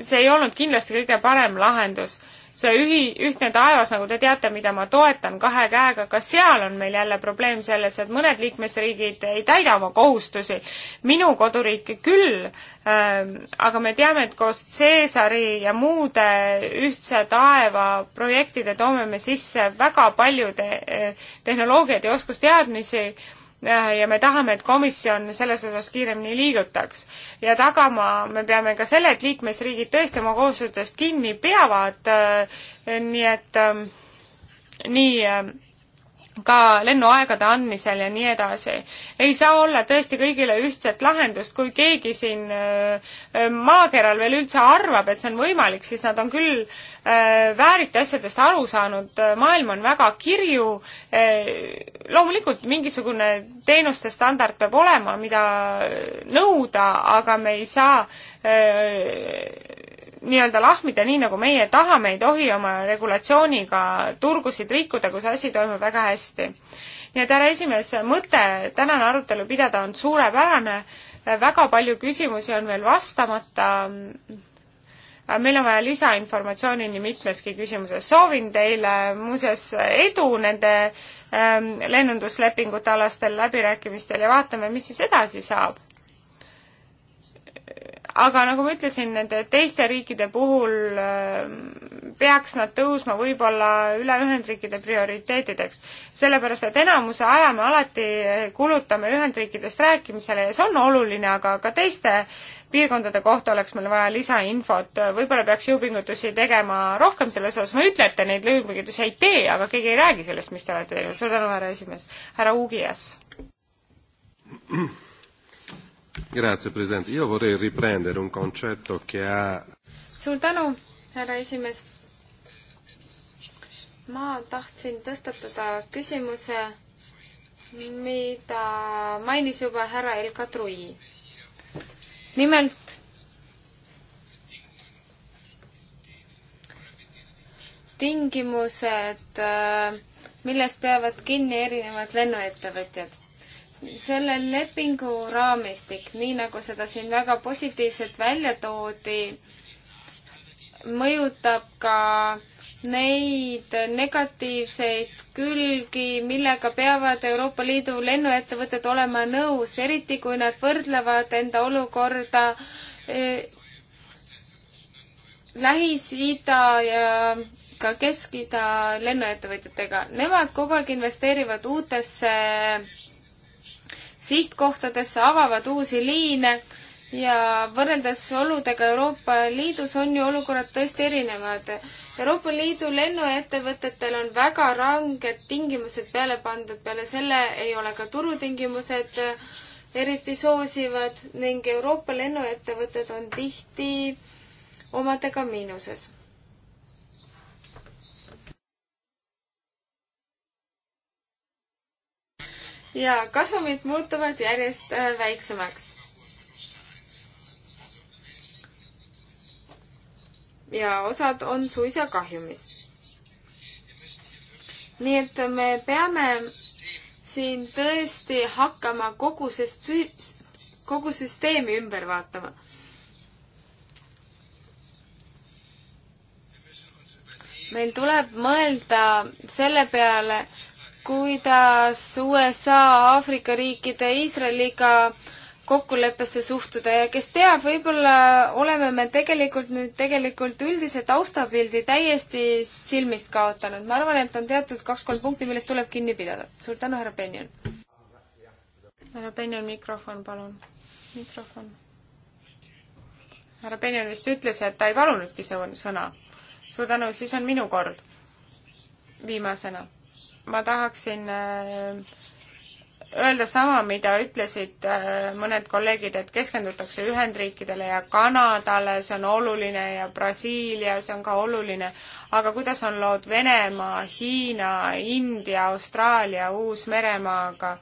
see ei olnud kindlasti kõige parem lahendus see ühi-, ühtne taevas, nagu te teate, mida ma toetan kahe käega, ka seal on meil jälle probleem selles, et mõned liikmesriigid ei täida oma kohustusi. minu koduriik küll ähm,, aga me teame, et koos Caesari ja muude ühtse taeva projektide toome me sisse väga palju te-, äh, tehnoloogiaid ja oskusteadmisi äh,, Äh, ja me tahame, et komisjon selles osas kiiremini liigutaks. ja tagama me peame ka selle, et liikmesriigid tõesti oma kohustustest kinni peavad, äh, nii et ähm, nii ähm, ka lennuaegade andmisel ja nii edasi. ei saa olla tõesti kõigile ühtset lahendust, kui keegi siin äh, äh, maakeral veel üldse arvab, et see on võimalik, siis nad on küll äh, vääriti asjadest aru saanud, maailm on väga kirju, loomulikult mingisugune teenuste standard peab olema, mida nõuda, aga me ei saa nii-öelda lahmida nii, nagu meie tahame, ei tohi oma regulatsiooniga turgusid rikkuda, kus asi toimub väga hästi. nii et härra esimees, mõte tänane arutelu pidada on suurepärane, väga palju küsimusi on veel vastamata, meil on vaja lisainformatsiooni nii mitmeski küsimuses. soovin teile muuseas edu nende ähm, lennunduslepingute alastel läbirääkimistel ja vaatame, mis siis edasi saab aga nagu ma ütlesin, nende teiste riikide puhul ähm, peaks nad tõusma võib-olla üle Ühendriikide prioriteetideks. sellepärast, et enamuse aja me alati kulutame Ühendriikidest rääkimisele ja see on oluline, aga ka teiste piirkondade kohta oleks meil vaja lisainfot, võib-olla peaks jõupingutusi tegema rohkem selles osas, ma ei ütle, et te neid jõupingutusi ei tee, aga keegi ei räägi sellest, mis te olete teinud, suur tänu, härra esimees, härra Ugias.
Grazie, president. Io vorrei riprendere un concetto che ha...
suur tänu, härra esimees. ma tahtsin tõstatada küsimuse, mida mainis juba härra El Kadri. nimelt tingimused, äh, millest peavad kinni erinevad lennuettevõtjad selle lepingu raamistik, nii nagu seda siin väga positiivselt välja toodi, mõjutab ka neid negatiivseid külgi, millega peavad Euroopa Liidu lennuettevõtted olema nõus, eriti kui nad võrdlevad enda olukorda eh, Lähis-Ida ja ka Kesk-Ida lennuettevõtjatega. Nemad kogu aeg investeerivad uutesse sihtkohtadesse, avavad uusi liine ja võrreldes oludega Euroopa Liidus on ju olukorrad tõesti erinevad. Euroopa Liidu lennuettevõtetel on väga ranged tingimused peale pandud, peale selle ei ole ka turutingimused eh, eriti soosivad ning Euroopa lennuettevõtted on tihti omadega miinuses. ja kasumid muutuvad järjest äh, väiksemaks. ja osad on suisa kahjumis. nii et me peame siin tõesti hakkama kogu sest-, kogu süsteemi ümber vaatama meil tuleb mõelda selle peale, kuidas USA, Aafrika riikide, Iisraeliga kokkuleppesse suhtuda ja kes teab, võib-olla oleme me tegelikult nüüd tegelikult üldise taustapildi täiesti silmist kaotanud. ma arvan, et on teatud kaks-kolm punkti, millest tuleb kinni pidada. suur tänu, härra Benjon. härra Benjon, mikrofon, palun. mikrofon. härra Benjon vist ütles, et ta ei palunudki sõna. suur tänu, siis on minu kord viimasena ma tahaksin äh, öelda sama, mida ütlesid äh, mõned kolleegid, et keskendutakse Ühendriikidele ja Kanadale, see on oluline, ja Brasiilia, see on ka oluline, aga kuidas on lood Venemaa, Hiina, India, Austraalia, Uus-Meremaaga?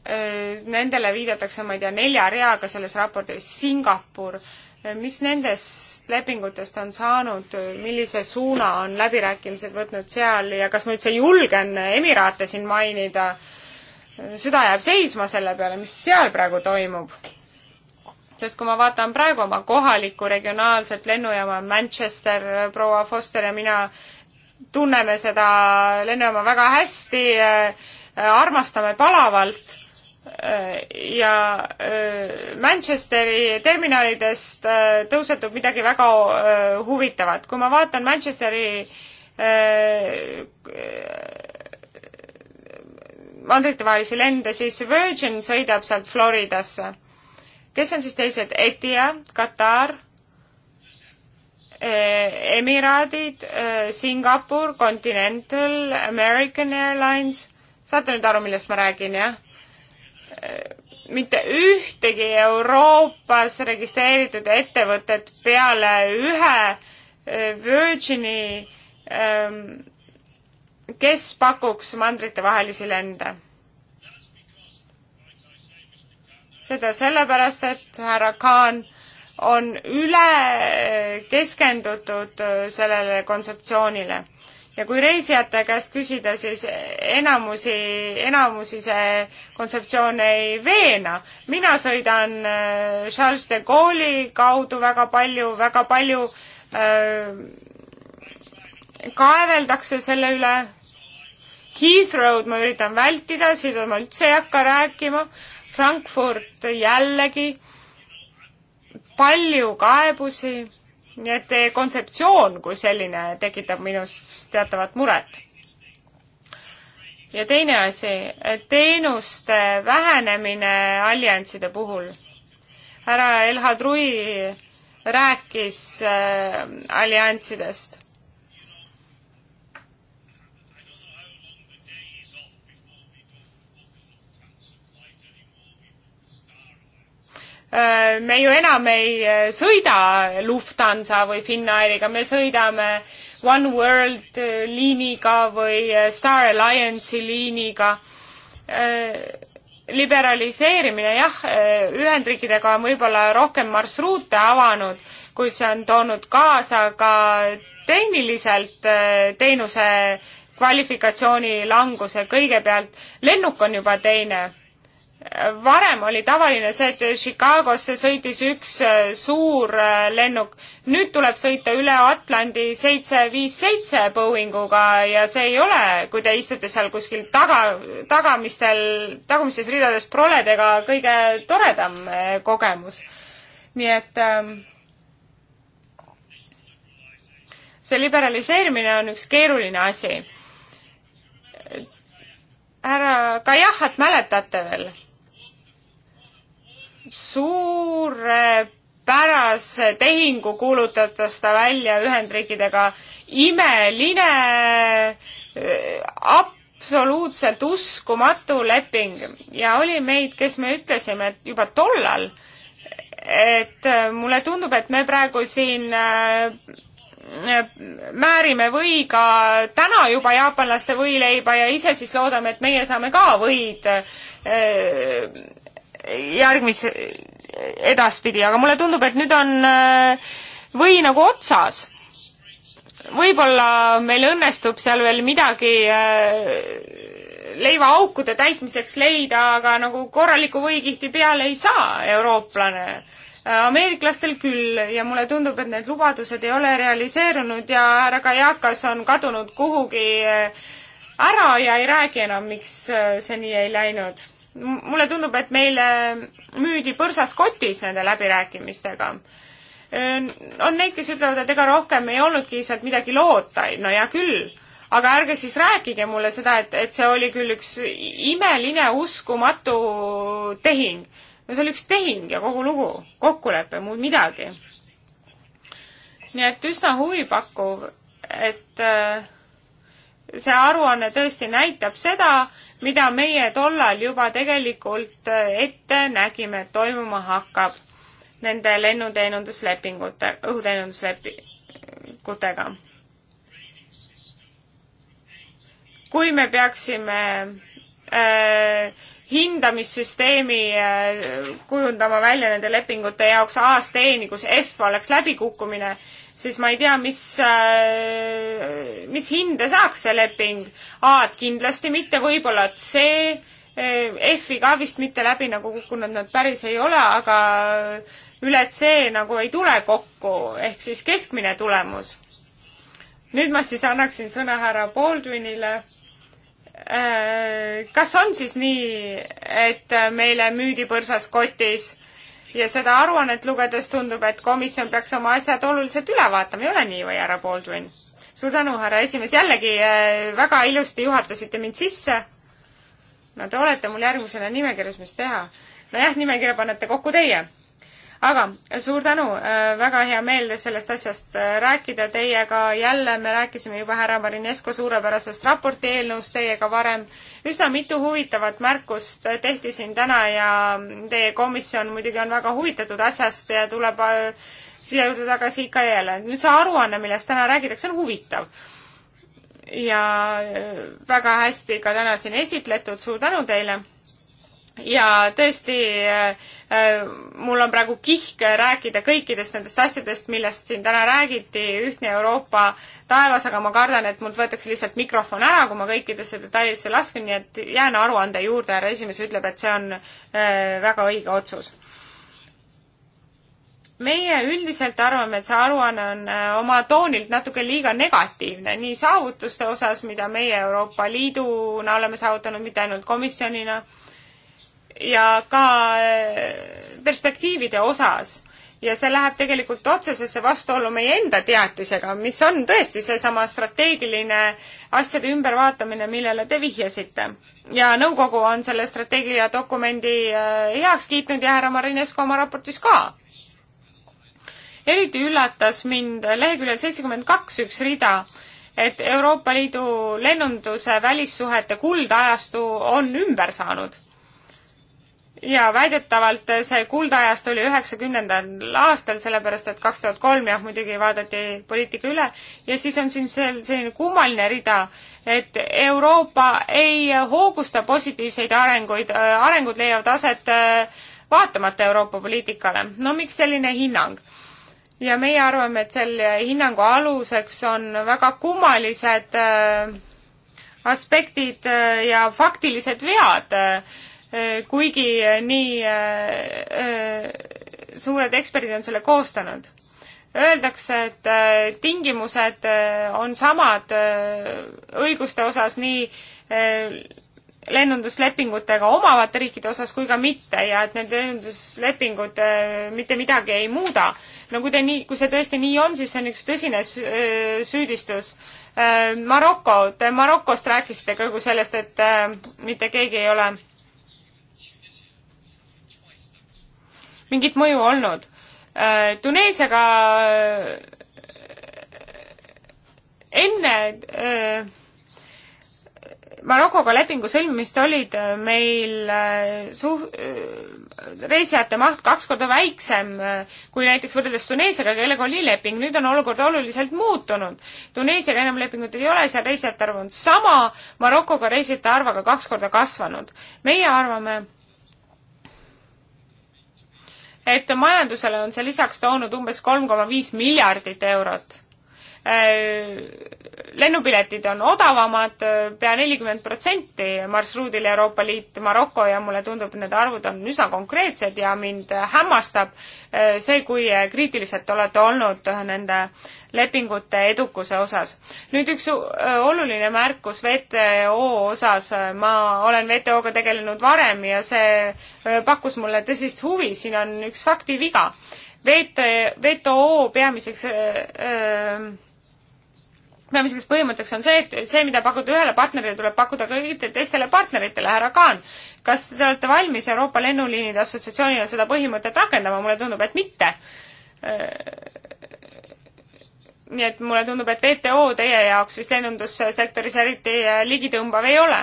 Äh, nendele viidatakse, ma ei tea, nelja reaga selles raportis, Singapur mis nendest lepingutest on saanud, millise suuna on läbirääkimised võtnud seal ja kas ma üldse julgen Emiraate siin mainida? süda jääb seisma selle peale, mis seal praegu toimub. sest kui ma vaatan praegu oma kohalikku regionaalset lennujaama Manchester, proua Foster ja mina tunneme seda lennujaama väga hästi, armastame palavalt Äh, ja äh, Manchesteri terminalidest äh, tõusetub midagi väga huvitavat. kui ma vaatan Manchesteri mandritevahelisi lende, siis Virgin sõidab sealt Floridasse. kes on siis teised? Etia, Katar, Emiraadid, Singapur, Continental, American Airlines, saate nüüd aru, millest ma räägin, jah? mitte ühtegi Euroopas registreeritud ettevõtet peale ühe eh, Virgini, ehm, kes pakuks mandritevahelisi lende. seda sellepärast, et härra Khan on üle eh, keskendutud eh, sellele kontseptsioonile ja kui reisijate käest küsida, siis enamusi, enamusi see kontseptsioon ei veena. mina sõidan äh, Charles de Gaulle'i kaudu väga palju, väga palju äh, kaeveldakse selle üle. Heathrow'd ma üritan vältida, seda ma üldse ei hakka rääkima. Frankfurt jällegi, palju kaebusi nii et teie kontseptsioon kui selline tekitab minus teatavat muret. ja teine asi, teenuste vähenemine allianside puhul. härra Elhad Rui rääkis äh, allianssidest Äh, me ju enam ei äh, sõida Lufthansa või Finnairiga, me sõidame One World äh, liiniga või Star Alliance'i liiniga. liberaliseerimine jah, Ühendriikidega on võib-olla rohkem marsruute avanud, kuid see on toonud kaasa ka tehniliselt teenuse kvalifikatsiooni languse kõigepealt. lennuk on juba teine varem oli tavaline see, et Chicagosse sõitis üks äh, suur äh, lennuk, nüüd tuleb sõita üle Atlandi seitse viis seitse Boeinguga ja see ei ole, kui te istute seal kuskil taga, tagamistel, tagumistes ridades proledega, kõige toredam äh, kogemus. nii et ähm, see liberaliseerimine on üks keeruline asi härra Kajahat mäletate veel? suurepärase tehingu kuulutatas ta välja Ühendriikidega. imeline, äh, absoluutselt uskumatu leping ja oli meid, kes me ütlesime, et juba tollal, et äh, mulle tundub, et me praegu siin äh, määrime võiga täna juba jaapanlaste võileiba ja ise siis loodame, et meie saame ka võid järgmise, edaspidi, aga mulle tundub, et nüüd on äh, või nagu otsas. võib-olla meil õnnestub seal veel midagi
äh,
leivaaukude täitmiseks leida, aga nagu korralikku võikihti peale ei saa eurooplane. Äh, ameeriklastel küll ja mulle tundub, et need lubadused ei ole realiseerunud ja härra Kajakas on kadunud kuhugi ära ja ei räägi enam, miks see nii ei läinud mulle tundub, et meile müüdi põrsas kotis nende läbirääkimistega. on neid, kes ütlevad, et ega rohkem ei olnudki sealt midagi loota, no hea küll, aga ärge siis rääkige mulle seda, et, et see oli küll üks imeline, uskumatu tehing. no see oli üks tehing ja kogu lugu, kokkulepe, muud midagi. nii et üsna huvipakkuv, et äh, see aruanne tõesti näitab seda, mida meie tollal juba tegelikult äh, ette nägime, et toimuma hakkab nende lennuteenunduslepingute, õhuteenunduslepingutega. kui me peaksime äh, hindamissüsteemi äh, kujundama välja nende lepingute jaoks aastateeni, kus F oleks läbikukkumine äh,, siis ma ei tea, mis, äh, mis hinde saaks see leping. A-d kindlasti mitte, võib-olla C, äh, F-i ka vist mitte läbi nagu kukkunud nad päris ei ole, aga üle C nagu ei tule kokku, ehk siis keskmine tulemus. nüüd ma siis annaksin sõna härra Baldwinile. Äh, kas on siis nii, et meile müüdi põrsas kotis ja seda aruannet lugedes tundub, et komisjon peaks oma asjad oluliselt üle vaatama, ei ole nii või, härra Baldwin? suur tänu, härra esimees, jällegi äh, väga ilusti juhatasite mind sisse. no te olete mul järgmisena nimekirjas, mis teha. nojah, nimekirja panete kokku teie aga suur tänu, äh, väga hea meel sellest asjast äh, rääkida teiega jälle, me rääkisime juba härra Marinesko suurepärasest raporti eelnõust teiega varem. üsna mitu huvitavat märkust äh, tehti siin täna ja teie komisjon muidugi on väga huvitatud asjast ja tuleb siia juurde tagasi ikka ja jälle. nüüd see aruanne, millest täna räägitakse, on huvitav ja väga hästi ka täna siin esitletud, suur tänu teile! ja tõesti äh, äh,, mul on praegu kihk rääkida kõikidest nendest asjadest, millest siin täna räägiti, ühtne Euroopa taevas, aga ma kardan, et mult võetakse lihtsalt mikrofon ära, kui ma kõikidesse detailidesse lasken, nii et jään aruande juurde, härra esimees ütleb, et see on äh, väga õige otsus. meie üldiselt arvame, et see aruanne on äh, oma toonilt natuke liiga negatiivne, nii saavutuste osas, mida meie Euroopa Liiduna oleme saavutanud, mitte ainult komisjonina äh,, ja ka äh, perspektiivide osas ja see läheb tegelikult otsesesse vastuollu meie enda teatisega, mis on tõesti seesama strateegiline asjade ümbervaatamine, millele te vihjasite. ja nõukogu on selle strateegia dokumendi äh, heaks kiitnud ja härra Marinesko oma raportis ka. eriti üllatas mind leheküljel seitsekümmend kaks üks rida, et Euroopa Liidu lennunduse välissuhete kuldajastu on ümber saanud ja väidetavalt see kuldajast oli üheksakümnendal aastal, sellepärast et kaks tuhat kolm jah, muidugi vaadati poliitika üle ja siis on siin sel-, selline kummaline rida, et Euroopa ei hoogusta positiivseid arenguid, arengud leiavad aset äh, vaatamata Euroopa poliitikale. no miks selline hinnang? ja meie arvame, et selle hinnangu aluseks on väga kummalised äh, aspektid äh, ja faktilised vead Eh, kuigi eh, nii eh, suured eksperdid on selle koostanud. Öeldakse, et tingimused on samad õiguste osas nii lennunduslepingutega omavate riikide osas kui ka mitte ja et need lennunduslepingud mitte midagi ei muuda. no kui te nii, kui see tõesti nii on, siis see on üks tõsine süüdistus. Maroko, te Marokost rääkisite ka ju sellest, et mitte keegi ei ole mingit mõju olnud. Äh, Tuneesiaga äh, enne äh, Marokoga lepingu sõlmimist olid meil suh-, reisijate maht kaks korda väiksem kui näiteks võrreldes Tuneesiaga, kellega oli leping, nüüd on olukord oluliselt muutunud. Tuneesiaga enam lepingut ei ole, seal reisijate arv on sama, Marokoga reisijate arv aga kaks korda kasvanud. meie arvame, et majandusele on see lisaks toonud umbes kolm koma viis miljardit eurot Äh, lennupiletid on odavamad äh, pea nelikümmend protsenti marsruudil Euroopa Liit, Maroko ja mulle tundub, need arvud on üsna konkreetsed ja mind hämmastab äh, see, kui kriitiliselt olete olnud nende lepingute edukuse osas. nüüd üks oluline märkus WTO osas, ma olen WTO-ga tegelenud varem ja see pakkus mulle tõsist huvi, siin on üks faktiviga. WTO peamiseks öö, öö, peamiseks põhimõtteks on see, et see, mida pakkuda ühele partnerile, tuleb pakkuda kõigile teistele partneritele, härra Kaan. kas te olete valmis Euroopa Lennuliinide Assotsiatsioonile seda põhimõtet rakendama, mulle tundub, et mitte. Äh, nii et mulle tundub, et WTO teie jaoks vist lennundussektoris eriti äh, ligitõmbav ei ole.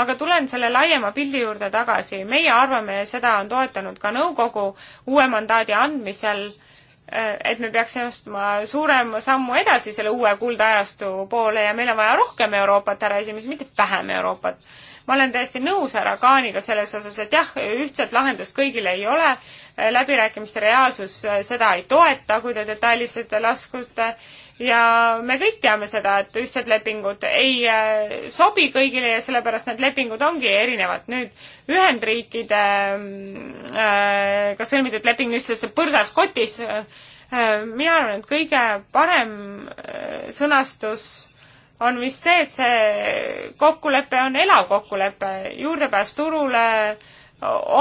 aga tulen selle laiema pildi juurde tagasi, meie arvame ja seda on toetanud ka nõukogu uue mandaadi andmisel äh, et me peaksime astuma suurema sammu edasi selle uue kuldajastu poole ja meil on vaja rohkem Euroopat, härra esimees, mitte vähem Euroopat ma olen täiesti nõus härra Kaaniga selles osas, et jah, ühtset lahendust kõigil ei ole, läbirääkimiste reaalsus äh, seda ei toeta, kui te detailselt laskute ja me kõik teame seda, et ühtsed lepingud ei äh, sobi kõigile ja sellepärast need lepingud ongi erinevad. nüüd Ühendriikide mm, äh, ka sõlmitud leping nüüd selles põrsas kotis, mina arvan, et kõige parem sõnastus on vist see, et see kokkulepe on elav kokkulepe, juurdepääs turule,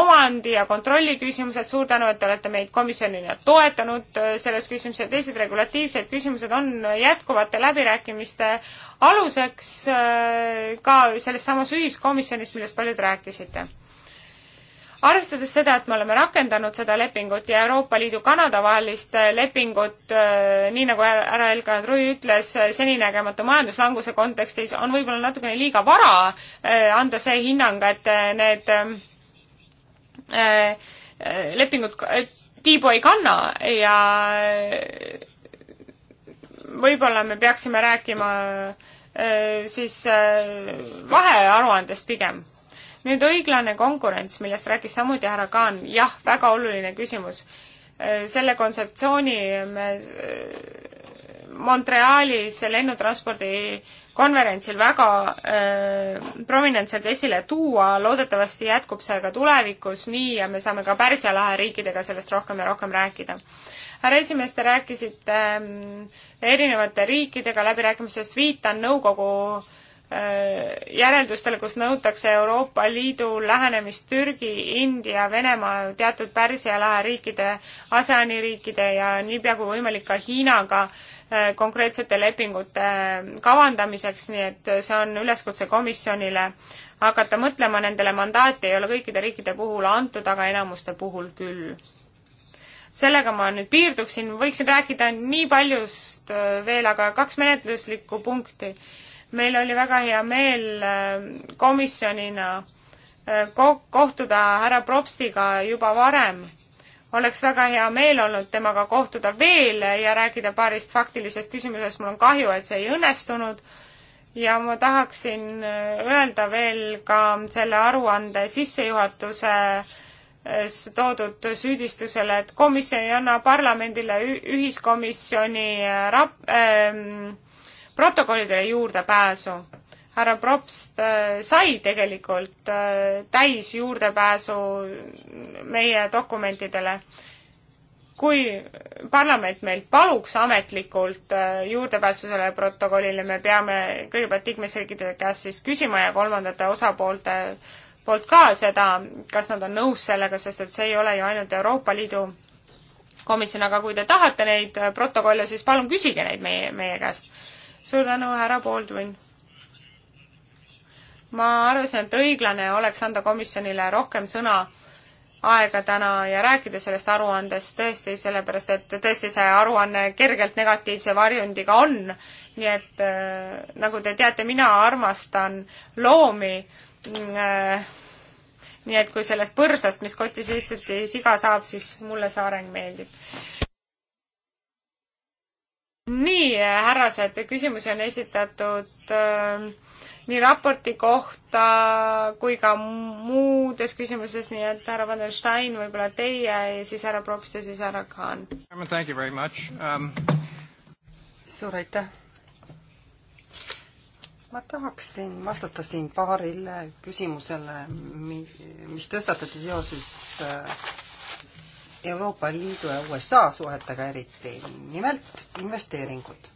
omandi ja kontrolli küsimused, suur tänu, et te olete meid komisjonina toetanud äh, selles küsimuses ja teised regulatiivsed küsimused on jätkuvate läbirääkimiste aluseks äh, ka selles samas ühiskomisjonis, millest paljud rääkisite arvestades seda, et me oleme rakendanud seda lepingut ja Euroopa Liidu Kanada vahelist äh, lepingut, äh, nii nagu härra Elka Trui ütles, äh, seninägematu majanduslanguse kontekstis on võib-olla natukene liiga vara anda see hinnang, et need lepingud tiibu ei kanna ja võib-olla me peaksime rääkima siis vahearuandest pigem nüüd õiglane konkurents, millest rääkis samuti härra Kaan, jah, väga oluline küsimus. Äh, selle kontseptsiooni me äh, Montrealis lennutranspordi konverentsil väga äh, prominentselt esile tuua, loodetavasti jätkub see ka tulevikus nii ja me saame ka Pärsia lahe riikidega sellest rohkem ja rohkem rääkida. härra esimees, te rääkisite äh, erinevate riikidega läbirääkimistest, viitan nõukogu äh, järeldustele, kus nõutakse Euroopa Liidu lähenemist Türgi, India, Venemaa, teatud Pärsia lahe riikide, ASEAN-i riikide ja niipea kui võimalik ka Hiinaga äh, konkreetsete lepingute äh, kavandamiseks, nii et see on üleskutse komisjonile hakata mõtlema nendele, mandaati ei ole kõikide riikide puhul antud, aga enamuste puhul küll. sellega ma nüüd piirduksin, võiksin rääkida nii paljust äh, veel, aga kaks menetluslikku punkti meil oli väga hea meel äh, komisjonina äh, ko-, kohtuda härra Propstiga juba varem. oleks väga hea meel olnud temaga kohtuda veel ja rääkida paarist faktilisest küsimusest, mul on kahju, et see ei õnnestunud, ja ma tahaksin äh, öelda veel ka selle aruande sissejuhatuse toodud süüdistusele, et komisjon ei anna parlamendile ühiskomisjoni rap-, ähm, protokollidele juurdepääsu. härra Propst äh, sai tegelikult äh, täis juurdepääsu meie dokumentidele. kui parlament meilt paluks ametlikult äh, juurdepääsu sellele protokollile, me peame kõigepealt liikmesriikide käest siis küsima ja kolmandate osapoolte poolt ka seda, kas nad on nõus sellega, sest et see ei ole ju ainult Euroopa Liidu komisjon, aga kui te tahate neid protokolle, siis palun küsige neid meie, meie käest suur tänu, härra Baldwin! ma arvasin, et õiglane oleks anda komisjonile rohkem sõna aega täna ja rääkida sellest aruandest tõesti, sellepärast et tõesti see aruanne kergelt negatiivse varjundiga on. nii et äh, nagu te teate, mina armastan loomi mm, äh,. nii et kui sellest põrsast, mis kotti sisse siga saab, siis mulle see areng meeldib nii, härrased, küsimusi on esitatud äh, nii raporti kohta kui ka muudes küsimuses, nii et härra Van der Stein, võib-olla teie
ja siis härra Probst ja siis härra Khan. Um... suur aitäh! ma tahaksin vastata siin paarile küsimusele, mis, mis tõstatati seoses äh, Euroopa Liidu ja USA suhetega eriti, nimelt investeeringud.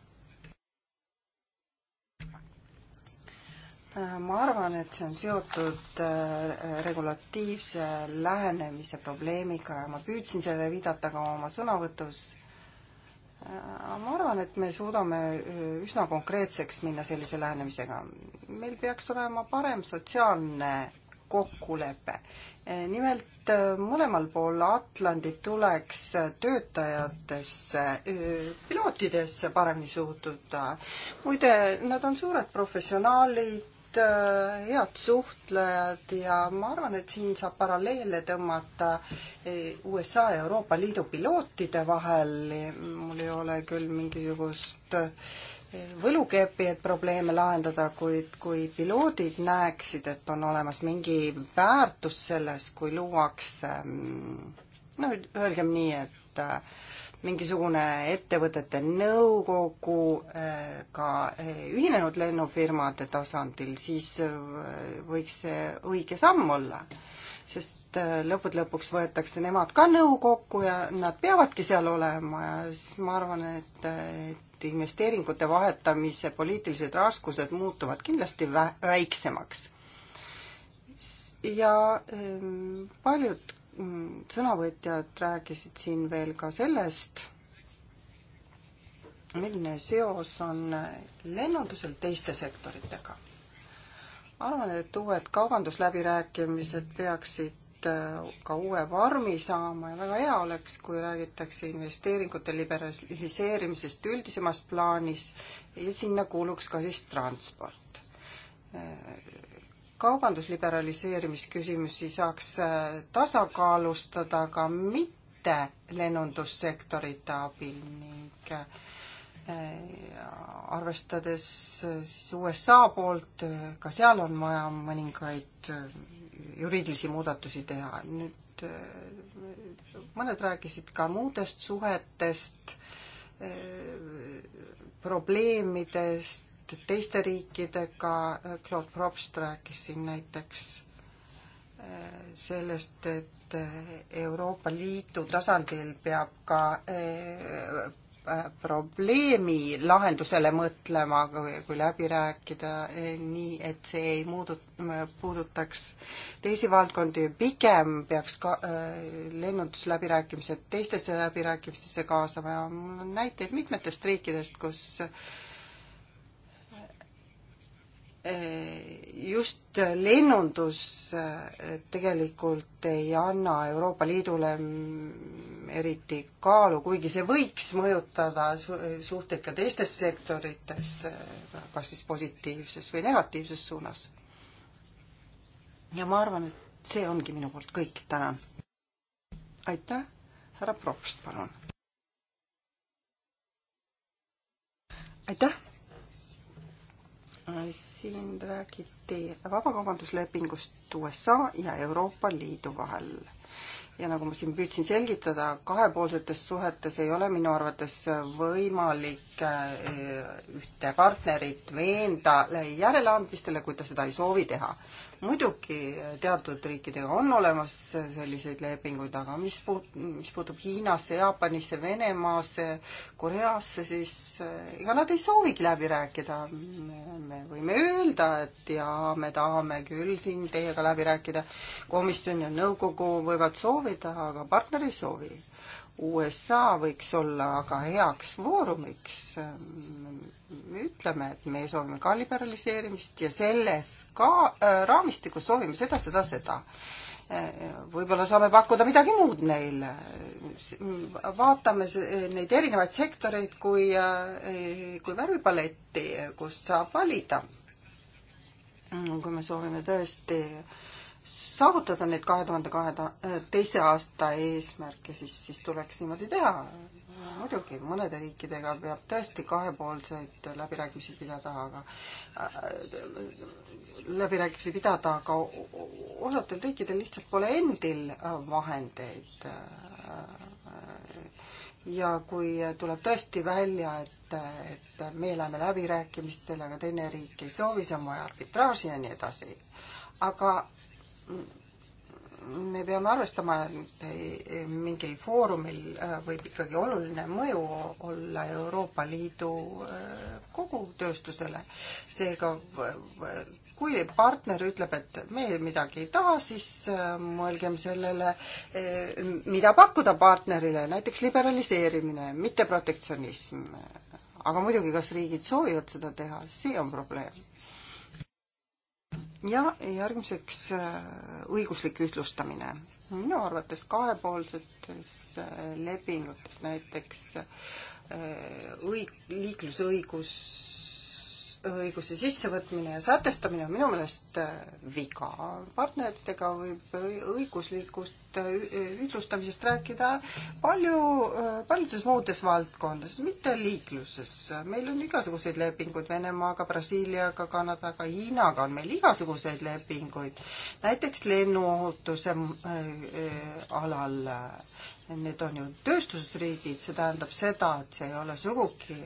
Äh, ma arvan, et see on seotud äh, regulatiivse lähenemise probleemiga ja ma püüdsin sellele viidata ka oma sõnavõtus. Äh, ma arvan, et me suudame üsna konkreetseks minna sellise lähenemisega. meil peaks olema parem sotsiaalne kokkulepe nimelt mõlemal pool Atlandit tuleks töötajatesse, pilootidesse paremini suhtuda. muide, nad on suured professionaalid, head suhtlejad ja ma arvan, et siin saab paralleele tõmmata USA ja Euroopa Liidu pilootide vahel. mul ei ole küll mingisugust äh, võlukepi, et probleeme lahendada, kuid kui piloodid näeksid, et on olemas mingi väärtus selles, kui luuakse mm, no öelgem nii, et äh, mingisugune ettevõtete nõukogu äh, ka äh, ühinenud lennufirmade tasandil, siis võiks see õige samm olla. sest lõppude lõpuks võetakse nemad ka nõukokku ja nad peavadki seal olema ja siis ma arvan, et, et investeeringute vahetamise poliitilised raskused muutuvad kindlasti vä-, väiksemaks. ja ehm, paljud mm, sõnavõtjad rääkisid siin veel ka sellest, milline seos on lennundusel teiste sektoritega arvan, et uued kaubandusläbirääkimised peaksid Äh, ka uue vormi saama ja väga hea oleks, kui räägitakse investeeringute liberaliseerimisest üldisemas plaanis ja sinna kuuluks ka siis transport. kaubandusliberaliseerimisküsimusi saaks äh, tasakaalustada ka mitte lennundussektorite abil ning äh, arvestades siis USA poolt, ka seal on vaja mõningaid juriidilisi muudatusi teha. nüüd äh, mõned rääkisid ka muudest suhetest, äh, probleemidest teiste riikidega, Claude Probst rääkis siin näiteks äh, sellest, et Euroopa Liidu tasandil peab ka Äh, probleemi lahendusele mõtlema, kui läbi rääkida, eh, nii et see ei muudu, puudutaks teisi valdkondi, pigem peaks ka äh, lennundusläbirääkimised teistesse läbirääkimistesse kaasama ja mul on näiteid mitmetest riikidest, kus eh, just lennundus eh, tegelikult ei anna Euroopa Liidule eriti kaalu, kuigi see võiks mõjutada suhteid ka teistes sektorites, kas siis positiivses või negatiivses suunas. ja ma arvan, et see ongi minu poolt kõik, tänan. aitäh, härra Propst, palun. aitäh. siin räägiti vabakaubanduslepingust USA ja Euroopa Liidu vahel ja nagu ma siin püüdsin selgitada, kahepoolsetes suhetes ei ole minu arvates võimalik eh, ühte partnerit veenda järeleandmistele, kui ta seda ei soovi teha muidugi teatud riikidega on olemas selliseid lepinguid, aga mis puut-, mis puutub Hiinasse, Jaapanisse, Venemaasse, Koreasse, siis eh, ega nad ei soovigi läbi rääkida. me võime öelda, et jaa, me tahame küll siin teiega läbi rääkida, komisjon ja nõukogu võivad soovida, aga partner ei soovi USA võiks olla aga heaks foorumiks. me ütleme, et me soovime ka liberaliseerimist ja selles ka äh, raamistikus soovime seda, seda, seda. võib-olla saame pakkuda midagi muud neile. vaatame neid erinevaid sektoreid kui, äh, kui värvipaletti, kust saab valida. kui me soovime tõesti äh, saavutada neid kahe tuhande kahe teise aasta eesmärke, siis, siis tuleks niimoodi teha. muidugi mõnede riikidega peab tõesti kahepoolseid läbirääkimisi pidada, aga äh, läbirääkimisi pidada, aga osadel riikidel lihtsalt pole endil vahendeid äh, ja kui tuleb tõesti välja, et, et meie läheme läbirääkimistele, aga teine riik ei soovi, siis on vaja arbitraaži ja nii edasi. aga me peame arvestama, et mingil foorumil äh, võib ikkagi oluline mõju olla Euroopa Liidu äh, kogu tööstusele. seega kui partner ütleb, et me midagi ei taha, siis äh, mõelgem sellele, mida pakkuda partnerile, näiteks liberaliseerimine, mitte protektsionism. aga muidugi, kas riigid soovivad seda teha, see on probleem ja järgmiseks äh, õiguslik ühtlustamine. minu arvates kahepoolsetes äh, lepingutes näiteks äh, õig-, liiklusõigus õiguse sissevõtmine ja sätestamine on minu meelest äh, viga. partneritega võib õiguslikust äh, äh, ühtlustamisest rääkida palju, paljudes muudes valdkondades, mitte liikluses. meil on igasuguseid lepinguid Venemaaga, Brasiiliaga, Kanadaga, Hiinaga on meil igasuguseid lepinguid. näiteks lennuohutuse alal need on ju tööstusriigid, see tähendab seda, et see ei ole sugugi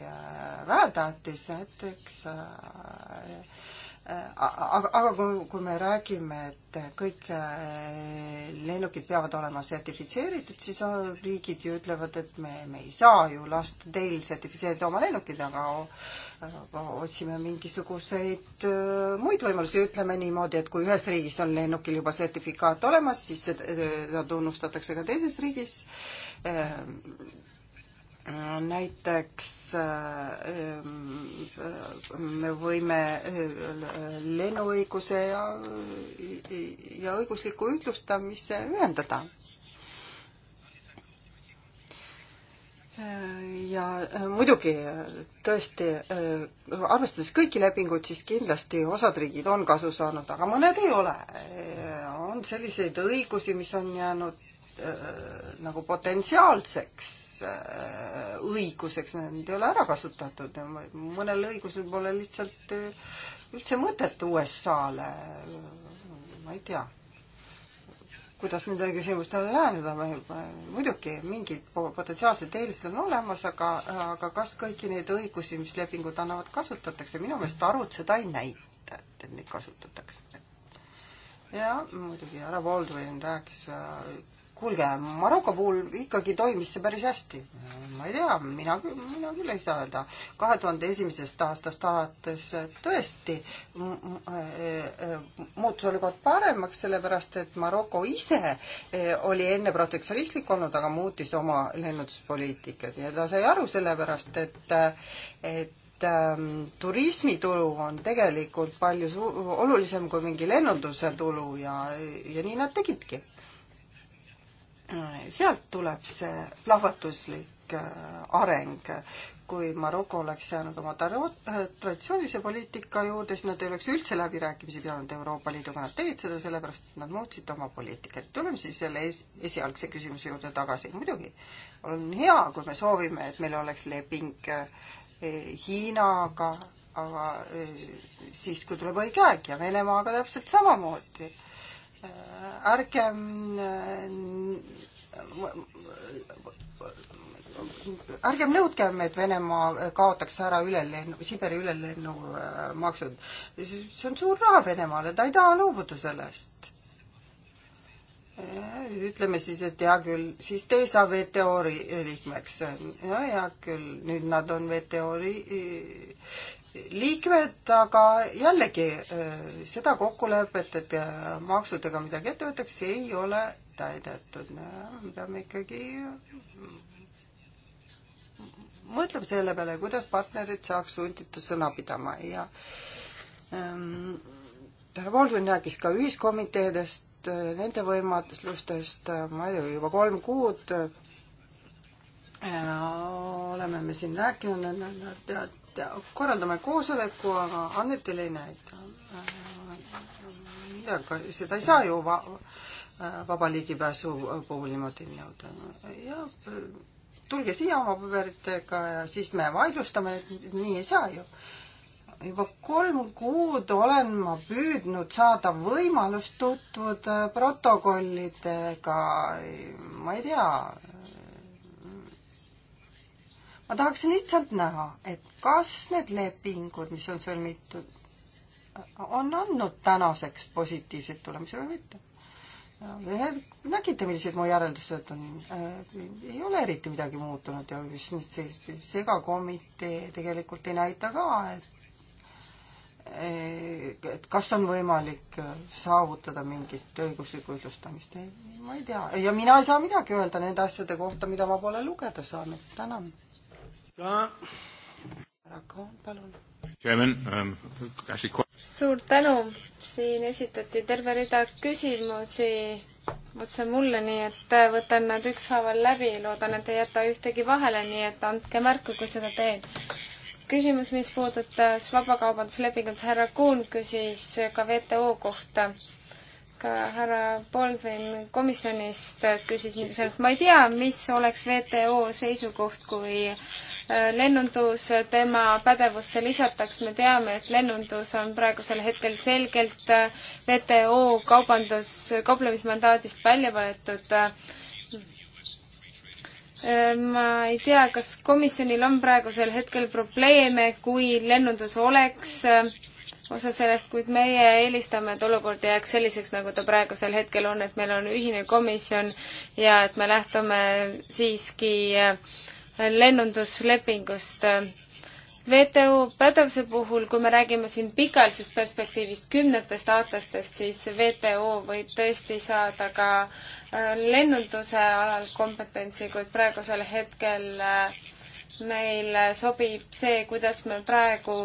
vähetähtis, näiteks äh, Äh, aga, aga kui, kui me räägime, et kõik äh, lennukid peavad olema sertifitseeritud, siis äh, riigid ju ütlevad, et me, me ei saa ju lasta teil sertifitseerida oma lennukid, aga otsime mingisuguseid muid võimalusi, ütleme niimoodi, et kui ühes riigis on lennukil juba sertifikaat olemas, siis seda tunnustatakse ka teises riigis näiteks äh, äh, me võime äh, lennuõiguse ja, ja õigusliku ühtlustamise ühendada. ja muidugi tõesti, arvestades kõiki lepinguid, siis kindlasti osad riigid on kasu saanud, aga mõned ei ole. on selliseid õigusi, mis on jäänud Äh, nagu potentsiaalseks äh, õiguseks, need ei ole ära kasutatud, mõnel õigusel pole lihtsalt äh, üldse mõtet USA-le, ma ei tea, kuidas nendele küsimustele läheneda või muidugi mingid potentsiaalsed eelised on olemas, aga, aga kas kõiki neid õigusi, mis lepingud annavad, kasutatakse, minu meelest arvud seda ei näita, et neid kasutatakse ja muidugi härra Baldwin rääkis kuulge, Maroko puhul ikkagi toimis see päris hästi. ma ei tea, mina küll, mina küll ei saa öelda. kahe tuhande esimesest aastast alates tõesti äh, äh, muutus olukord paremaks, sellepärast et Maroko ise äh, oli enne protektsionistlik olnud, aga muutis oma lennunduspoliitikat ja ta sai aru sellepärast, et, et ähm, turismitulu on tegelikult palju olulisem kui mingi lennunduse tulu ja, ja nii nad tegidki sealt tuleb see plahvatuslik äh, areng. kui Maroko oleks jäänud oma äh, traditsioonilise poliitika juurde, siis nad ei oleks üldse läbirääkimisi pidanud Euroopa Liiduga, nad tegid seda sellepärast, et nad muutsid oma poliitikat. tuleme siis selle es esialgse küsimuse juurde tagasi. muidugi on hea, kui me soovime, et meil oleks leping äh, Hiinaga, aga siis, kui tuleb õige aeg ja Venemaaga täpselt samamoodi ärgem äh, ärgem äh, nõudkem, et Venemaa kaotaks ära ülelennu, Siberi ülelennu äh, maksud. see on suur raha Venemaale, ta ei taha loobuda sellest. ütleme siis, et hea küll, siis te ei saa WTO liikmeks. no hea küll, nüüd nad on WTO liikmed, aga jällegi äh, seda kokkulepet, et äh, maksudega midagi ette võetakse, ei ole täidetud. me peame ikkagi mõtlema selle peale, kuidas partnerid saaks sundida sõna pidama ja ähm, härra Volvin rääkis ka ühiskomiteedest, äh, nende võimalustest, ma ei tea, juba kolm kuud äh, oleme me siin rääkinud, nad peavad korraldame koosoleku, aga annetel ei näita. Äh, aga seda ei saa ju va äh, vaba ligipääsu puhul niimoodi nõuda. ja äh, tulge siia oma paberitega ja siis me vaidlustame, et nii ei saa ju. juba kolm kuud olen ma püüdnud saada võimalust tutvuda protokollidega, ma ei tea ma tahaksin lihtsalt näha, et kas need lepingud, mis on sõlmitud, on andnud tänaseks positiivseid tulemusi või mitte. nägite, millised mu järeldused on äh,? ei ole eriti midagi muutunud ja just nüüd see segakomitee tegelikult ei näita ka, et et kas on võimalik saavutada mingit õiguslikku ühtlustamist, ma ei tea. ja mina ei saa midagi öelda nende asjade kohta, mida ma pole lugeda saanud. tänan Um, suur tänu, siin esitati
terve rida küsimusi otse mulle, nii et äh, võtan nad ükshaaval läbi, loodan, et ei jäta ühtegi vahele, nii et andke märku, kui seda teen. küsimus, mis puudutas vabakaubanduslepingut, härra Kuhn küsis ka WTO kohta ka härra Polvin komisjonist küsis mind sealt, ma ei tea, mis oleks WTO seisukoht, kui äh, lennundus tema pädevusse lisataks, me teame, et lennundus on praegusel hetkel selgelt äh, WTO kaubandus, kauplemismandaadist välja võetud. Äh, ma ei tea, kas komisjonil on praegusel hetkel probleeme, kui lennundus oleks äh, osa sellest, kuid meie eelistame, et olukord jääks selliseks, nagu ta praegusel hetkel on, et meil on ühine komisjon ja et me lähtume siiski äh, lennunduslepingust. WTO pädevuse puhul, kui me räägime siin pikaajalisest perspektiivist, kümnetest aastatest, siis WTO võib tõesti saada ka äh, lennunduse alal kompetentsi, kuid praegusel hetkel äh, meil sobib see, kuidas me praegu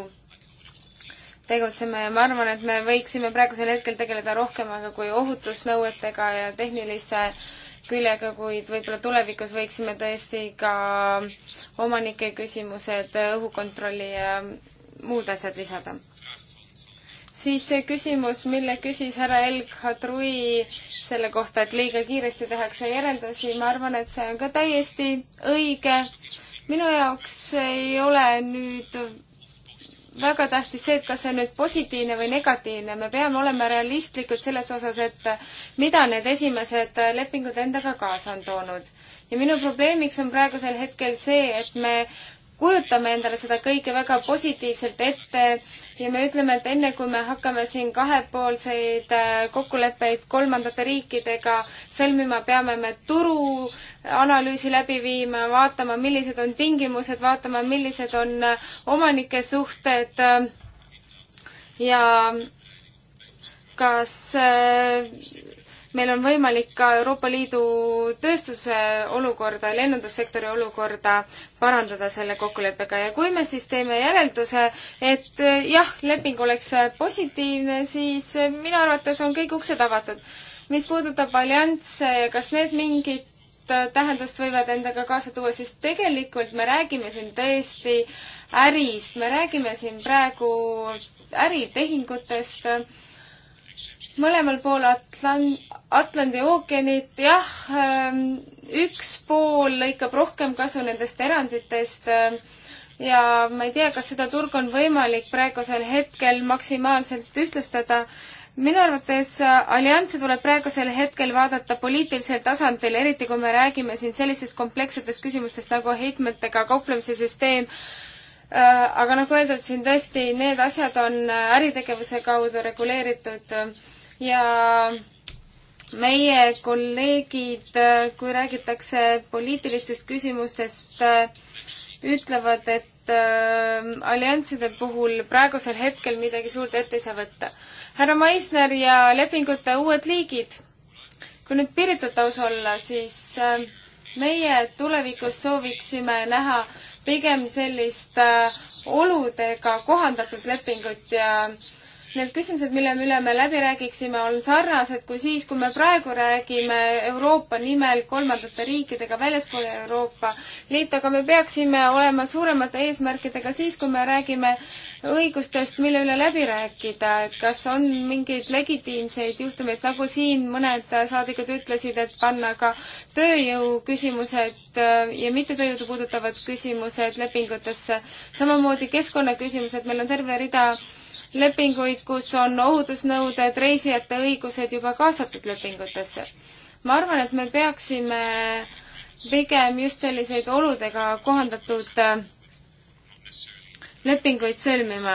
tegutseme ja ma arvan, et me võiksime praegusel hetkel tegeleda rohkem aga kui ohutusnõuetega ja tehnilise küljega, kuid võib-olla tulevikus võiksime tõesti ka omanike küsimused, õhukontrolli ja muud asjad lisada. siis see küsimus, mille küsis härra El Khadrui selle kohta, et liiga kiiresti tehakse järeldusi, ma arvan, et see on ka täiesti õige. minu jaoks ei ole nüüd väga tähtis see, et kas see on nüüd positiivne või negatiivne, me peame olema realistlikud selles osas, et mida need esimesed lepingud endaga kaasa on toonud. ja minu probleemiks on praegusel hetkel see, et me kujutame endale seda kõike väga positiivselt ette ja me ütleme, et enne kui me hakkame siin kahepoolseid äh, kokkuleppeid kolmandate riikidega sõlmima, peame me turuanalüüsi läbi viima, vaatama, millised on tingimused, vaatama, millised on äh, omanike suhted äh, ja kas meil on võimalik ka Euroopa Liidu tööstuse olukorda, lennundussektori olukorda parandada selle kokkuleppega ja kui me siis teeme järelduse, et eh, jah, leping oleks positiivne, siis minu arvates on kõik uksed avatud. mis puudutab allianse, kas need mingit eh, tähendust võivad endaga kaasa tuua, sest tegelikult me räägime siin tõesti ärist, me räägime siin praegu äritehingutest mõlemal pool Atlan-, Atlandi ookeanit, jah, ähm, üks pool lõikab rohkem kasu nendest eranditest ähm, ja ma ei tea, kas seda turgu on võimalik praegusel hetkel maksimaalselt ühtlustada. minu arvates äh, allianse tuleb praegusel hetkel vaadata poliitilisel tasandil, eriti kui me räägime siin sellistest komplekssetest küsimustest nagu heitmetega kauplemise süsteem, Äh, aga nagu öeldud, siin tõesti need asjad on äh, äritegevuse kaudu reguleeritud ja meie kolleegid, äh, kui räägitakse poliitilistest küsimustest, ütlevad, et allianside puhul praegusel hetkel midagi suurt ette ei saa võtta. härra Maisner ja lepingute uued liigid. kui nüüd Piritut aus olla, siis meie tulevikus sooviksime näha pigem sellist äh, oludega kohandatud lepingut ja äh, Need küsimused, mille üle me läbi räägiksime, on sarnased kui siis, kui me praegu räägime Euroopa nimel kolmandate riikidega väljaspool Euroopa Liitu, aga me peaksime olema suuremate eesmärkidega siis, kui me räägime õigustest, mille üle läbi rääkida, et kas on mingeid legitiimseid juhtumeid, nagu siin mõned saadikud ütlesid, et panna ka tööjõu küsimused äh, ja mittetööjõudu puudutavad küsimused lepingutesse. samamoodi keskkonnaküsimused, meil on terve rida lepinguid, kus on ohutusnõuded, reisijate õigused juba kaasatud lepingutesse. ma arvan, et me peaksime pigem just selliseid oludega kohandatud äh, lepinguid sõlmima.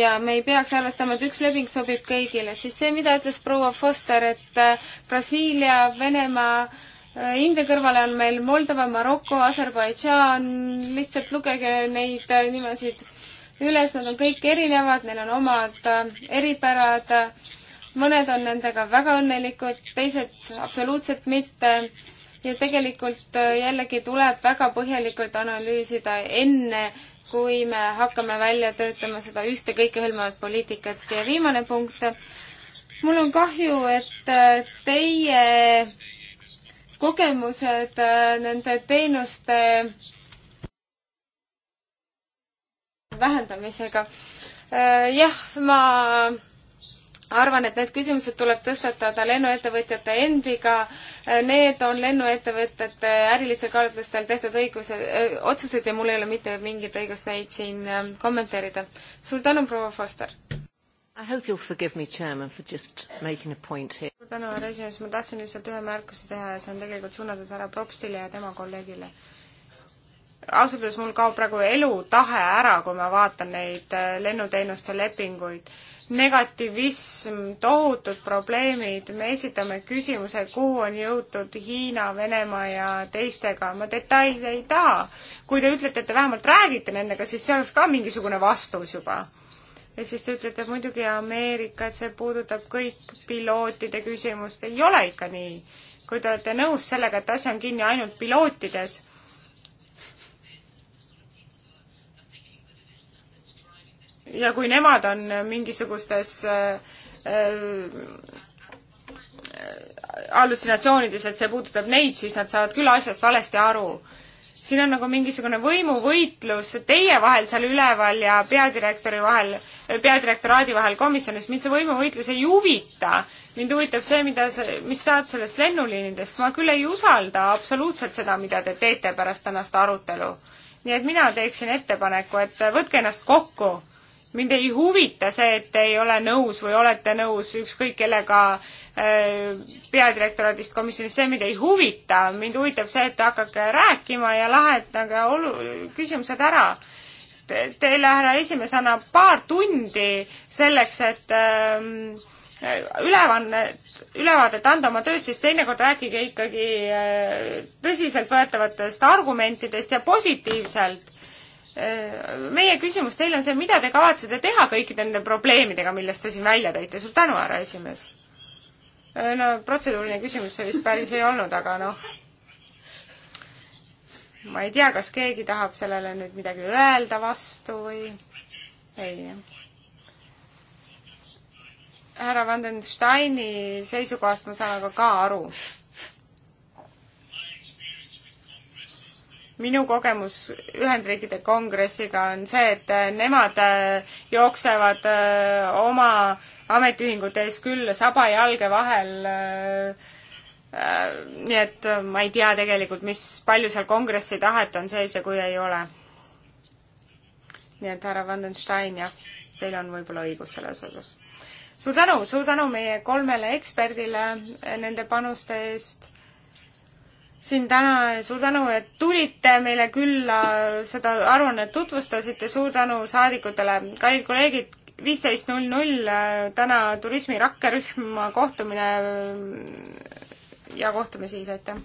ja me ei peaks arvestama, et üks leping sobib kõigile, siis see, mida ütles proua Foster, et äh, Brasiilia, Venemaa, äh, India kõrvale on meil Moldova, Maroko, Aserbaidžaan, lihtsalt lugege neid nimesid üles, nad on kõik erinevad, neil on omad äh, eripärad, mõned on nendega väga õnnelikud, teised absoluutselt mitte. ja tegelikult äh, jällegi tuleb väga põhjalikult analüüsida enne, kui me hakkame välja töötama seda ühte kõikehõlmavat poliitikat. ja viimane punkt. mul on kahju, et äh, teie kogemused nende teenuste vähendamisega. Äh, jah, ma arvan, et need küsimused tuleb tõstatada lennuettevõtjate endiga. Äh, need on lennuettevõtete ärilistel kaalutlustel tehtud õiguse, äh, otsused ja mul ei ole mitte mingit õigust neid siin öö, kommenteerida. suur tänu, proua Foster!
I hope you'll forgive me, chairman, for just making a point here. suur
tänu, härra esimees, ma tahtsin lihtsalt ühe märkuse teha ja see on tegelikult suunatud härra Propstile ja tema kolleegile ausalt öeldes mul kaob praegu elutahe ära, kui ma vaatan neid äh, lennuteenuste lepinguid. negativism, tohutud probleemid, me esitame küsimuse, kuhu on jõutud Hiina, Venemaa ja teistega, ma detaile ei taha. kui te ütlete, et te vähemalt räägite nendega, siis see oleks ka mingisugune vastus juba ja siis te ütlete muidugi Ameerika, et see puudutab kõik pilootide küsimust, ei ole ikka nii. kui te olete nõus sellega, et asi on kinni ainult pilootides, ja kui nemad on mingisugustes äh, äh, hallutsinatsioonides, et see puudutab neid, siis nad saavad küll asjast valesti aru. siin on nagu mingisugune võimuvõitlus teie vahel seal üleval ja peadirektori vahel, äh, peadirektoraadi vahel komisjonis, mind see võimuvõitlus ei huvita. mind huvitab see, mida see, mis saab sellest lennuliinidest, ma küll ei usalda absoluutselt seda, mida te teete pärast tänast arutelu. nii et mina teeksin ettepaneku, et võtke ennast kokku mind ei huvita see, et te ei ole nõus või olete nõus ükskõik kellega äh, peadirektoraadist komisjonist, see mind ei huvita, mind huvitab see, et hakake rääkima ja lahendage olu-, küsimused ära teile, härra esimees, annab paar tundi selleks, et ähm, ülevannet, ülevaadet anda oma tööst, siis teinekord rääkige ikkagi äh, tõsiseltvõetavatest argumentidest ja positiivselt meie küsimus teile on see, mida te kavatsete teha kõikide nende probleemidega, millest te siin välja tõite. suur tänu, härra esimees. no protseduuriline küsimus see vist päris ei olnud, aga noh. ma ei tea, kas keegi tahab sellele nüüd midagi öelda vastu või ei. härra Vandensteini seisukohast ma saan aga ka aru minu kogemus Ühendriikide kongressiga on see, et äh, nemad äh, jooksevad äh, oma ametiühingute ees küll saba jalge vahel. nii et ma ei tea tegelikult, mis, palju seal kongressi tahet on sees ja kui ei ole. nii et härra Vandenstein, jah, teil on võib-olla õigus selles osas. suur tänu, suur tänu meie kolmele eksperdile nende panuste eest siin täna ja suur tänu, et tulite meile külla, seda aruannet tutvustasite, suur tänu saadikutele, kallid kolleegid, viisteist null null äh, täna turismi rakkerühma kohtumine äh, ja kohtume siis, aitäh!